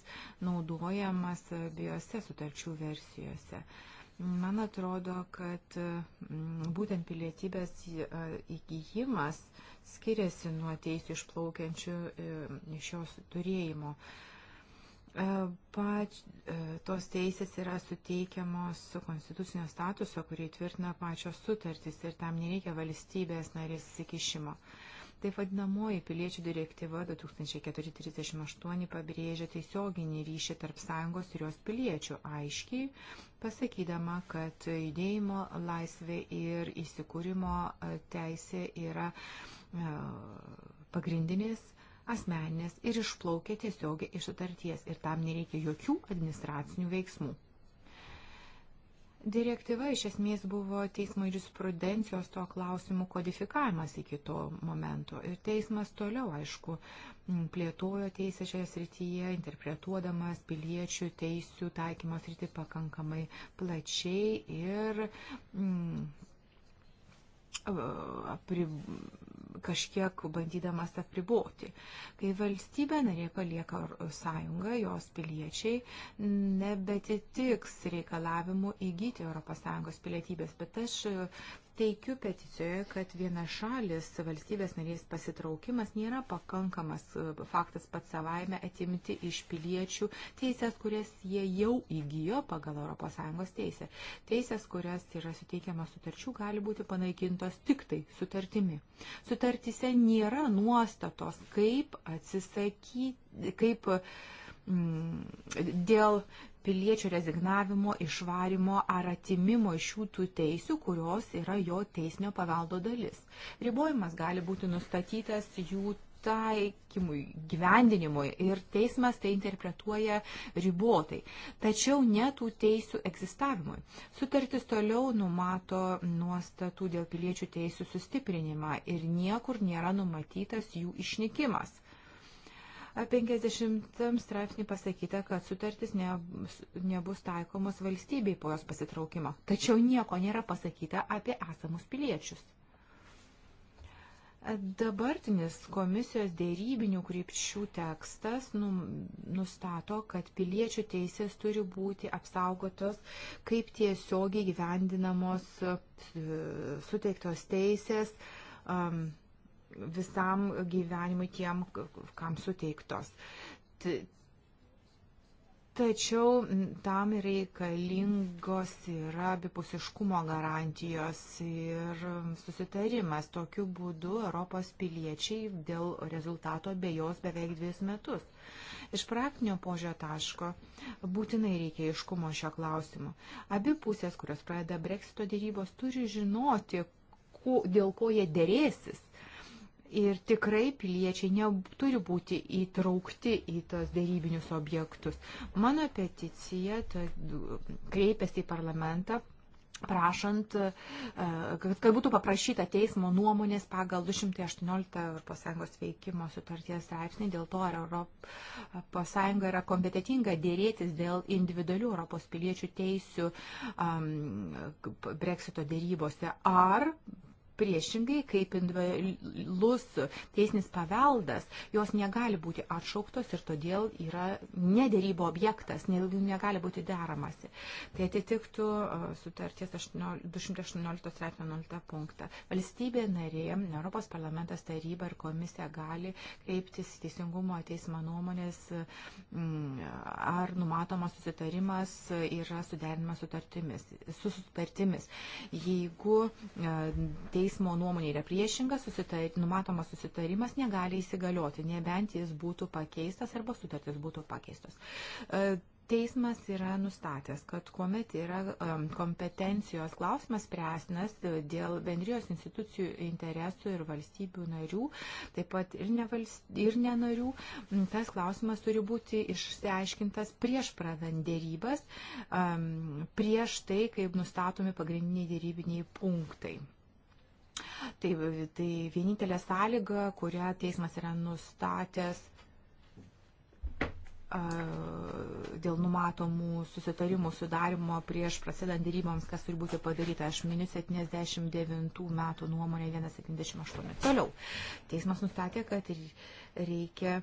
naudojamas abiejose sutarčių versijose. Man atrodo, kad mm, būtent pilietybės įgyjimas skiriasi nuo teisų išplaukiančių e, iš jos turėjimo. Uh, E, pač, e, tos teisės yra suteikiamos su konstitucinio statuso, kurį tvirtina pačios sutartys ir tam nereikia valstybės narės įsikišimo. Taip vadinamoji piliečių direktyva 2438 pabrėžia tiesioginį ryšį tarp sąjungos ir jos piliečių, aiškiai pasakydama, kad judėjimo laisvė ir įsikūrimo teisė yra e, pagrindinės asmeninės ir išplaukia tiesiogiai iš sutarties ir tam nereikia jokių administracinių veiksmų. Direktyva iš esmės buvo teismo jurisprudencijos to klausimų kodifikavimas iki to momento. Ir teismas toliau, aišku, plėtojo teisę šioje srityje, interpretuodamas piliečių teisių taikymo srity pakankamai plačiai ir mm, apri, kažkiek bandydamas apriboti. Kai valstybė narė palieka sąjungą, jos piliečiai nebetitiks reikalavimų įgyti ES pilietybės, bet aš teikiu peticijoje, kad viena šalis valstybės narės pasitraukimas nėra pakankamas e, faktas pats savaime atimti iš piliečių teisės, kurias jie jau įgyjo pagal ES teisę. Teisės, kurias yra suteikiamas sutarčių, gali būti panaikintos tik tai sutartimi. Sutartise nėra nuostatos, kaip atsisakyti, kaip mm, dėl piliečių rezignavimo, išvarimo ar atimimo iš jų tų teisių, kurios yra jo teisinio paveldo dalis. Ribojimas gali būti nustatytas jų taikymui, gyvendinimui ir teismas tai interpretuoja ribotai, tačiau ne tų teisių egzistavimui. Sutartis toliau numato nuostatų dėl piliečių teisų sustiprinimą ir niekur nėra numatytas jų išnikimas. 50 straipsnį pasakyta, kad sutartis ne, nebus taikomos valstybei po jos pasitraukimo. Tačiau nieko nėra pasakyta apie esamus piliečius. Dabartinis komisijos dėrybinių krypčių tekstas nu, nustato, kad piliečių teisės turi būti apsaugotos kaip tiesiogiai gyvendinamos e, suteiktos teisės um, visam gyvenimui tiem, kam suteiktos. Tačiau tam reikalingos yra abipusiškumo garantijos ir susitarimas. Tokiu būdu Europos piliečiai dėl rezultato bejos beveik dvies metus. Iš praktinio požio taško būtinai reikia iškumo šio klausimu. Abi pusės, kurios pradeda breksito dėrybos, turi žinoti, ko, dėl ko jie dėrėsis Ir tikrai piliečiai neturi būti įtraukti į tos dėrybinius objektus. Mano peticija tai, kreipėsi į parlamentą prašant, e, kad būtų paprašyta teismo nuomonės pagal 218 ES veikimo sutarties straipsnį dėl to, ar ES yra kompetitinga dėrėtis dėl individualių Europos piliečių teisių um, Brexito dėrybose, ar Priešingai, kaip individualus teisinis paveldas, jos negali būti atšauktos ir todėl yra nederybo objektas, negali būti deramasi. Tai atitiktų sutarties 218 straipsnio 0 punktą. Valstybė narė, Europos parlamentas, taryba ir komisija gali kreiptis teisingumo teismo nuomonės, ar numatomas susitarimas yra suderinimas sutartimis, su sutartimis. Jeigu teis teismo nuomonė yra priešinga, susitar, numatomas susitarimas negali įsigalioti, nebent jis būtų pakeistas arba sutartis būtų pakeistos. E, teismas yra nustatęs, kad kuomet yra e, kompetencijos klausimas spręsnas e, dėl bendrijos institucijų interesų ir valstybių narių, taip pat ir, nevalst, ir nenarių, tas klausimas turi būti išsiaiškintas prieš pradant dėrybas, prieš tai, kaip nustatomi pagrindiniai dėrybiniai punktai. Tai, tai vienintelė sąlyga, kurią teismas yra nustatęs dėl numatomų susitarimų sudarimo prieš prasidant dėryboms, kas turi būti padaryta. Aš miniu 79 metų nuomonę 178. Toliau. Teismas nustatė, kad reikia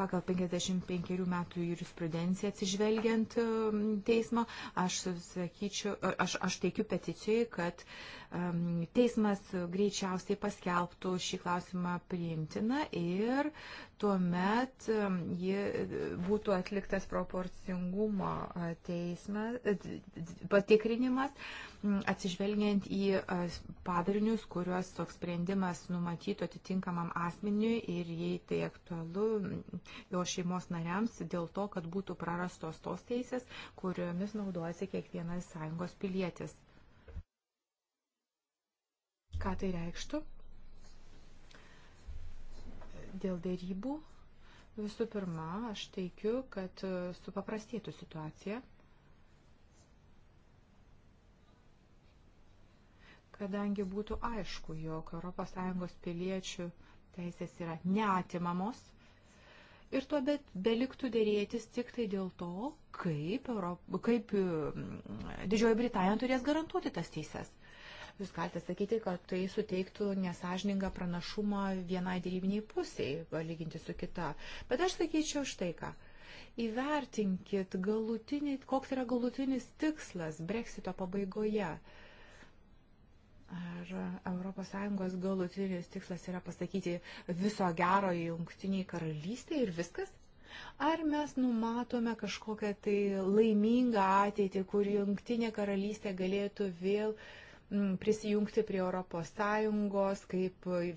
pagal 55 metų jurisprudenciją atsižvelgiant um, teismo, aš, sakyčiau, aš, aš teikiu peticijai, kad teismas greičiausiai paskelbtų šį klausimą priimtina ir tuomet ji e, būtų atliktas proporcingumo e, teismas, e, patikrinimas, atsižvelgiant į padarinius, kuriuos toks sprendimas numatytų atitinkamam asmeniui ir jei tai aktualu jo šeimos nariams dėl to, kad būtų prarastos tos teisės, kuriomis naudojasi kiekvienas sąjungos pilietis. Ką tai reikštų? Dėl dėrybų visų pirma, aš teikiu, kad supaprastėtų situacija. Kadangi būtų aišku, jog ES piliečių teisės yra neatimamos ir tuo bet beliktų dėrėtis tik tai dėl to, kaip, Europ... kaip mm, Didžioji Britanija turės garantuoti tas teises. Jūs galite sakyti, kad tai suteiktų nesažningą pranašumą vienai dėrybiniai pusiai, palyginti su kita. Bet aš sakyčiau štai ką. Įvertinkit, galutinį, koks yra galutinis tikslas breksito pabaigoje. Ar ES galutinis tikslas yra pasakyti viso gero jungtiniai karalystėje ir viskas? Ar mes numatome kažkokią tai laimingą ateitį, kur jungtinė karalystė galėtų vėl uh, prisijungti prie ES kaip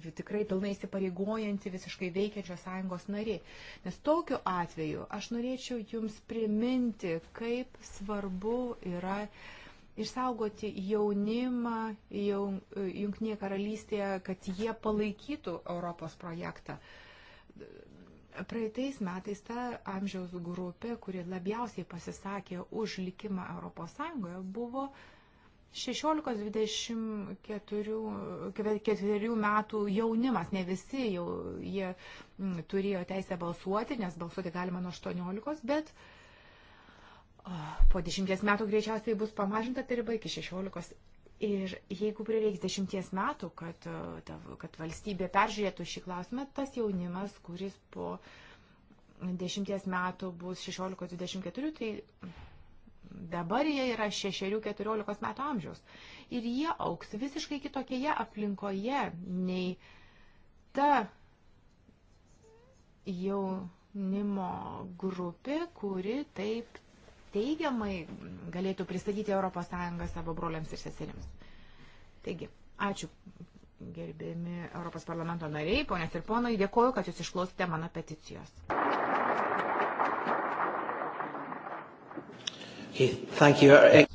e, tikrai pilnai įsipareigojanti visiškai veikiančios sąjungos nari. Nes tokiu atveju aš norėčiau Jums priminti, kaip svarbu yra išsaugoti jaunimą jaun, e, Junktinėje karalystėje, kad jie palaikytų Europos projektą. Praeitais metais ta amžiaus grupė, kuri labiausiai pasisakė už likimą ES, buvo uh, 16-24 metų jaunimas, ne visi jau jie m, turėjo teisę balsuoti, nes balsuoti galima nuo 18, bet po 10 metų greičiausiai bus pamažinta ta riba iki 16. Ir jeigu prireiks dešimties metų, kad, kad valstybė peržiūrėtų šį klausimą, tas jaunimas, kuris po dešimties metų bus 16-24, tai Dabar jie yra 6-14 metų amžiaus. Ir jie auks visiškai kitokioje aplinkoje nei ta jaunimo grupė, kuri taip teigiamai galėtų pristatyti ES savo broliams ir seserims. Taigi, ačiū gerbiami Europos parlamento nariai, ponės ir ponai, dėkoju, kad jūs išklausėte mano peticijos. Okay, uh,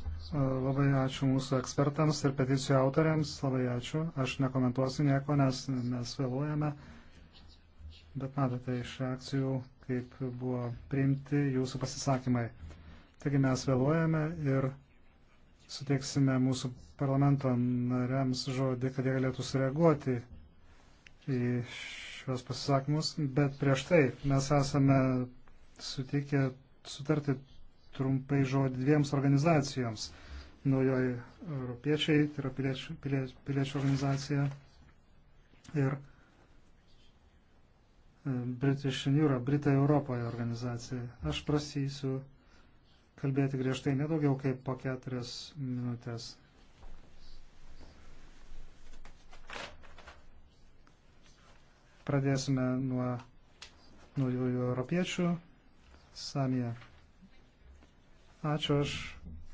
labai ačiū mūsų ekspertams ir peticijų autoriams, labai ačiū. Aš nekomentuosiu nieko, nes mes vėluojame. Bet matote iš reakcijų, kaip buvo priimti jūsų pasisakymai. Taigi mes vėluojame ir suteiksime mūsų parlamento nariams žodį, kad jie galėtų sureaguoti į šios pasisakymus, bet prieš tai mes esame sutikę sutarti trumpai žodį dviems organizacijoms. Naujoji Europiečiai, tai yra piliečių, piliečių, piliečių organizacija ir e, British in Europe, Britai Europoje organizacija. Aš prasysiu kalbėti griežtai nedaugiau kaip po keturias minutės. Pradėsime nuo naujųjų europiečių. Samija Ačiū, aš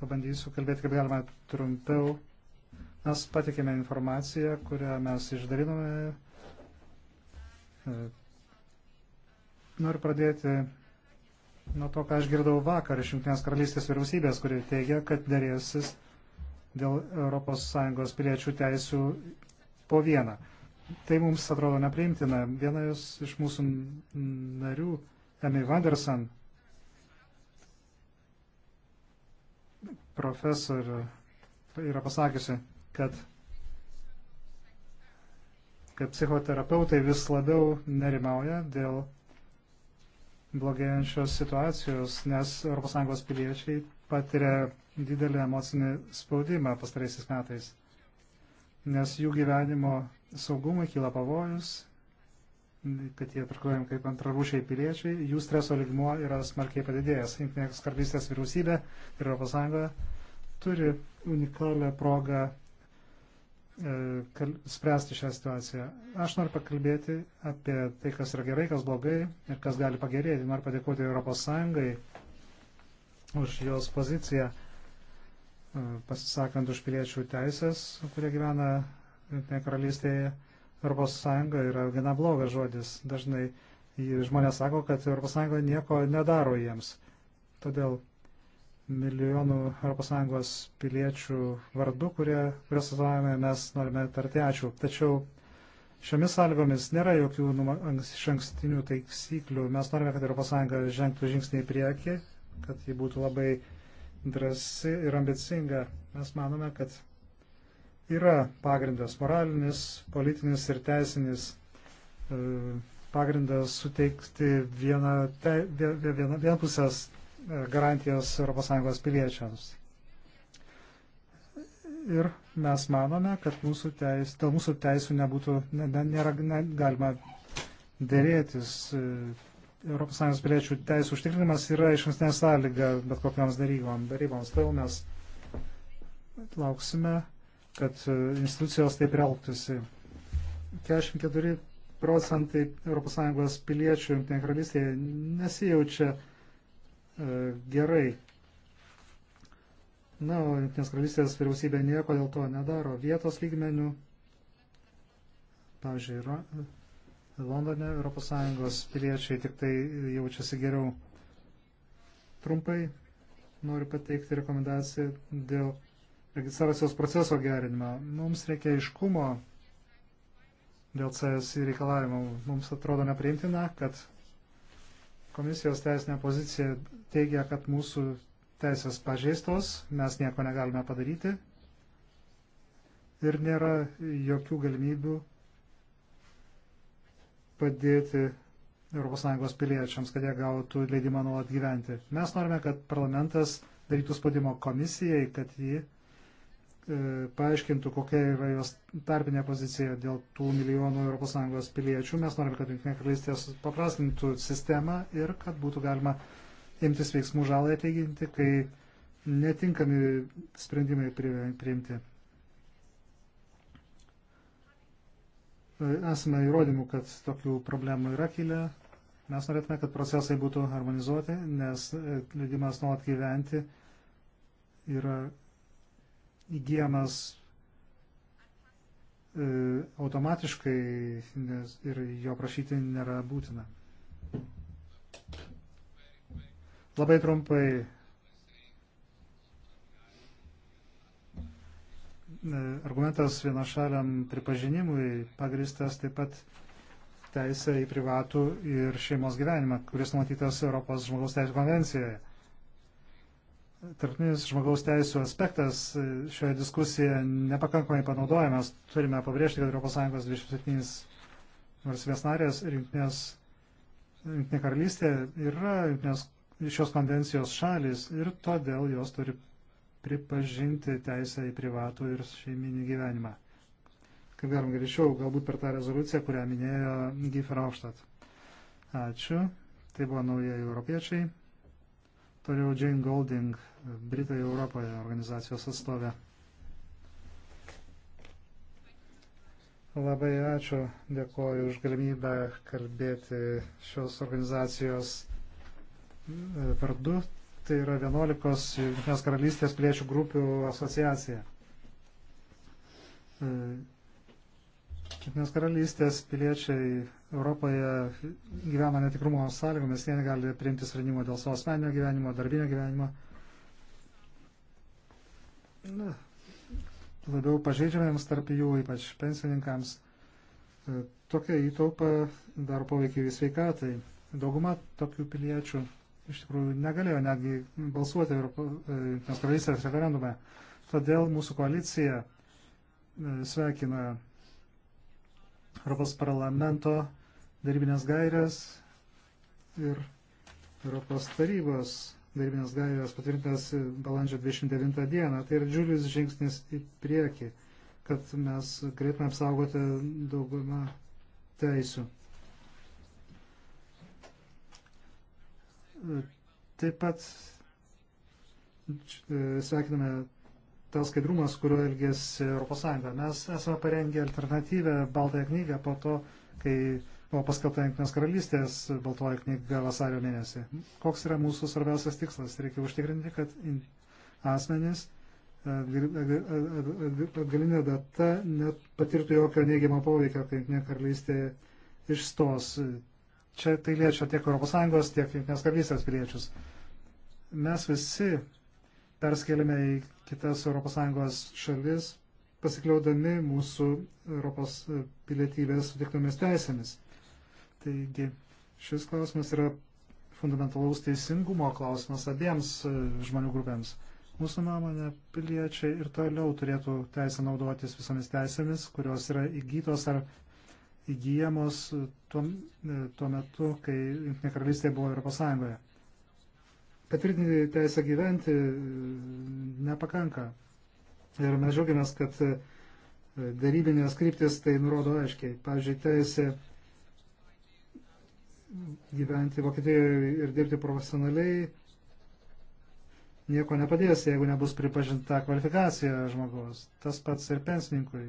pabandysiu kalbėti kaip galima trumpiau. Mes patikėme informaciją, kurią mes išdalinome. E, noriu pradėti nuo to, ką aš girdau vakar iš Junktinės karalystės vyriausybės, kuri teigia, kad dėrėsis dėl ES piliečių teisių po vieną. Tai mums atrodo nepriimtina. Vienas iš mūsų narių, Emmy Vanderson, profesorė yra pasakiusi, kad, kad psichoterapeutai vis labiau nerimauja dėl blogėjančios situacijos, nes ES piliečiai patiria didelį emocinį spaudimą pastaraisiais metais, nes jų gyvenimo saugumui kyla pavojus kad jie traktuojami kaip antrarūšiai piliečiai, jų streso lygmuo yra smarkiai padidėjęs. Jungtinės karalystės vyriausybė ir ES turi unikalią progą e, spręsti šią situaciją. Aš noriu pakalbėti apie tai, kas yra gerai, kas blogai ir kas gali pagerėti. Noriu padėkoti ES už jos poziciją, e, pasisakant už piliečių teisės, kurie gyvena Junktinėje karalystėje. Europos Sąjunga yra gana blogas žodis. Dažnai žmonės sako, kad Europos Sąjunga nieko nedaro jiems. Todėl milijonų Europos Sąjungos piliečių vardu, kurie, kurias atstovavome, mes norime tarti ačiū. Tačiau šiomis sąlygomis nėra jokių iš ankstinių taisyklių. Mes norime, kad Europos Sąjunga žengtų žingsnį į priekį, kad ji būtų labai drasi ir ambicinga. Mes manome, kad yra pagrindas moralinis, politinis ir teisinis e, pagrindas suteikti vieną, te, vieną, vieną pusės e, garantijas ES piliečiams. Ir mes manome, kad mūsų teis, dėl mūsų teisų nebūtų, ne, nėra ne, galima dėrėtis. E, ES piliečių teisų užtikrinimas yra iš ankstinė sąlyga bet kokiams daryboms. Todėl mes lauksime kad e, institucijos taip elgtųsi. 44 procentai ES piliečių Junktinėje karalystėje nesijaučia e, gerai. Na, o Junktinės karalystės vyriausybė nieko dėl to nedaro. Vietos lygmenių, pavyzdžiui, Londone ES piliečiai tik tai jaučiasi geriau. Trumpai noriu pateikti rekomendaciją dėl registracijos proceso gerinimą. Mums reikia iškumo dėl CSI reikalavimų. Mums atrodo nepriimtina, kad komisijos teisinė pozicija teigia, kad mūsų teisės pažeistos, mes nieko negalime padaryti ir nėra jokių galimybių padėti ES piliečiams, kad jie gautų leidimą nuolat gyventi. Mes norime, kad parlamentas darytų spaudimo komisijai, kad ji E, paaiškintų, kokia yra jos tarpinė pozicija dėl tų milijonų ES piliečių. Mes norime, kad Junktinė karalystė paprastintų sistemą ir kad būtų galima imtis veiksmų žalai atlyginti, kai netinkami sprendimai priimti. E, esame įrodymų, kad tokių problemų yra kilę. Mes norėtume, kad procesai būtų harmonizuoti, nes e, leidimas nuolat gyventi yra įgyjamas e, automatiškai nes ir jo prašyti nėra būtina. Labai trumpai e, argumentas vienašaliam pripažinimui pagristas taip pat teisė į privatų ir šeimos gyvenimą, kuris numatytas Europos žmogaus teisų konvencijoje tarptautinis žmogaus teisų aspektas e, šioje diskusijoje nepakankamai panaudojamas. Turime pabrėžti, kad ES 27 valstybės narės ir jungtinės, jungtinė karalystė yra jungtinės šios konvencijos šalis ir todėl jos turi pripažinti teisę į privatų ir šeiminį gyvenimą. Kaip galim greičiau, galbūt per tą rezoliuciją, kurią minėjo Gifer Aukštat. Ačiū. Tai buvo naujieji europiečiai. Toliau Jane Golding, Britai Europoje organizacijos atstovė. Labai ačiū, dėkoju už galimybę kalbėti šios organizacijos e, vardu. Tai yra 11 Junktinės karalystės piliečių grupių asociacija. E, Junktinės karalystės piliečiai Europoje gyvena netikrumo sąlygomis, jie negali priimti sprendimo dėl savo asmeninio gyvenimo, darbinio gyvenimo. Na, labiau pažeidžiamiems tarp jų, ypač pensininkams, e, tokia įtaupa daro poveikį sveikatai. Dauguma tokių piliečių iš tikrųjų negalėjo netgi balsuoti e, Junktinės karalystės referendume. Todėl mūsų koalicija e, sveikina Europos parlamento darybinės gairės ir Europos tarybos darybinės gairės patvirtintas balandžio 29 dieną. Tai yra džiulis žingsnis į priekį, kad mes galėtume apsaugoti daugumą teisių. Taip pat e, sveikiname tas skaidrumas, kuriuo elgėsi ES. Mes esame parengę alternatyvę Baltąją knygą po to, kai buvo paskelbta Junktinės karalystės baltoji knyga vasario mėnesį. Koks yra mūsų svarbiausias tikslas? Reikia užtikrinti, kad asmenys atgalinė e, e, e, data net patirtų jokio neigiamo poveikio, kai Junktinė karalystė išstos. Čia tai liečia tiek ES, tiek Junktinės karalystės piliečius. Mes visi perskeliame į kitas ES šalis, pasikliaudami mūsų Europos pilietybės sutiktomis teisėmis. Taigi šis klausimas yra fundamentalaus teisingumo klausimas abiems e, žmonių grupėms. Mūsų nuomonė, piliečiai ir toliau turėtų teisę naudotis visomis teisėmis, kurios yra įgytos ar įgyjamos tuo, e, tuo metu, kai Junktinė karalystė buvo Europos Sąjungoje. Patvirtinti teisę gyventi e, nepakanka. Ir mes žiūrėmės, kad darybinės kryptis tai nurodo aiškiai. Pavyzdžiui, teisė gyventi Vokietijoje ir dirbti profesionaliai nieko nepadės, jeigu nebus pripažinta kvalifikacija žmogaus. Tas pats ir pensininkui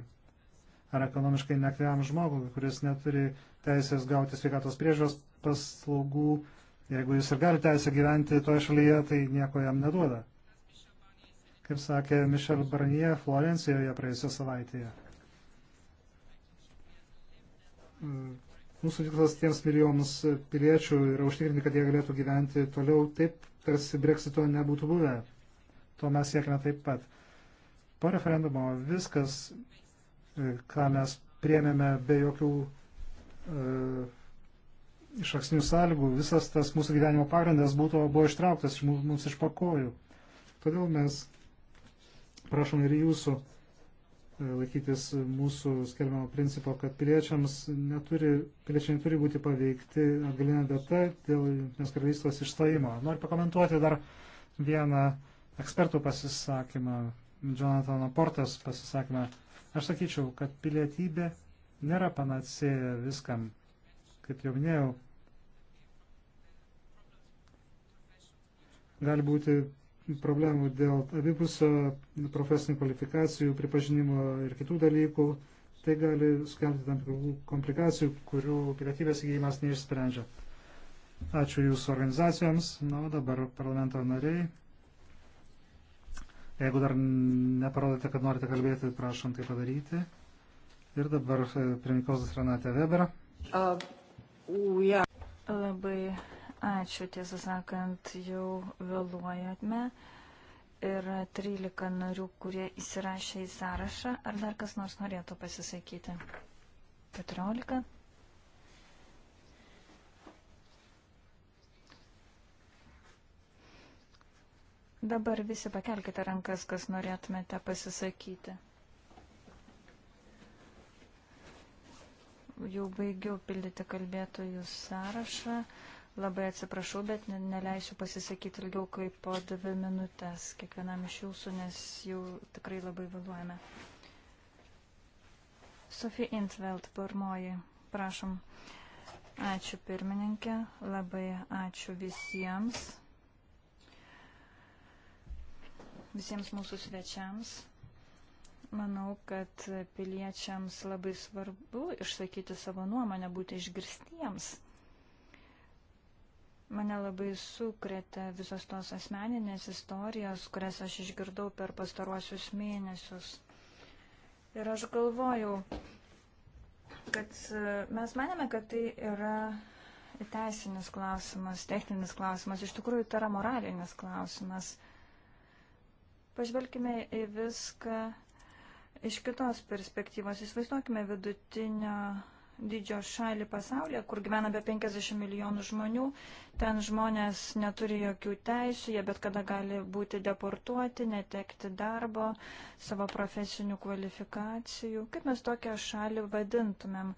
ar ekonomiškai nekviam žmogui, kuris neturi teisės gauti sveikatos priežiūros paslaugų. Jeigu jis ir gali teisę gyventi toje šalyje, tai nieko jam neduoda. Kaip sakė Mišel Barnie Florencijoje praėjusią savaitėje. Mūsų tikslas tiems milijonams piliečių yra užtikrinti, kad jie galėtų gyventi toliau taip, tarsi breksito nebūtų buvę. To mes siekime taip pat. Po referendumo viskas, e, ką mes priemėme be jokių e, išaksnių sąlygų, visas tas mūsų gyvenimo pagrindas būtų, buvo ištrauktas iš mums iš pakojų. Todėl mes prašom ir jūsų E, laikytis mūsų skelbiamo principo, kad piliečiams neturi, piliečiai neturi būti paveikti atgalinė data dėl Junktinės karalystės išstojimo. Noriu pakomentuoti dar vieną ekspertų pasisakymą, Jonathan Portas pasisakymą. Aš sakyčiau, kad pilietybė nėra panacėja viskam. Kaip jau minėjau, gali būti problemų dėl abipusio profesinių kvalifikacijų, pripažinimo ir kitų dalykų, tai gali sukelti tam tikrų komplikacijų, kurių pilietybės įgyjimas neišsprendžia. Ačiū Jūsų organizacijoms. Na, o dabar parlamento nariai. Jeigu dar neparodote, kad norite kalbėti, prašom tai padaryti. Ir dabar prie Mikozas Renate Weber. Uh, yeah. Labai Ačiū, tiesą sakant, jau vėluojame. Yra 13 narių, kurie įsirašė į sąrašą. Ar dar kas nors norėtų pasisakyti? 14. Dabar visi pakelkite rankas, kas norėtumėte pasisakyti. Jau baigiau pildyti kalbėtojų sąrašą. Labai atsiprašau, bet neleisiu pasisakyti ilgiau kaip po dvi minutės kiekvienam iš jūsų, nes jau tikrai labai vėluojame. Sofija Intveld, pirmoji, prašom. Ačiū pirmininkė, labai ačiū visiems, visiems mūsų svečiams. Manau, kad piliečiams labai svarbu išsakyti savo nuomonę, būti išgirstiems Mane labai sukretė visos tos asmeninės istorijos, kurias aš išgirdau per pastaruosius mėnesius. Ir aš galvojau, kad e, mes manėme, kad tai yra teisinis klausimas, techninis klausimas, iš tikrųjų tai yra moralinis klausimas. Pažvelkime į viską iš kitos perspektyvos. Įsivaizduokime vidutinio didžio šalį pasaulyje, kur gyvena apie 50 milijonų žmonių. Ten žmonės neturi jokių teisų, jie bet kada gali būti deportuoti, netekti darbo, savo profesinių kvalifikacijų. Kaip mes tokią šalį vadintumėm?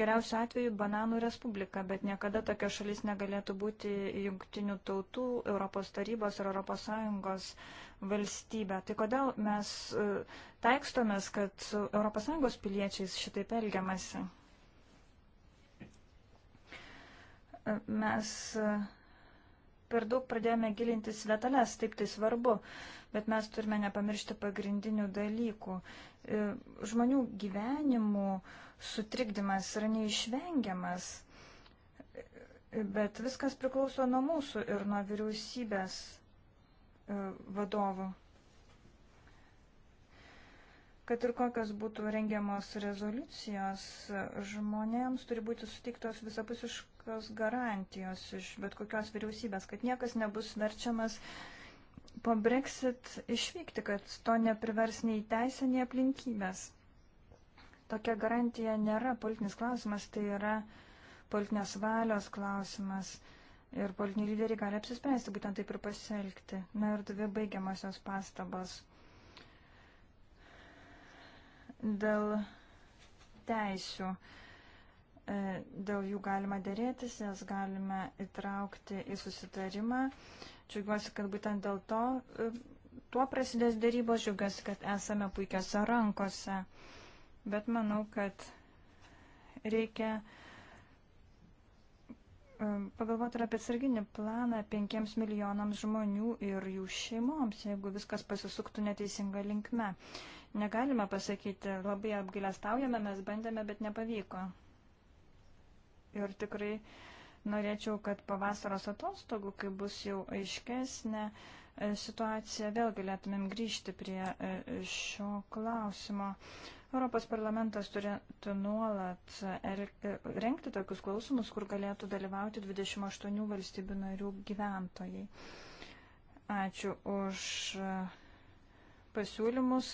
Geriausiu atveju Bananų Respublika, bet niekada tokia šalis negalėtų būti jungtinių tautų, Europos tarybos ir Europos Sąjungos valstybė. Tai kodėl mes e, taikstomės, kad su Europos Sąjungos piliečiais šitaip elgiamasi? mes e, per daug pradėjome gilintis į detalės, taip tai svarbu, bet mes turime nepamiršti pagrindinių dalykų. E, žmonių gyvenimų sutrikdymas yra neišvengiamas, e, bet viskas priklauso nuo mūsų ir nuo vyriausybės vadovų. Kad ir kokios būtų rengiamos rezoliucijos, žmonėms turi būti suteiktos visapusiškai kažkokios garantijos iš bet kokios vyriausybės, kad niekas nebus verčiamas po Brexit išvykti, kad to neprivers nei teisė, nei aplinkybės. Tokia garantija nėra politinis klausimas, tai yra politinės valios klausimas. Ir politiniai lyderiai gali apsispręsti būtent taip ir pasielgti. Na ir dvi baigiamosios pastabos. Dėl teisių. E, dėl jų galima dėrėtis, jas galime įtraukti į susitarimą. Džiugiuosi, kad būtent dėl to e, tuo prasidės dėrybos, džiugiuosi, kad esame puikiose rankose. Bet manau, kad reikia e, pagalvoti ir apie sarginį planą penkiems milijonams žmonių ir jų šeimoms, jeigu viskas pasisuktų neteisinga linkme. Negalime pasakyti, labai apgailestaujame, mes bandėme, bet nepavyko. Ir tikrai norėčiau, kad pavasaros atostogų, kai bus jau aiškesnė e, situacija, vėl galėtumėm grįžti prie e, šio klausimo. Europos parlamentas turėtų nuolat e, renkti tokius klausimus, kur galėtų dalyvauti 28 valstybių narių gyventojai. Ačiū už pasiūlymus.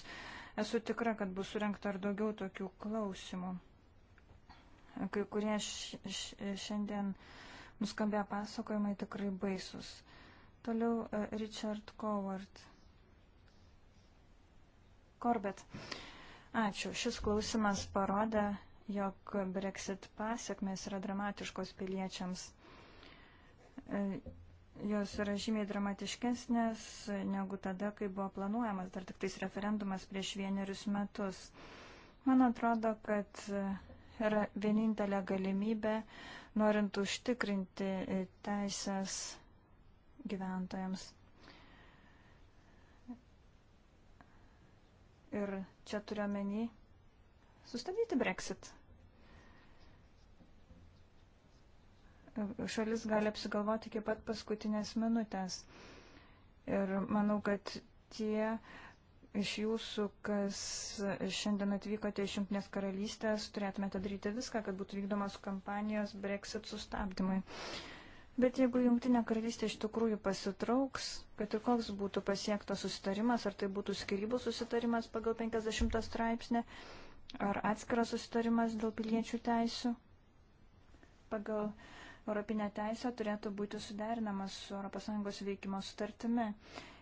Esu tikra, kad bus surinkta ar daugiau tokių klausimų. Kai kurie šiandien nuskambėjo pasakojimai tikrai baisus. Toliau e, Richard Coward. Corbett. Ačiū. Šis klausimas parodė, jog Brexit pasiekmes yra dramatiškos piliečiams. E, jos yra žymiai dramatiškesnės negu tada, kai buvo planuojamas dar tik tais referendumas prieš vienerius metus. Man atrodo, kad e, yra vienintelė galimybė, norint užtikrinti teisės gyventojams. Ir čia turiuomenį sustabdyti Brexit. Šalis gali apsigalvoti iki pat paskutinės minutės. Ir manau, kad tie uh, iš jūsų, kas šiandien atvykote iš Junktinės karalystės, turėtumėte daryti viską, kad būtų vykdomas kampanijos Brexit sustabdymui. Bet jeigu Junktinė karalystė iš tikrųjų pasitrauks, kad ir koks būtų pasiektas susitarimas, ar tai būtų skirybų susitarimas pagal 50 straipsnį, ar atskiras susitarimas dėl piliečių teisų, pagal Europinę teisę turėtų būti suderinamas su ES veikimo sutartimi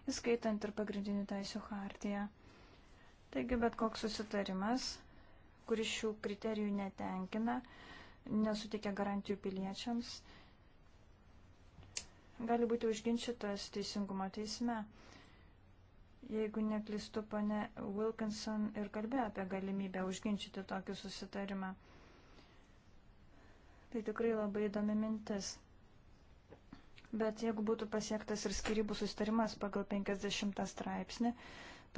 įskaitant ir pagrindinių teisų hartiją. Taigi bet koks susitarimas, kuris šių kriterijų netenkina, nesutikia garantijų piliečiams, gali būti užginčytas teisingumo teisme. Jeigu neklistu, pane Wilkinson ir kalbė apie galimybę užginčyti tokį susitarimą. Tai tikrai labai įdomi mintis. Bet jeigu būtų pasiektas ir skirybų sustarimas pagal 50 straipsnį,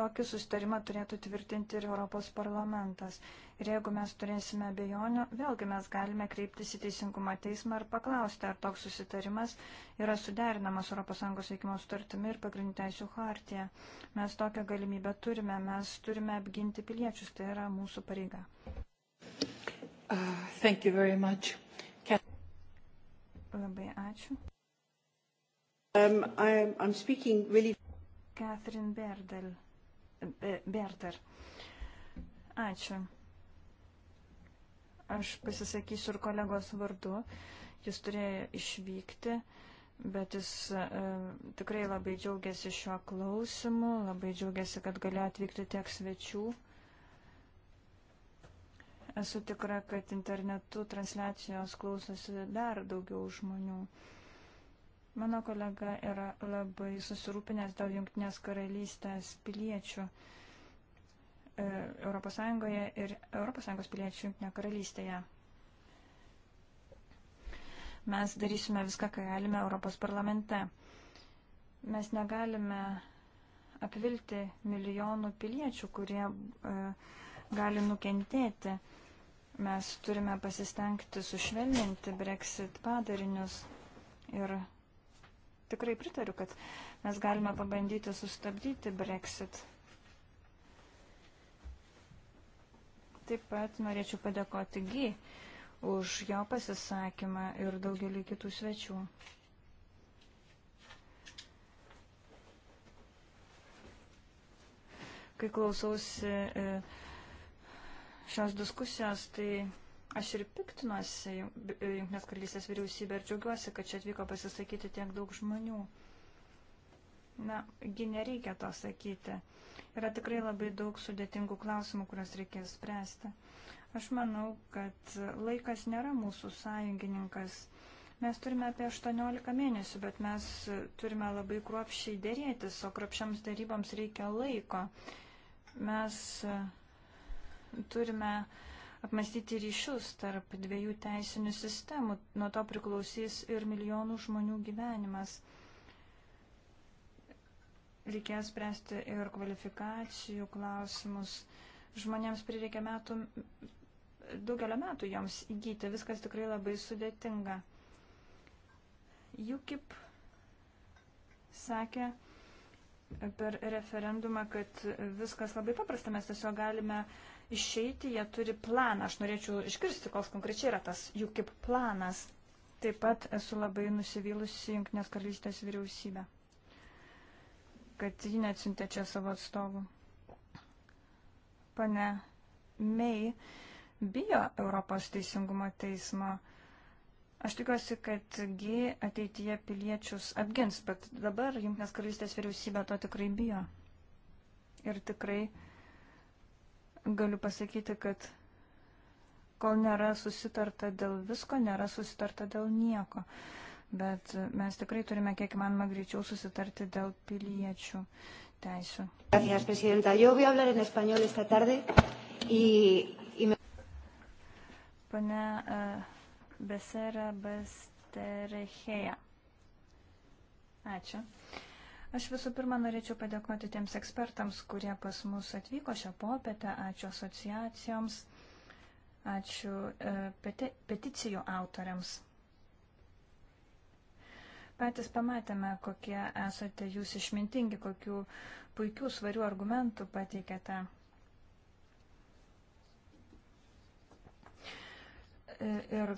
tokį sustarimą turėtų tvirtinti ir Europos parlamentas. Ir jeigu mes turėsime abejonių, vėlgi mes galime kreiptis į Teisingumo teismą ir paklausti, ar toks susitarimas yra suderinamas ES veikimo sutartimi ir pagrindinių teisų hartija. Mes tokią galimybę turime, mes turime apginti piliečius, tai yra mūsų pareiga. Uh, Labai ačiū. Um, I'm, I'm speaking really... Catherine Berdel. Berder. Ačiū. Aš pasisakysiu ir kolegos vardu. Jis turėjo išvykti, bet jis e, tikrai labai džiaugiasi šiuo klausimu, labai džiaugiasi, kad galėjo atvykti tiek svečių. Esu tikra, kad internetu transliacijos klausosi dar daugiau žmonių. E, Mano kolega yra labai susirūpinęs dėl Junktinės karalystės piliečių ES ir ES piliečių Junktinė karalystėje. Mes darysime viską, ką galime Europos parlamente. Mes negalime apvilti milijonų piliečių, kurie e, gali nukentėti. Mes turime pasistengti sušvelninti Brexit padarinius ir tikrai pritariu, kad mes galime pabandyti sustabdyti Brexit. Taip pat norėčiau padėkoti Gy už jo pasisakymą ir daugelį kitų svečių. Kai klausausi e, šios diskusijos, tai Aš ir piktinuosi Junktinės karalystės vyriausybė ir džiaugiuosi, kad čia atvyko pasisakyti tiek daug žmonių. Na, gi nereikia to sakyti. Yra tikrai labai daug sudėtingų klausimų, kuriuos reikės spręsti. Aš manau, kad laikas nėra mūsų sąjungininkas. Mes turime apie 18 mėnesių, bet mes turime labai kruopšiai dėrėtis, o kruopšiams daryboms reikia laiko. Mes turime uh, apmastyti ryšius tarp dviejų teisinių sistemų. Nuo to priklausys ir milijonų žmonių gyvenimas. Reikės spręsti ir kvalifikacijų klausimus. Žmonėms prireikia metų, daugelio metų joms įgyti. Viskas tikrai labai sudėtinga. UKIP sakė per referendumą, kad viskas labai paprasta, mes tiesiog galime uh, išeiti, jie turi planą. Aš norėčiau iškirsti, koks konkrečiai yra tas jų kaip planas. Taip pat esu labai nusivylusi Junktinės karalystės vyriausybę, kad ji neatsintė čia savo atstovų. Pane Mei bijo Europos teisingumo teismo. Aš tikiuosi, kad G ateityje piliečius apgins, bet dabar Junktinės karalystės vyriausybė to tikrai bijo. Ir tikrai uh, galiu pasakyti, kad kol nėra susitarta dėl visko, nėra susitarta dėl nieko. Bet mes tikrai turime kiek įmanoma greičiau susitarti dėl piliečių teisų. Gracias, presidenta. Yo voy a hablar en español esta tarde y... y me... Pane uh, eh, Besera Basterechėja. Ačiū. Uh, Aš visų pirma norėčiau padėkoti tiems ekspertams, kurie pas mus atvyko šią popietę. Ačiū asociacijoms, ačiū e, peti, peticijų autoriams. Patys pamatėme, kokie esate jūs išmintingi, kokių puikių svarių argumentų pateikėte. ir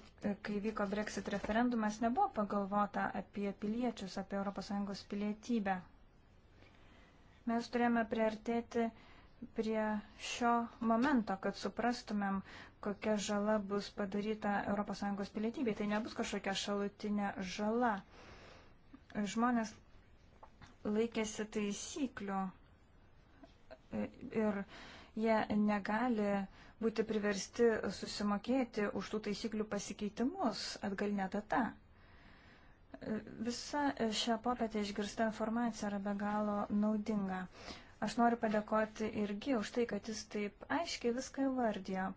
kai vyko Brexit referendumas, nebuvo pagalvota apie piliečius, apie ES pilietybę. Mes turėjome priartėti prie šio momento, kad suprastumėm, kokia žala bus padaryta ES pilietybė. Tai nebus kažkokia šalutinė žala. Žmonės laikėsi taisyklių e, ir jie negali būti priversti susimokėti už tų taisyklių pasikeitimus atgalinę datą. Visa šią popietę išgirsta informacija yra be galo naudinga. Aš noriu padėkoti irgi už tai, kad jis taip aiškiai viską įvardijo.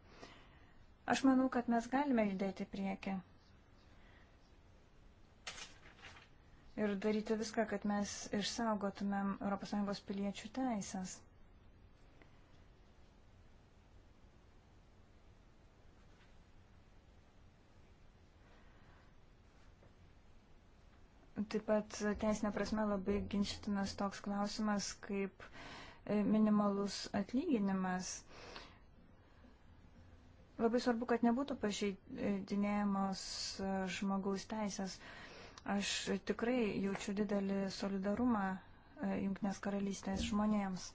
Aš manau, kad mes galime judėti priekį. Ir daryti viską, kad mes išsaugotumėm ES piliečių teisės. Taip pat teisinė prasme labai ginčytinas toks klausimas kaip e, minimalus atlyginimas. Labai svarbu, kad nebūtų pažeidinėjamos e, žmogaus teisės. Aš tikrai jaučiu didelį solidarumą e, Junknės karalystės žmonėms.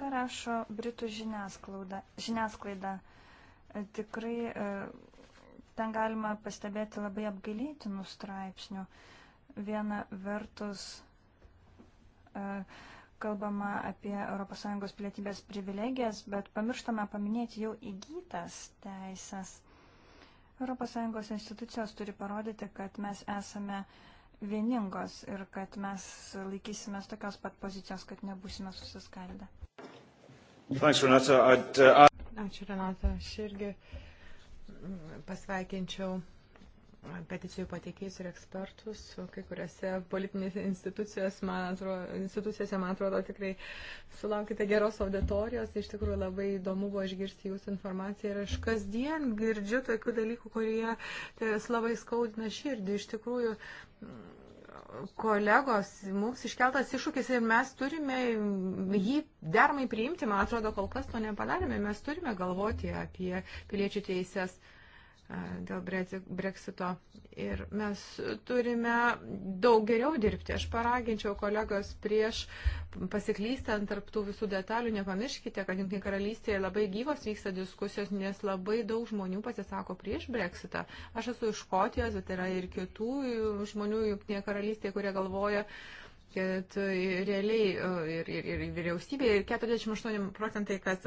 Ką rašo Britų žiniasklaida? žiniasklaida tikrai ten galima pastebėti labai apgailėtinų straipsnių. Viena vertus e, kalbama apie ES pilietybės privilegijas, bet pamirštame paminėti jau įgytas teisės. ES institucijos turi parodyti, kad mes esame vieningos ir kad mes laikysimės tokios pat pozicijos, kad nebūsime susiskaldę. Ačiū, Renata. Uh, Ačiū, Renata. Aš irgi uh, pasveikinčiau peticijų pateikėjus ir ekspertus, kai kuriuose politinėse institucijose, man atrodo, institucijose, man atrodo tikrai sulaukite geros auditorijos, iš tikrųjų labai įdomu buvo išgirsti jūsų informaciją ir aš kasdien girdžiu tokių dalykų, kurie tai labai skaudina širdį, iš tikrųjų kolegos, mums iškeltas iššūkis ir mes turime jį dermai priimti. Man atrodo, kol kas to nepadarėme. Mes turime galvoti apie piliečių teisės. Uh, dėl breksito. Ir mes turime daug geriau dirbti. Aš paraginčiau kolegos prieš pasiklystant tarptų visų detalių, nepamirškite, kad Junkinė karalystėje labai gyvos vyksta diskusijos, nes labai daug žmonių pasisako prieš breksitą. Aš esu iš Škotijos, bet yra ir kitų žmonių Junkinė karalystėje, kurie galvoja, kad realiai e, ir, ir, ir vyriausybė, ir 48 procentai, kas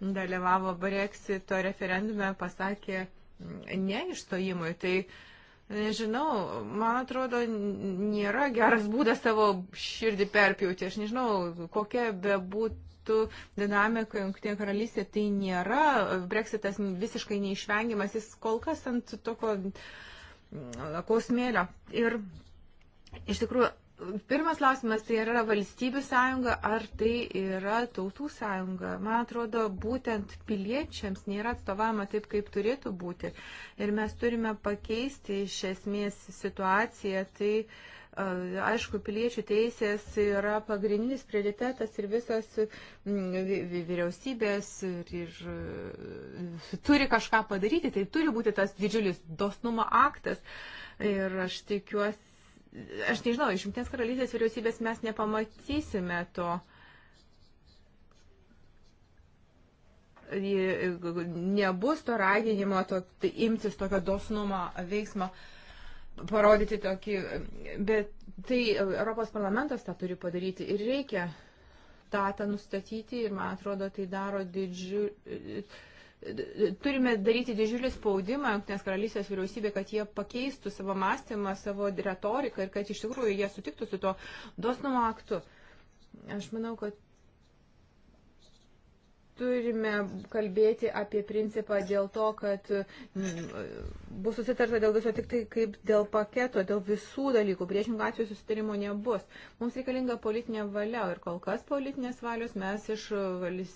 dalyvavo breksito referendume, pasakė, ne išstojimui. Tai, nežinau, man atrodo, nėra geras būdas savo širdį perpjauti. Aš nežinau, kokia bebūtų dinamika Junktinė karalystė, tai nėra breksitas visiškai neišvengiamas, jis kol kas ant tokio mm, kosmėlio. Ir iš tikrųjų, Pirmas klausimas, tai yra valstybių sąjunga ar tai yra tautų sąjunga? Man atrodo, būtent piliečiams nėra atstovama taip, kaip turėtų būti. Ir mes turime pakeisti iš esmės situaciją. Tai, e, aišku, piliečių teisės yra pagrindinis prioritetas ir visos vyriausybės ir, ir e, turi kažką padaryti. Tai turi būti tas didžiulis dosnumo aktas. Ir aš tikiuosi aš nežinau, iš Junktinės karalystės vyriausybės mes nepamatysime to. Nebus to raginimo to, tai imtis tokio dosnumo veiksmo, parodyti tokį, bet tai Europos parlamentas tą turi padaryti ir reikia datą nustatyti ir man atrodo tai daro didžiulį turime daryti didžiulį spaudimą Junktinės karalystės vyriausybė, kad jie pakeistų savo mąstymą, savo retoriką ir kad iš tikrųjų jie sutiktų su tuo dosnumo aktu. Aš manau, kad turime kalbėti apie principą dėl to, kad mm, bus susitarta dėl viso tik tai kaip dėl paketo, dėl visų dalykų. Priešingų atveju susitarimo nebus. Mums reikalinga politinė valia ir kol kas politinės valios mes iš valis,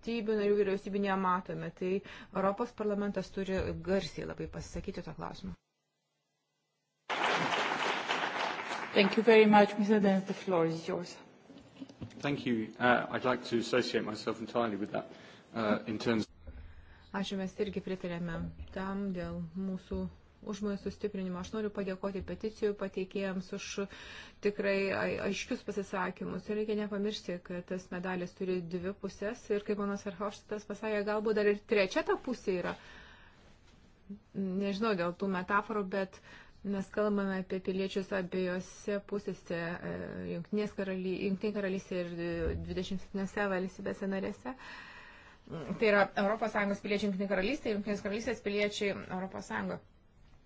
valstybių narių vyriausybių nematome. Tai Europos parlamentas turi garsiai labai pasisakyti to klausimu. Thank you very much, Mr. Dent. The floor is yours. Thank you. Uh, I'd like to associate myself entirely with that uh, in terms. Ačiū, mes irgi pritarėme tam dėl mūsų užmojų sustiprinimą. Aš noriu padėkoti peticijų pateikėjams už tikrai aiškius pasisakymus. Ir reikia nepamiršti, kad tas medalis turi dvi pusės ir kaip ponas Arhoštas pasakė, galbūt dar ir trečia ta pusė yra. Nežinau dėl tų metaforų, bet mes kalbame apie piliečius abiejose pusėse, e, Junktinės karalystėje karalystė ir 27 valstybėse narėse. Tai yra ES piliečiai Junktinė karalystė, Junktinės karalystės piliečiai ES.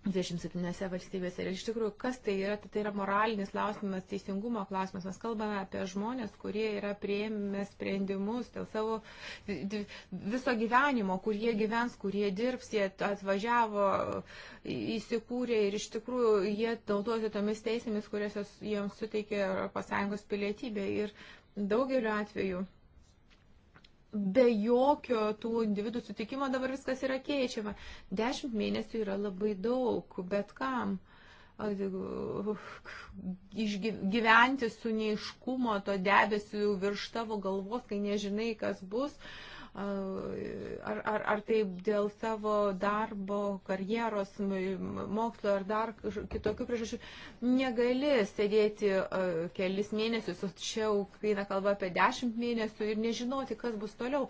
27 valstybėse. Ir iš tikrųjų, kas tai yra, tai, tai yra moralinis klausimas, teisingumo klausimas. Mes kalbame apie žmonės, kurie yra prieimę sprendimus dėl savo viso gyvenimo, kur jie gyvens, kur jie dirbs, jie atvažiavo, įsikūrė ir iš tikrųjų jie naudosi tomis teisėmis, kurias jiems suteikė ES pilietybė. Ir daugeliu atveju be jokio tų individų sutikimo dabar viskas yra keičiama. Dešimt mėnesių yra labai daug, bet kam išgyventi su neiškumo to debesiu virš tavo galvos, kai nežinai, kas bus. Uh, ar, ar, ar tai dėl savo darbo, karjeros, mokslo ar dar kitokių priežasčių, negali sėdėti kelis mėnesius, o čia eina kalba apie dešimt mėnesių ir nežinoti, kas bus toliau.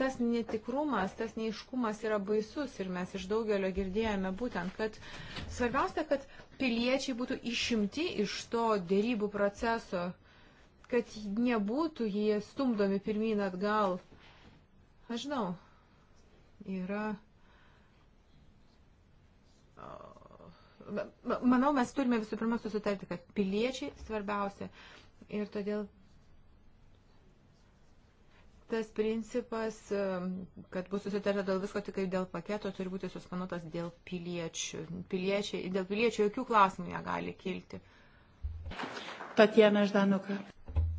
Tas netikrumas, tas neiškumas yra baisus ir mes iš daugelio girdėjome būtent, kad svarbiausia, kad piliečiai būtų išimti iš to dėrybų proceso kad nebūtų jie stumdomi pirmyn atgal. Aš žinau, yra. Manau, mes turime visų pirma susitarti, kad piliečiai svarbiausia ir todėl tas principas, kad bus susitarta dėl visko tik dėl paketo, turi būti suskanuotas dėl piliečių. Piliečiai, dėl piliečių jokių klausimų negali kilti. Tatjana Ždanuka.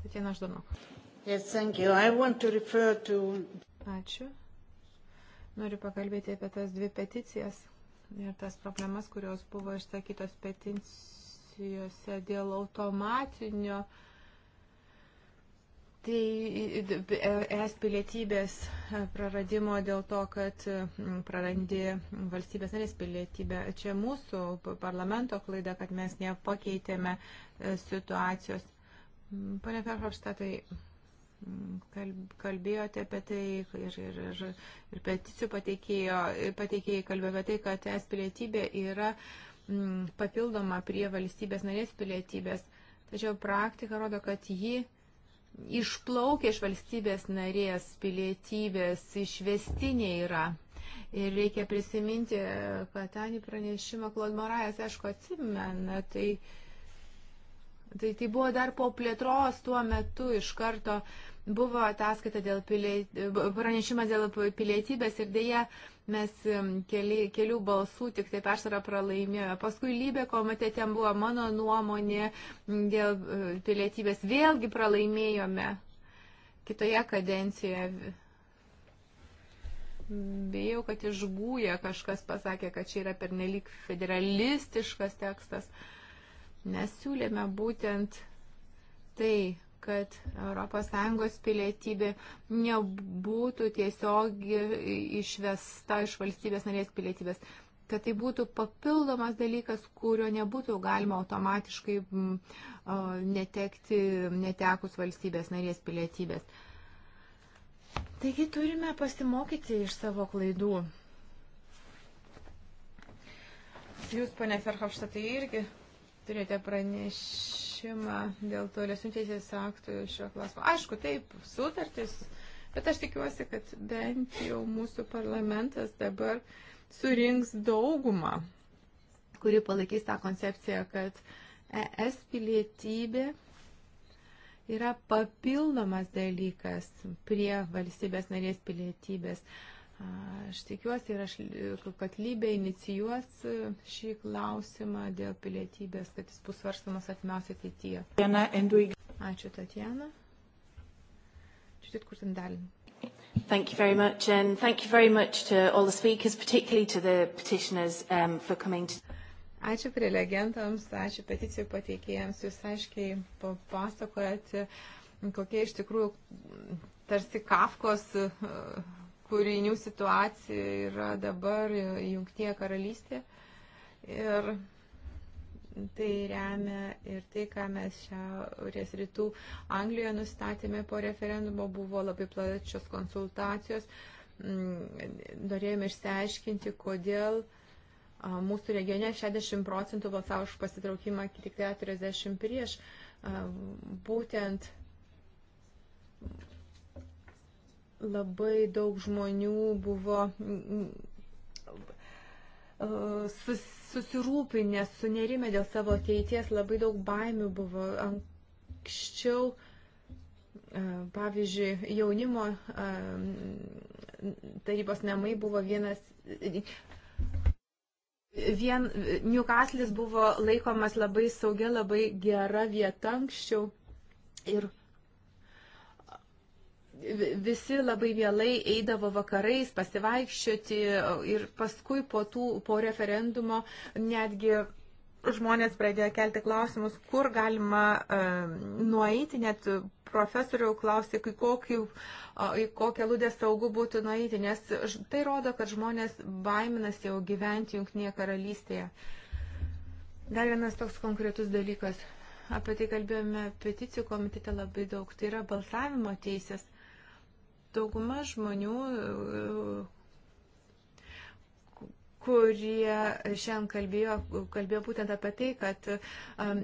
Tatjana Ždanuka. Yes, thank you. I want to refer to Ačiū. Noriu pakalbėti apie tas dvi peticijas ir tas problemas, kurios buvo išsakytos peticijose dėl automatinio tai es pilietybės praradimo dėl to, kad mm, prarandi valstybės narės pilietybę. Čia mūsų parlamento klaida, kad mes nepakeitėme e, situacijos. Mm, Pane Ferhofštatai, tai kalbėjote apie tai ir, ir, ir, ir peticijų pateikėjai kalbėjo apie tai, kad es pilietybė yra m, mm, papildoma prie valstybės narės pilietybės. Tačiau praktika rodo, kad ji išplaukia iš valstybės narės pilietybės, išvestinė yra. Ir reikia prisiminti, kad ten į pranešimą Klod Morajas, aišku, atsimena, tai uh, Tai tai buvo dar po plėtros tuo metu iš karto buvo ataskaita dėl pilietybės, pranešimas dėl pilietybės ir dėja mes keli, kelių balsų tik tai persvarą pralaimėjome. Paskui lybė komitete buvo mano nuomonė dėl e, pilietybės. Vėlgi pralaimėjome kitoje kadencijoje. Bėjau, kad išbūję kažkas pasakė, kad čia yra pernelik federalistiškas tekstas. Uh, Mes siūlėme būtent tai, kad ES pilietybė nebūtų tiesiog išvesta iš valstybės narės pilietybės, kad tai būtų papildomas dalykas, kurio nebūtų galima automatiškai netekti, netekus valstybės narės pilietybės. Taigi turime pasimokyti iš savo klaidų. Jūs, ponė Ferhofštatai, irgi turėjote pranešimą dėl tolesnių teisės aktų šio klausimo. Aišku, taip, sutartis, bet aš tikiuosi, kad bent jau mūsų parlamentas dabar surinks daugumą, kuri palaikys tą koncepciją, kad ES pilietybė yra papildomas dalykas prie valstybės narės pilietybės. Uh, Aš tikiuosi ir aš, kad Lybė inicijuos e, šį klausimą dėl pilietybės, kad jis bus svarstamas atmiausia ateityje. Ačiū, Tatjana. Čia tik kur ten dalin. Thank you very much, and thank you very much to all the speakers, particularly to the petitioners um, for coming to. Ačiū prelegentams, ačiū peticijų pateikėjams, jūs aiškiai papasakojate, kokie iš tikrųjų tarsi Kafkos uh, kūrinių situacija yra dabar Junktinėje karalystėje. Ir tai remia ir tai, ką mes šiaurės rytų Anglijoje nustatėme po referendumo, buvo labai plačios konsultacijos. Mm, norėjome išsiaiškinti, kodėl mūsų regione 60 procentų balsavo už pasitraukimą, tik 40 prieš. Būtent labai daug žmonių buvo mm, mm, uh, sus, susirūpinę, sunerimę dėl savo ateities, labai daug baimių buvo. Anksčiau, uh, pavyzdžiui, jaunimo uh, tarybos namai buvo vienas. Vien Newcastle'is buvo laikomas labai saugia, labai gera vieta anksčiau. Ir visi labai vėlai eidavo vakarais pasivaikščioti ir paskui po, tų, po referendumo netgi žmonės pradėjo kelti klausimus, kur galima uh, nueiti, net profesorių klausė, į, kokį, uh, į kokią lūdę saugu būtų nueiti, nes tai rodo, kad žmonės baiminasi jau gyventi Junktinėje karalystėje. Dar vienas toks konkretus dalykas. Apie tai kalbėjome peticijų komitete labai daug. Tai yra balsavimo teisės. Dauguma žmonių, kurie šiandien kalbėjo, kalbėjo būtent apie tai, kad, um,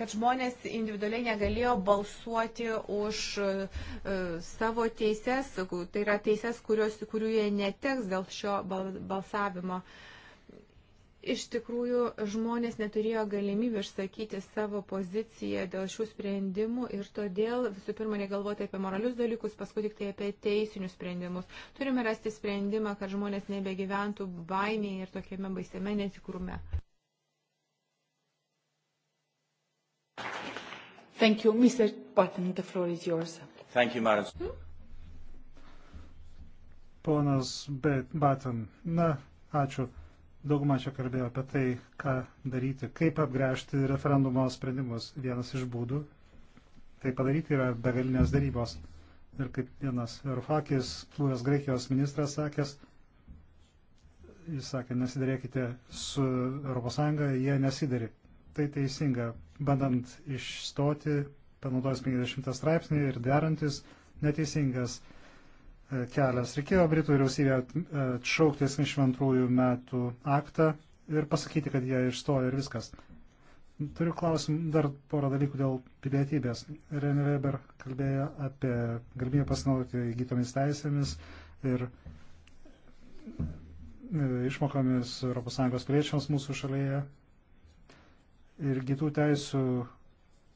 kad žmonės individualiai negalėjo balsuoti už uh, savo teises, tai yra teises, kurios, kurių jie neteks dėl šio balsavimo. Uh, Iš tikrųjų, žmonės neturėjo galimybių išsakyti savo poziciją dėl šių sprendimų ir todėl visų pirma negalvoti apie moralius dalykus, paskui tik tai apie teisinius sprendimus. Turime rasti sprendimą, kad žmonės nebegyventų baimėje ir tokiame baisiame netikrume. Thank you, Mr. Button, the floor is yours. Thank you, Madam. Hmm? Ponas Button, na, ačiū. Dauguma čia kalbėjo apie tai, ką daryti, kaip apgręžti referendumo sprendimus. Vienas iš būdų tai padaryti yra begalinės darybos. Ir kaip vienas Erufakis, plūvęs Graikijos ministras, sakęs, jis sakė, nesidarėkite su ES, jie nesidarė. Tai teisinga, bandant išstoti, panaudojus 50 straipsnį ir derantis, neteisingas kelias. Reikėjo Britų vyriausybė atšaukti 72 metų aktą ir pasakyti, kad jie išstojo ir viskas. Turiu klausimą dar porą dalykų dėl pilietybės. Renė Weber kalbėjo apie galimybę pasinaudoti įgytomis teisėmis ir e, išmokomis ES piliečiams mūsų šalyje. Ir kitų teisų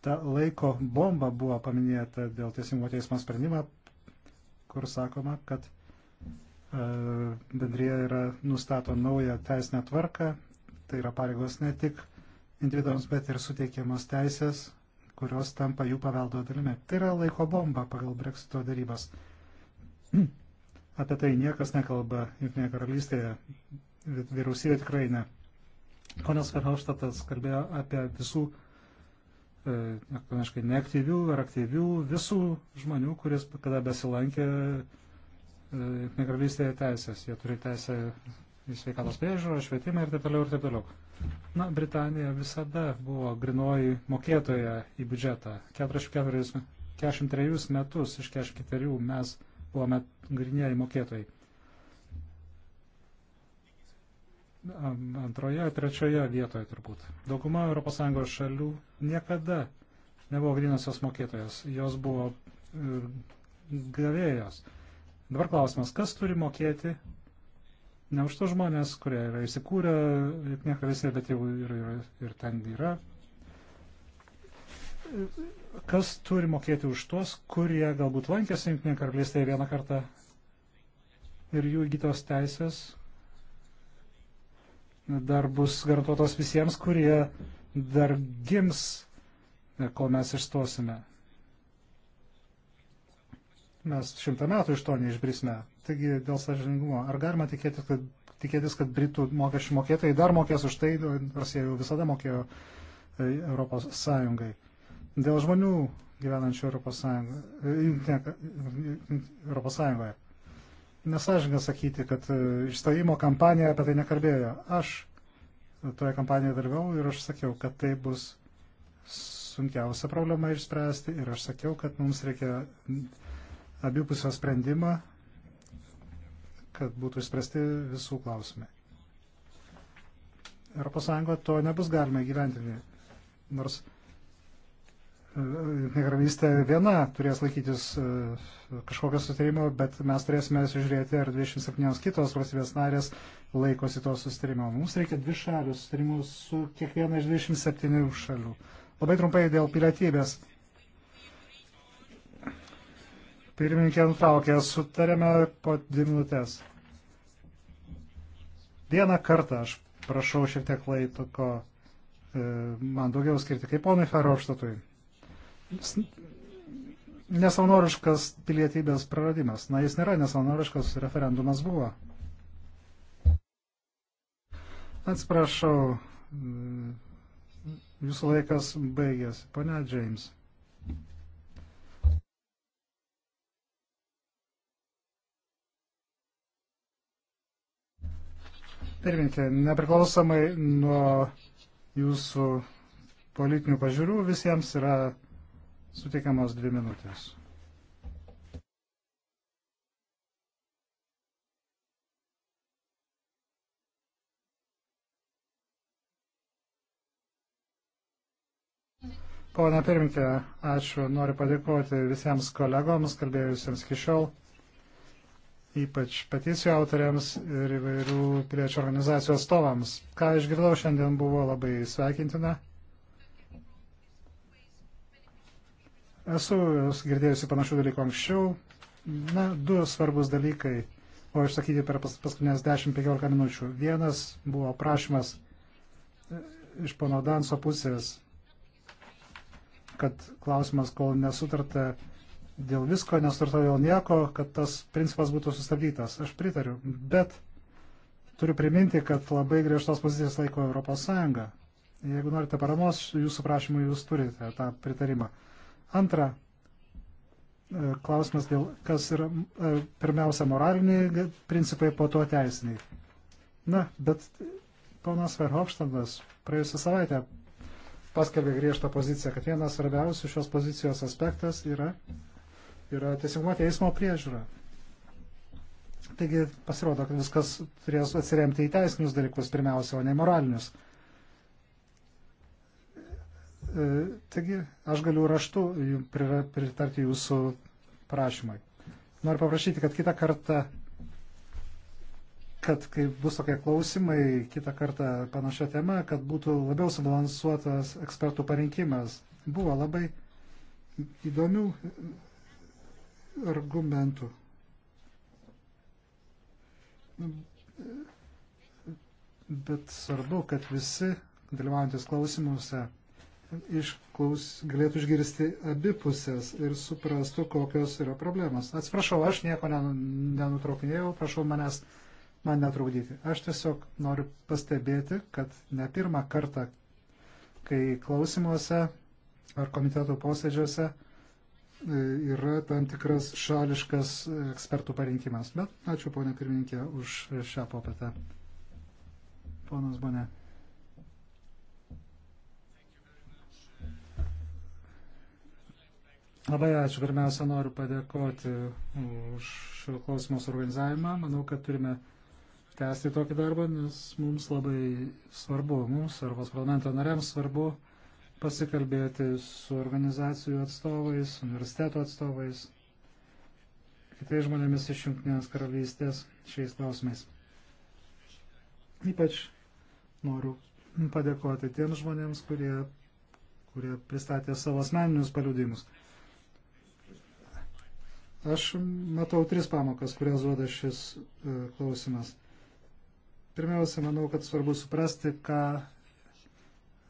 ta laiko bomba buvo paminėta dėl teisingo teismo sprendimą kur sakoma, kad e, bendrėje yra nustato naują teisinę tvarką, tai yra pareigos ne tik individuoms, bet ir suteikiamos teisės, kurios tampa jų paveldo dalimi. Tai yra laiko bomba pagal Brexito darybas. Apie tai niekas nekalba Junktinėje karalystėje, vyriausybė tikrai ne. Ponas Verhofstadtas kalbėjo apie visų ekonomiškai neaktyvių ar aktyvių visų žmonių, kuris kada besilankė e, Junktinė karalystėje teisės. Jie turi teisę į sveikatos priežiūrą, švietimą ir taip toliau ir taip toliau. Na, Britanija visada buvo grinoji mokėtoja į biudžetą. 44, 43 metus iš 44 mes buvome grinėjai mokėtojai. antroje, trečioje vietoje turbūt. Dauguma ES šalių niekada nebuvo grinosios mokėtojas, jos buvo e, gavėjos. Dabar klausimas, kas turi mokėti ne už tos žmonės, kurie yra įsikūrę, juk nekalėsė, bet jau ir, ir, ir ten yra. Kas turi mokėti už tuos, kurie galbūt lankėsi Junktinė karalystėje vieną kartą ir jų įgytos teisės dar bus garantuotos visiems, kurie dar gims, e, kol mes išstosime. Mes šimtą metų iš to neišbrisime. Taigi dėl sažiningumo, ar galima tikėtis, kad, tikėtis, kad Britų mokesčių mokėtojai dar mokės už tai, nors jie jau visada mokėjo e, Europos Sąjungai. Dėl žmonių gyvenančių Europos, Sąjungo, e, Europos Sąjungoje nesažinga sakyti, kad e, išstojimo kampanija apie tai nekalbėjo. Aš toje kampanijoje dalyvau ir aš sakiau, kad tai bus sunkiausia problema išspręsti ir aš sakiau, kad mums reikia abipusio sprendimą, kad būtų išspręsti visų klausimai. ES to nebus galima gyventinti, nors Jungtinė karalystė viena turės laikytis e, kažkokio sustarimo, bet mes turėsime sužiūrėti, ar 27 kitos valstybės narės laikosi to sustarimo. Mums reikia dvi šalių sustarimų su kiekviena iš 27 šalių. Labai trumpai dėl pilietybės. Pirmininkė nutraukė, sutarėme po dvi minutės. Vieną kartą aš prašau šiek tiek laiko e, man daugiau skirti, kaip ponui Ferhofštatui nesavanoriškas pilietybės praradimas. Na, jis nėra nesavanoriškas, referendumas buvo. Atsiprašau, jūsų laikas baigėsi. Pane James. Pirminkė, nepriklausomai nuo jūsų politinių pažiūrų visiems yra Suteikiamos dvi minutės. Pone pirmininkė, ačiū. Noriu padėkoti visiems kolegoms, kalbėjusiems iki šiol, ypač peticijų autoriams ir įvairių piliečių organizacijų atstovams. Ką išgirdau šiandien buvo labai sveikintina. Esu girdėjusi panašių dalykų anksčiau. Na, du svarbus dalykai buvo išsakyti per pas, paskutinės 10-15 minučių. Vienas buvo prašymas e, iš pono Danso pusės, kad klausimas, kol nesutarta dėl visko, nesutarta dėl nieko, kad tas principas būtų sustabdytas. Aš pritariu, bet turiu priminti, kad labai griežtos pozicijos laiko Europos Sąjunga. Jeigu norite paramos, jūsų prašymui jūs turite tą pritarimą. Antra, e, klausimas dėl, kas yra e, pirmiausia moraliniai principai, po to teisiniai. Na, bet ponas Verhofštandas praėjusią savaitę paskelbė griežtą poziciją, kad vienas svarbiausių šios pozicijos aspektas yra, yra teisingumo teismo priežiūra. Taigi pasirodo, kad viskas turės atsiremti į teisinius dalykus pirmiausia, o ne moralinius. E, taigi, aš galiu raštu pritarti jūsų prašymui. Noriu paprašyti, kad kitą kartą, kad kai bus tokie klausimai, kitą kartą panašia tema, kad būtų labiau subalansuotas ekspertų parinkimas. Buvo labai įdomių argumentų. Bet svarbu, kad visi dalyvaujantis klausimuose išklaus, galėtų išgirsti abi pusės ir suprastų, kokios yra problemos. Atsiprašau, aš nieko nenutraukinėjau, prašau manęs man netrukdyti. Aš tiesiog noriu pastebėti, kad ne pirmą kartą, kai klausimuose ar komiteto posėdžiuose e, yra tam tikras šališkas ekspertų parinkimas. Bet ačiū, ponė pirmininkė, už šią popietę. Ponas Bonė. Labai ačiū. Pirmiausia, noriu padėkoti mm, už šio klausimo suorganizavimą. Manau, kad turime tęsti tokį darbą, nes mums labai svarbu, mums, Europos parlamento nariams svarbu pasikalbėti su organizacijų atstovais, universiteto atstovais, kitais žmonėmis iš Junktinės karalystės šiais klausimais. Ypač noriu padėkoti tiems žmonėms, kurie, kurie pristatė savo asmeninius paliudimus. Aš matau tris pamokas, kurias duoda šis e, klausimas. Pirmiausia, manau, kad svarbu suprasti, ką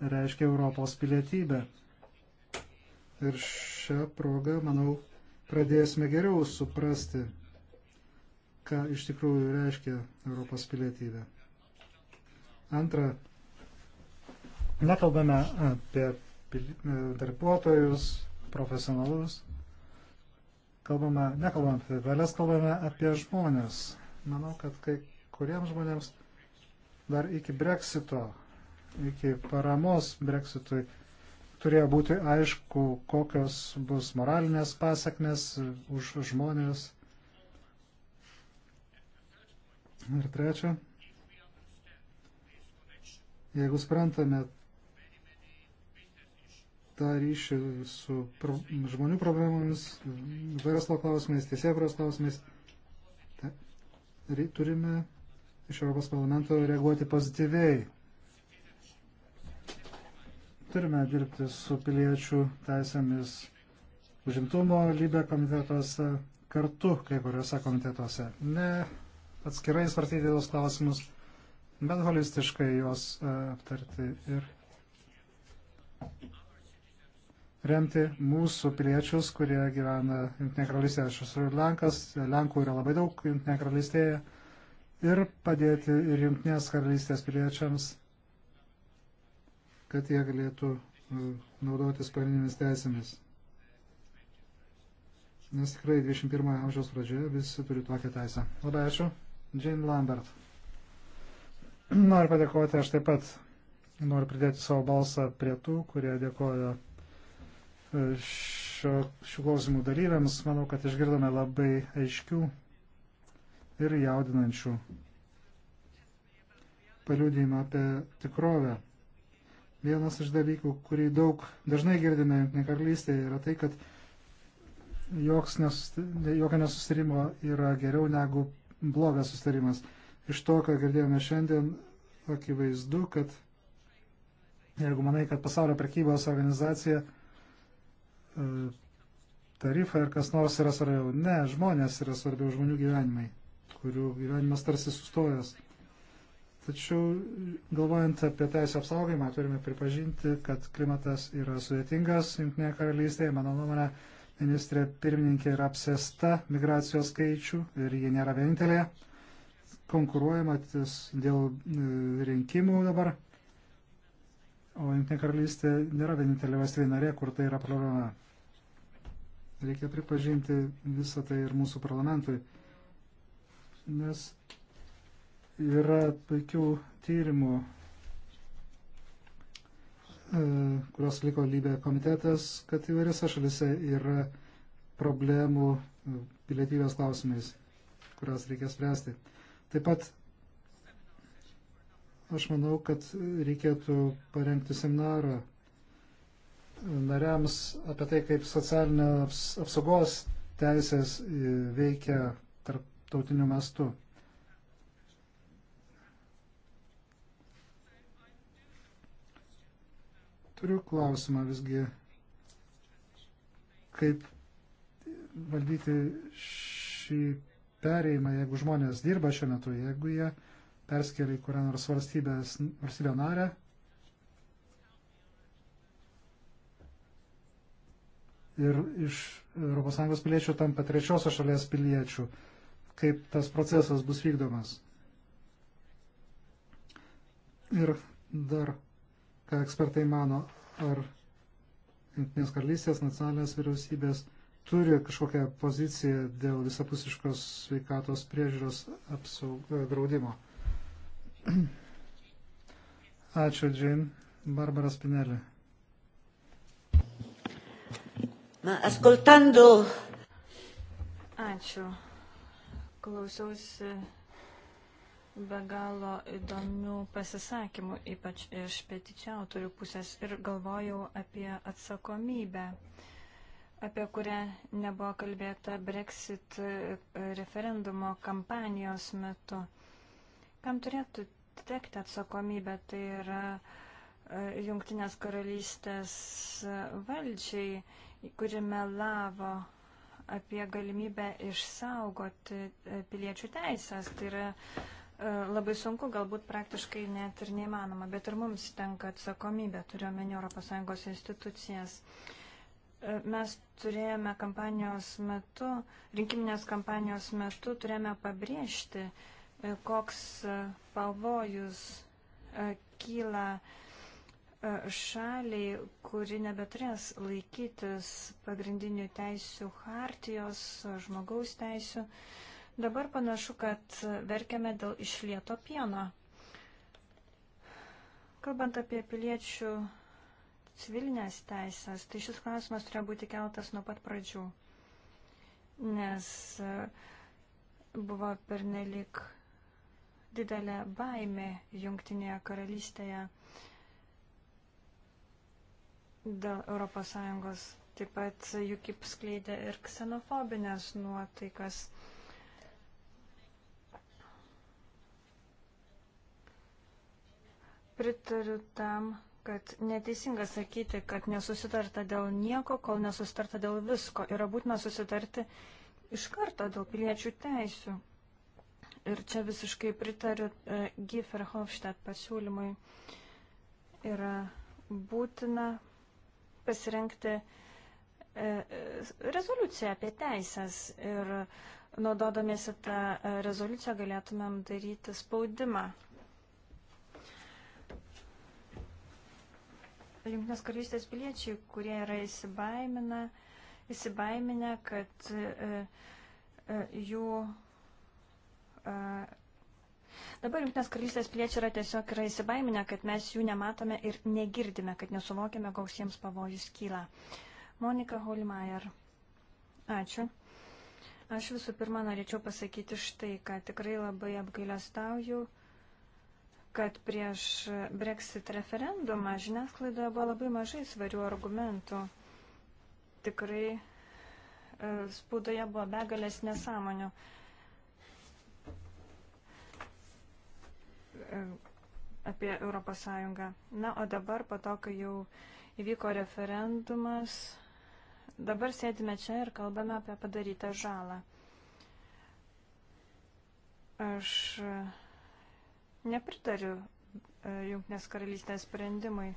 reiškia Europos pilietybė. Ir šią progą, manau, pradėsime geriau suprasti, ką iš tikrųjų reiškia Europos pilietybė. Antra, nekalbame apie e, darbuotojus, profesionalus, kalbame, nekalbame apie valias, kalbame apie žmonės. Manau, kad kai kuriems žmonėms dar iki breksito, iki paramos breksitui turėjo būti aišku, kokios bus moralinės pasakmes už žmonės. Ir trečia, jeigu suprantame tą ryšį su pro, žmonių problemomis, verslo klausimais, teisėkuros klausimais. Ta, turime iš Europos parlamento reaguoti pozityviai. Turime dirbti su piliečių teisėmis užimtumo lybė komitetuose kartu kai kuriuose komitetuose. Ne atskirai svartyti tos klausimus, bet holistiškai juos e, aptarti ir remti mūsų piliečius, kurie gyvena Junktinė karalystėje. Aš tai esu Lenkas, Lenkų yra labai daug Junktinė karalystėje. Ir padėti ir Junktinės karalystės piliečiams, kad jie galėtų e, naudotis pagrindinėmis teisėmis. Nes tikrai 21 amžiaus pradžioje visi turi tokią teisę. Labai ačiū. Jane Lambert. Noriu padėkoti, aš taip pat noriu pridėti savo balsą prie tų, kurie dėkoja šio, šių klausimų dalyviams. Manau, kad išgirdome labai aiškių ir jaudinančių paliūdėjimą apie tikrovę. Vienas iš dalykų, kurį daug dažnai girdime Junktinė karalystėje, yra tai, kad joks nesusti, jokio nesustarimo yra geriau negu blogas sustarimas. Iš to, ką girdėjome šiandien, akivaizdu, kad jeigu manai, kad pasaulio prekybos organizacija E, tarifą ir kas nors yra svarbiau. Ne, žmonės yra svarbiau žmonių gyvenimai, kurių gyvenimas tarsi sustojęs. Tačiau galvojant apie teisę apsaugimą, turime pripažinti, kad klimatas yra sudėtingas Junktinėje karalystėje. Mano nuomonė, ministrė pirmininkė yra apsėsta migracijos skaičių ir ji nėra vienintelė. Konkuruojama dėl e, rinkimų dabar. O Junktinė karalystė nėra vienintelė valstybė narė, kur tai yra problema. Reikia pripažinti visą tai ir mūsų parlamentui, nes yra puikių tyrimų, e, kurios liko lybė komitetas, kad įvairiose šalise yra problemų e, pilietybės klausimais, kurias reikia spręsti. Taip pat aš manau, kad reikėtų parengti seminarą nariams apie tai, kaip socialinės apsaugos teisės e, veikia tarptautiniu mastu. Turiu klausimą visgi, kaip valdyti šį perėjimą, jeigu žmonės dirba šiuo metu, jeigu jie perskelia į kurią nors valstybę narę, ir iš ES piliečių tampa trečiosios šalies piliečių, kaip tas procesas bus vykdomas. Ir dar, ką ekspertai mano, ar Junktinės karalystės nacionalinės vyriausybės turi kažkokią poziciją dėl visapusiškos sveikatos priežiūros apsaug, e, draudimo. [clears throat] Ačiū, Džin. Barbara Spinelė. Ma ascoltando. Ačiū. Klausiausi be galo įdomių pasisakymų, ypač iš petičiautorių pusės ir galvojau apie atsakomybę, apie kurią nebuvo kalbėta Brexit referendumo kampanijos metu. Kam turėtų tekti atsakomybę, tai yra e, Junktinės karalystės valdžiai kuri melavo apie galimybę išsaugoti e, piliečių teisės. Tai yra e, labai sunku, galbūt praktiškai net ir neįmanoma, bet ir mums tenka atsakomybė, turiuomenį ES institucijas. E, mes turėjome kampanijos metu, rinkiminės kampanijos metu turėjome pabrėžti, koks pavojus kyla uh, E, šaliai, kuri nebeturės laikytis pagrindinių teisių hartijos, žmogaus teisių. Dabar panašu, kad verkiame dėl išlieto pieno. Kalbant apie piliečių civilinės teisės, tai šis klausimas turėjo būti keltas nuo pat pradžių, nes e, buvo pernelik didelė baimė jungtinėje karalystėje. Uh, dėl ES. Taip pat UKIP skleidė ir ksenofobinės nuotaikas. Pritariu tam, kad neteisinga sakyti, kad nesusitarta dėl nieko, kol nesusitarta dėl visko. Yra būtina susitarti iš karto dėl piliečių teisių. Ir čia visiškai pritariu e, Giefer Hofstadt pasiūlymui. Yra būtina pasirinkti e, e, rezoliuciją apie teisės ir naudodamiesi tą e, rezoliuciją galėtumėm daryti spaudimą. Junktinės karalystės piliečiai, kurie yra įsibaiminę, įsibaiminę kad jų Dabar Junktinės karalystės piliečiai yra tiesiog yra įsibaiminę, kad mes jų nematome ir negirdime, kad nesuvokiame, koks jiems pavojus kyla. Monika Holmeier. Ačiū. Aš visų pirma norėčiau pasakyti štai, kad tikrai labai apgailestauju, kad prieš Brexit referendumą žiniasklaidoje buvo labai mažai svarių argumentų. Tikrai e, spūdoje buvo begalės nesąmonių. E, apie Europos Sąjungą. Na, o dabar po to, kai jau įvyko referendumas, dabar sėdime čia ir kalbame apie padarytą žalą. Aš e, nepritariu e, Junknės karalystės sprendimui,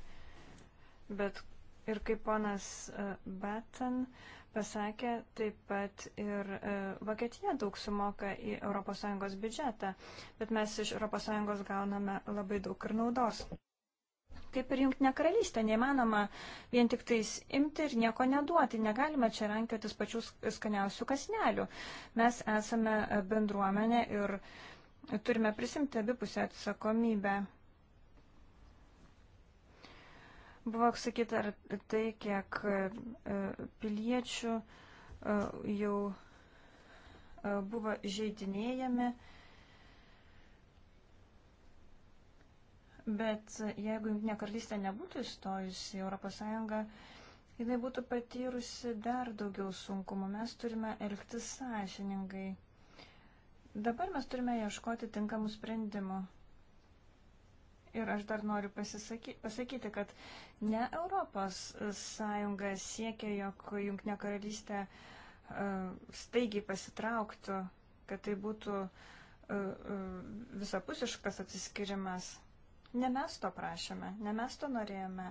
bet ir kaip ponas Batten, uh, pasakė, taip pat ir e, Vokietija daug sumoka į ES biudžetą, bet mes iš ES gauname labai daug ir naudos. Kaip ir jungtinė karalystė, neįmanoma vien tik tais imti ir nieko neduoti, negalime čia rankiotis pačių skaniausių kasnelių. Mes esame e, bendruomenė ir turime prisimti abipusę atsakomybę. Buvo sakyta ar tai, kiek e, piliečių e, jau e, buvo žaidinėjami, bet jeigu Junktinė karalystė nebūtų įstojusi į ES, jinai būtų patyrusi dar daugiau sunkumų. Mes turime elgtis sąžiningai. Dabar mes turime ieškoti tinkamų sprendimų. Ir aš dar noriu pasisaky, pasakyti, kad ne Europos Sąjunga siekia, jog Junktinė karalystė uh, staigiai pasitrauktų, kad tai būtų uh, uh, visapusiškas atsiskirimas. Ne mes to prašėme, ne mes to norėjome.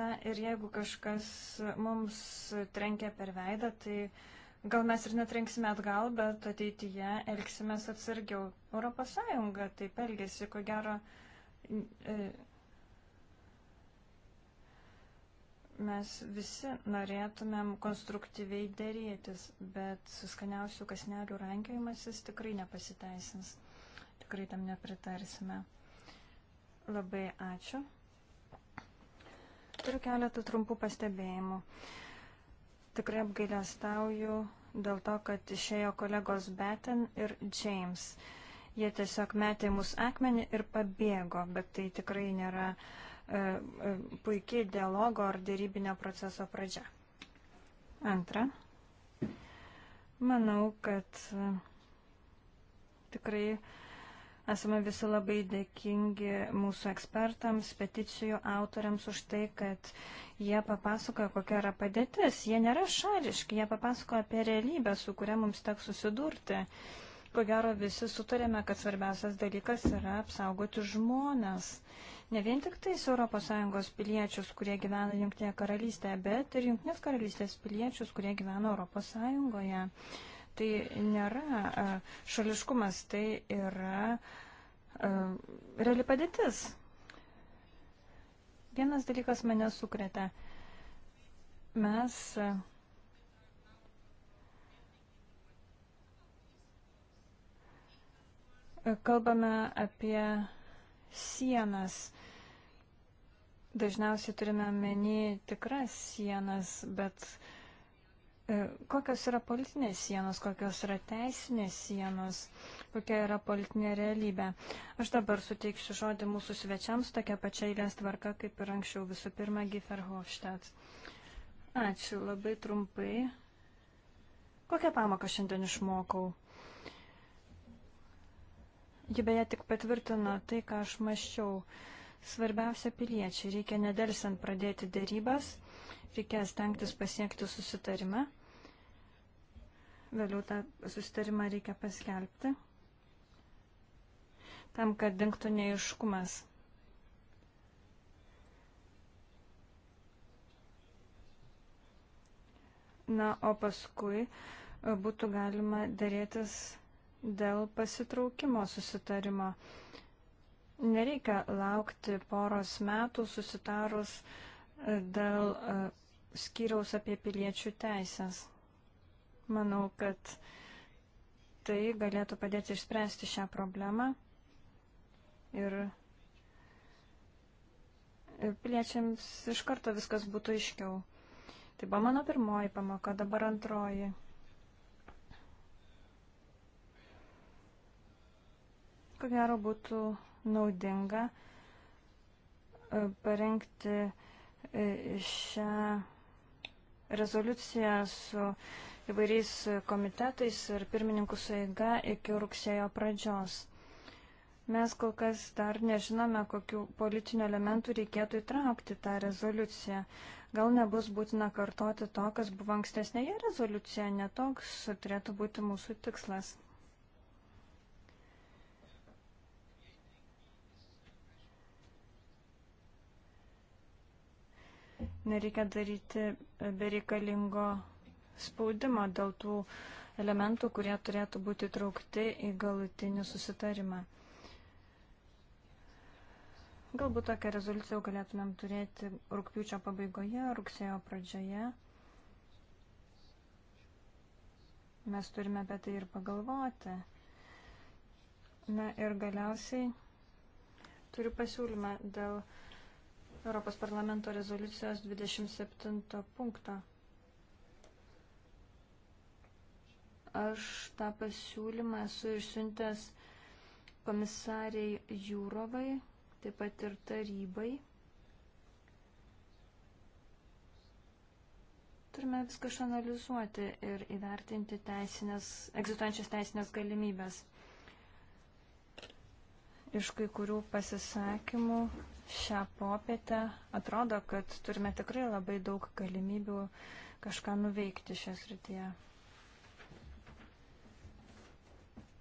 Na ir jeigu kažkas mums trenkia per veidą, tai uh, Gal mes ir netrenksime atgal, bet ateityje elgsimės atsargiau. Europos Sąjunga taip elgesi, ko gero, uh, Mes visi norėtumėm konstruktyviai dėrėtis, bet suskaniausių kasnelių rankiojimasis tikrai nepasiteisins. Tikrai tam nepritarsime. Labai ačiū. Turiu keletą trumpų pastebėjimų. Tikrai apgailestauju dėl to, kad išėjo kolegos Beten ir James. Uh, Jie tiesiog metė mus akmenį ir pabėgo, bet tai tikrai nėra e, e puikiai dialogo ar dėrybinio proceso pradžia. Antra, manau, kad e, tikrai esame visi labai dėkingi mūsų ekspertams, peticijų autoriams už tai, kad jie papasakoja, kokia yra padėtis. Jie nėra šališki, jie papasakoja apie realybę, su kuria mums teks susidurti. Uh, ko gero visi sutarėme, kad svarbiausias dalykas yra apsaugoti žmonės. Ne vien tik tais ES piliečius, kurie gyvena Junktinėje karalystėje, bet ir Junktinės karalystės piliečius, kurie gyvena ES. Tai nėra šališkumas, tai yra reali padėtis. Vienas dalykas mane sukretė. Mes kalbame apie sienas. Dažniausiai turime meni tikras sienas, bet e, kokios yra politinės sienos, kokios yra teisinės sienos, kokia yra politinė realybė. Aš dabar suteiksiu žodį mūsų svečiams tokia pačia eilės tvarka, kaip ir anksčiau. Visų pirma, Giferhofstadt. Ačiū labai trumpai. Kokią pamoką šiandien išmokau? Ji beje tik patvirtino tai, ką aš maščiau. Svarbiausia piliečiai, reikia nedelsiant pradėti dėrybas, reikia stengtis pasiekti susitarimą. Vėliau tą susitarimą reikia paskelbti, tam, kad dinktų neiškumas. Na, o paskui e, būtų galima dėrėtis dėl pasitraukimo susitarimo. Nereikia laukti poros metų susitarus e, dėl e, skyriaus apie piliečių teisės. Manau, kad tai galėtų padėti išspręsti šią problemą ir e, piliečiams iš karto viskas būtų aiškiau. Tai buvo mano pirmoji pamoka, dabar antroji. ko gero būtų naudinga e, parengti e, šią rezoliuciją su įvairiais komitetais ir pirmininkų sueiga iki rugsėjo pradžios. Mes kol kas dar nežinome, kokiu politiniu elementu reikėtų įtraukti tą rezoliuciją. Gal nebus būtina kartoti to, kas buvo ankstesnėje rezoliucijoje, netoks turėtų būti mūsų tikslas. nereikia daryti bereikalingo spaudimo dėl tų elementų, kurie turėtų būti traukti į galutinį susitarimą. Galbūt tokią rezoliuciją galėtumėm turėti rūpiučio pabaigoje, rugsėjo pradžioje. Mes turime apie tai ir pagalvoti. Na ir galiausiai turiu pasiūlymą dėl Europos parlamento rezoliucijos 27 punktą. Aš tą pasiūlymą esu išsiuntęs komisariai Jūrovai, taip pat ir tarybai. Turime viską išanalizuoti ir įvertinti teisinės, egzistuojančias teisinės galimybės. Iš kai kurių pasisakymų šią popietę. Atrodo, kad turime tikrai labai daug galimybių kažką nuveikti šią srityje.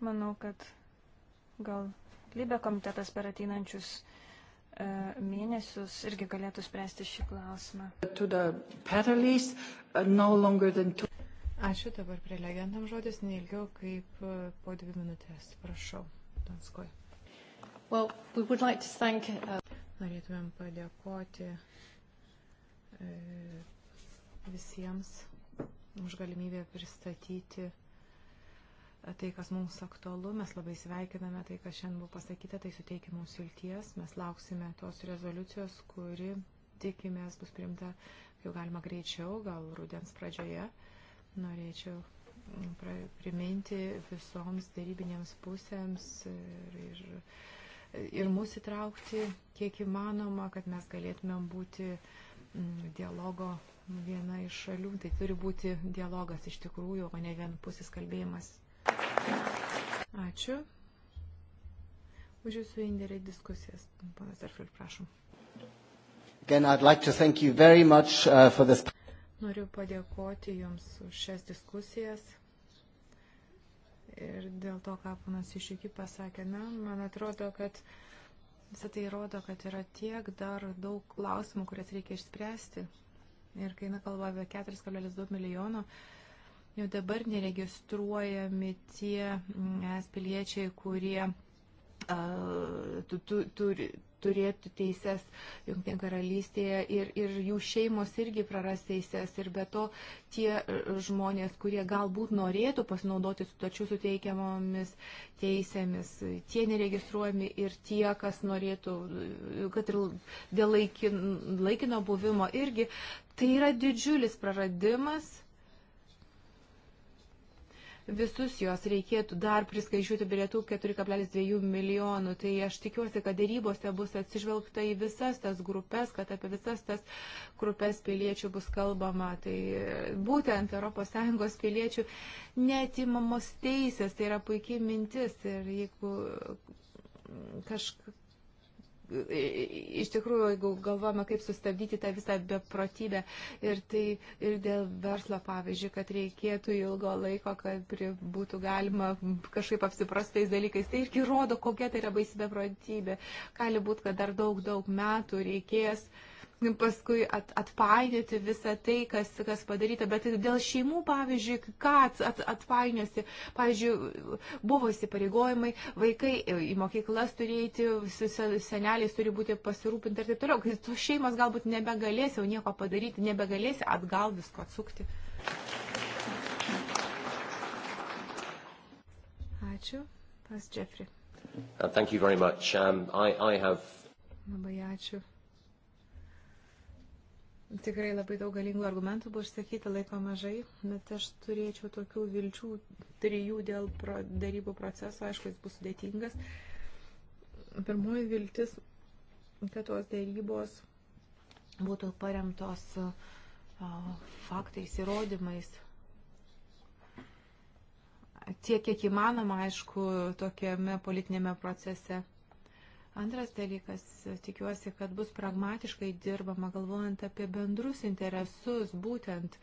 Manau, kad gal Lybė komitetas per ateinančius e, mėnesius irgi galėtų spręsti šį klausimą. Uh, Ačiū dabar prelegentam žodis, neilgiau kaip e, po dvi minutės. Prašau, Danskoj. Well, we like thank, uh... Norėtumėm padėkoti e, visiems už galimybę pristatyti e, tai, kas mums aktualu. Mes labai sveikiname tai, kas šiandien buvo pasakyta, tai suteikia mums vilties. Mes lauksime tos rezoliucijos, kuri, tikimės, bus priimta jau galima greičiau, gal rudens pradžioje. Norėčiau priminti visoms darybinėms pusėms ir, ir ir mūsų įtraukti kiek įmanoma, kad mes galėtumėm būti mm, dialogo viena iš šalių. Tai turi būti dialogas iš tikrųjų, o ne vienpusis kalbėjimas. Ačiū. Už jūsų indėlį diskusijas. Panas Erfil, prašom. Again, I'd like to thank you very much uh, for this. Noriu padėkoti Jums už šias diskusijas ir dėl to, ką panas Išiki pasakė, na, man atrodo, kad visą tai rodo, kad yra tiek dar daug klausimų, kurias reikia išspręsti. Ir kai nekalba apie 4,2 milijono, jau dabar neregistruojami tie mm, es piliečiai, kurie uh, tu, tu, turi. Tu, turėtų teises Junktinė karalystėje ir, ir jų šeimos irgi praras teises. Ir be to tie e, žmonės, kurie galbūt norėtų pasinaudoti sutarčių suteikiamomis teisėmis, tie neregistruojami ir tie, kas norėtų, e, kad ir dėl laikin, laikino buvimo irgi. Tai yra didžiulis praradimas visus jos reikėtų dar priskaičiuoti prie tų 4,2 milijonų. Tai aš tikiuosi, kad dėrybose bus atsižvelgta į visas tas grupės, kad apie visas tas grupės piliečių bus kalbama. Tai būtent ES piliečių netimamos teisės, tai yra puikiai mintis. Ir jeigu kažkas iš tikrųjų, jeigu galvojame, kaip sustabdyti tą visą beprotybę ir tai ir dėl verslo, pavyzdžiui, kad reikėtų ilgo laiko, kad būtų galima kažkaip apsiprastais dalykais, tai irgi rodo, kokia tai yra baisi beprotybė. Gali būti, kad dar daug, daug metų reikės. Uh, paskui at, atpainioti visą tai, kas, kas padaryta. Bet dėl šeimų, pavyzdžiui, ką at, at, atpainiosi, pavyzdžiui, buvo įsipareigojimai, vaikai į mokyklas turėti, seneliais turi būti pasirūpinti ir taip toliau. Tu šeimas galbūt nebegalės jau nieko padaryti, nebegalės atgal visko atsukti. Ačiū. Pas Jeffrey. Uh, thank you very much. Um, I, I have. Labai ačiū. Tikrai labai daug galingų argumentų buvo išsakyti, laiko mažai, bet aš turėčiau tokių vilčių trijų dėl pro, darybų proceso, aišku, jis bus sudėtingas. Pirmoji viltis, kad tos darybos būtų paremtos o, faktais, įrodymais. Tiek, kiek įmanoma, aišku, tokiame politinėme procese Antras dalykas, tikiuosi, kad bus pragmatiškai dirbama, galvojant apie bendrus interesus, būtent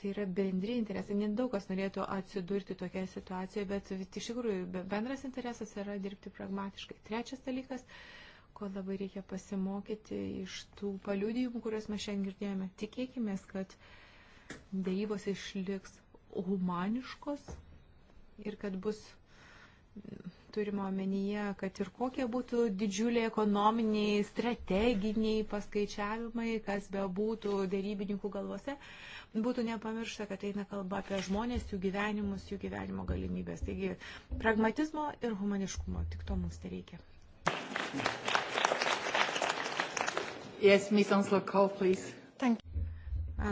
tai yra bendri interesai. Nedaug kas norėtų atsidurti tokioje situacijoje, bet iš tikrųjų bendras interesas yra dirbti pragmatiškai. Trečias dalykas, ko labai reikia pasimokyti iš tų paliudijimų, kuriuos mes šiandien girdėjome. Tikėkime, kad dėrybos išliks humaniškos ir kad bus turime omenyje, kad ir kokie būtų didžiuliai ekonominiai, strateginiai paskaičiavimai, kas be būtų dėrybininkų galvose, būtų nepamiršta, kad eina kalba apie žmonės, jų gyvenimus, jų gyvenimo galimybės. Taigi pragmatizmo ir humaniškumo, tik to mums tai reikia. Yes, Miss Anslow Call, please. Thank you.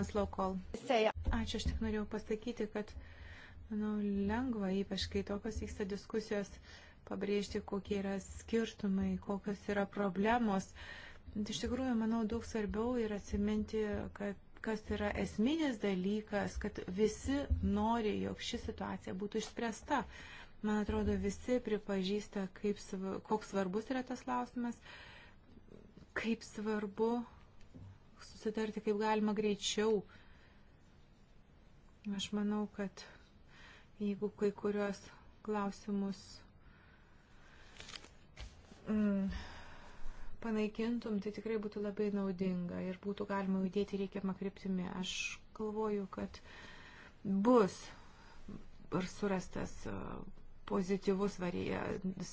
Anslow Call. Ačiū, aš tik norėjau pasakyti, kad manau, lengva, ypač kai tokios vyksta diskusijos pabrėžti, kokie yra skirtumai, kokios yra problemos. Iš tikrųjų, manau, daug svarbiau yra atsiminti, kad kas yra esminis dalykas, kad visi nori, jog ši situacija būtų išspręsta. Man atrodo, visi pripažįsta, kaip, koks svarbus yra tas klausimas, kaip svarbu susitarti kaip galima greičiau. Aš manau, kad jeigu kai kurios klausimus mm, panaikintum, tai tikrai būtų labai naudinga ir būtų galima judėti reikiamą kryptimį. Aš galvoju, kad bus ir surastas e, pozityvus varėja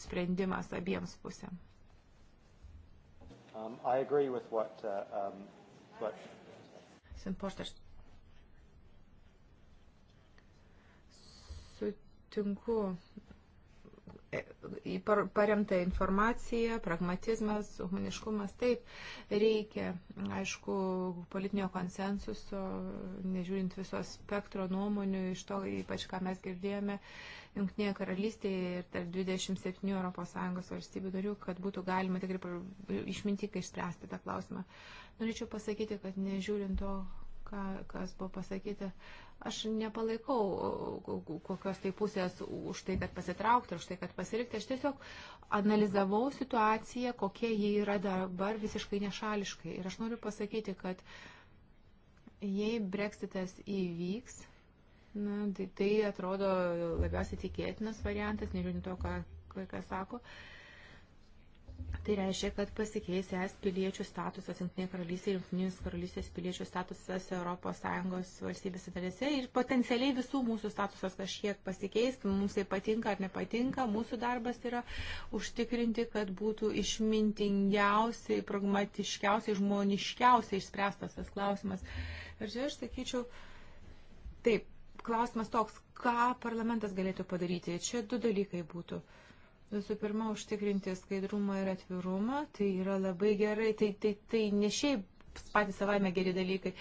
sprendimas abiems pusėm. Um, I agree with what, uh, um, what... Simportas. Sutinku paremta informacija, pragmatizmas, humaniškumas, taip, reikia, aišku, politinio konsensuso, nežiūrint viso spektro nuomonių, iš to ypač, ką mes girdėjome Junktinėje karalystėje ir tarp 27 ES valstybių darių, kad būtų galima tikrai išmintingai išspręsti tą klausimą. Norėčiau pasakyti, kad nežiūrint to, ką, kas buvo pasakyta, Aš nepalaikau kokios tai pusės už tai, kad pasitraukti, už tai, kad pasirinkti. Aš tiesiog analizavau situaciją, kokia jie yra dabar visiškai nešališkai. Ir aš noriu pasakyti, kad jei breksitas įvyks, na, tai, tai atrodo labiausiai tikėtinas variantas, nežiūrint to, ką kai kas sako. Uh, Tai reiškia, kad pasikeis es piliečių statusas Junktinėje karalystėje ir Junktinės karalystės piliečių statusas ES valstybės dalėse ir potencialiai visų mūsų statusas kažkiek pasikeis, mums tai patinka ar nepatinka, mūsų darbas yra užtikrinti, kad būtų išmintingiausiai, pragmatiškiausiai, žmoniškiausiai išspręstas tas klausimas. Ir čia aš sakyčiau, taip, klausimas toks, ką parlamentas galėtų padaryti. Čia du dalykai būtų. Uh, Visų pirma, užtikrinti skaidrumą ir atvirumą, tai yra labai gerai, tai, tai, tai ne šiaip patys savaime geri dalykai,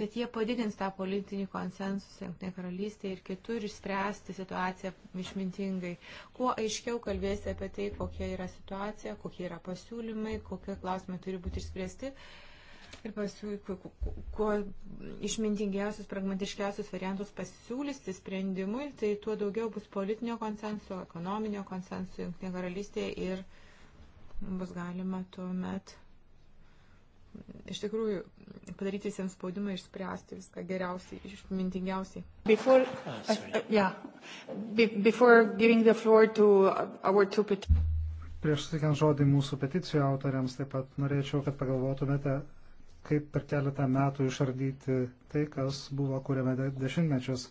bet jie padidins tą politinį konsensusą Junktinė karalystė ir kitur išspręsti situaciją išmintingai. Kuo aiškiau kalbėsi apie tai, kokia yra situacija, kokie yra pasiūlymai, kokie klausimai turi būti išspręsti, uh, ir paskui, kuo išmintingiausius, pragmatiškiausius variantus pasiūlysi sprendimui, tai tuo daugiau bus politinio konsenso, ekonominio konsenso Junktinė karalystė ir bus galima tuomet iš tikrųjų padaryti visiems spaudimą ir spręsti viską geriausiai, išmintingiausiai. Before, ah, uh, uh, yeah. Be, before giving the floor to our two petitions. Prieš sutikiant žodį mūsų peticijų autoriams, taip pat norėčiau, kad pagalvotumėte kaip per keletą metų išardyti tai, kas buvo kuriame dešimtmečius,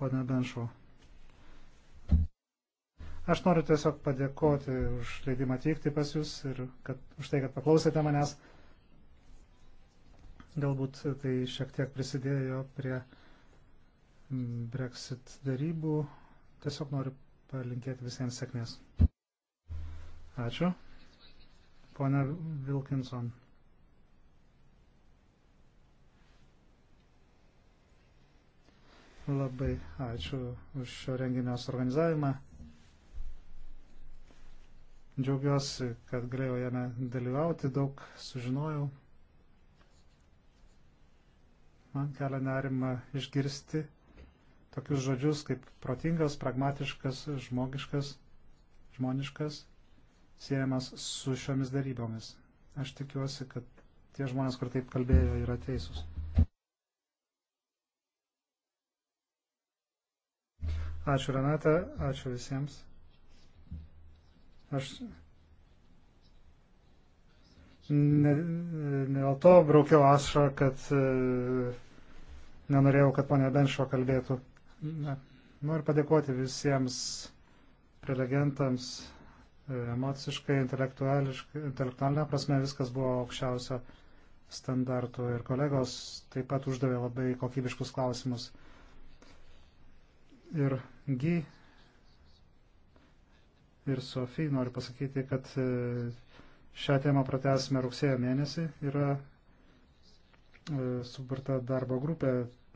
pone Benšau. Aš noriu tiesiog padėkoti už leidimą atvykti pas Jūs ir kad, už tai, kad paklausėte manęs. Galbūt tai šiek tiek prisidėjo prie Brexit darybų. Tiesiog noriu palinkėti visiems sėkmės. Ačiū. Pone Wilkinson. Labai ačiū už šio renginio suorganizavimą. Džiaugiuosi, kad galėjau jame dalyvauti, daug sužinojau. Man kelia nerima išgirsti tokius žodžius kaip protingas, pragmatiškas, žmogiškas, žmoniškas, siejamas su šiomis darybomis. Aš tikiuosi, kad tie žmonės, kur taip kalbėjo, yra teisūs. Ačiū Renata, ačiū visiems. Aš ne, ne dėl to braukiau ašą, kad e, nenorėjau, kad ponia Benšo kalbėtų. Ne. Noriu padėkoti visiems prelegentams e, emociškai, intelektualinė prasme viskas buvo aukščiausio standartų ir kolegos taip pat uždavė labai kokybiškus klausimus. Ir Gi ir Sofijai noriu pasakyti, kad e, šią temą pratęsime rugsėjo mėnesį. Yra e, suburta darbo grupė,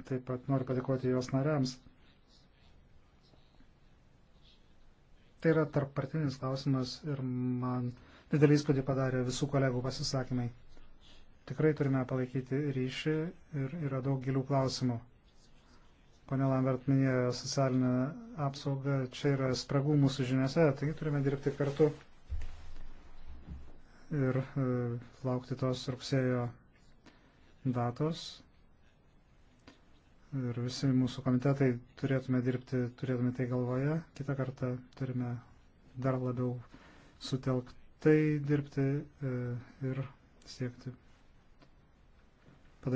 taip pat noriu padėkoti jos nariams. Tai yra tarppartinis klausimas ir man didelį įspūdį padarė visų kolegų pasisakymai. Tikrai turime palaikyti ryšį ir yra daug gilių klausimų. Pane Lambert minėjo socialinę apsaugą, čia yra spragų mūsų žiniuose, taigi turime dirbti kartu ir e, laukti tos rugsėjo datos. Ir visi mūsų komitetai turėtume dirbti, turėtume tai galvoje. Kita kartą turime dar labiau sutelktai dirbti e, ir siekti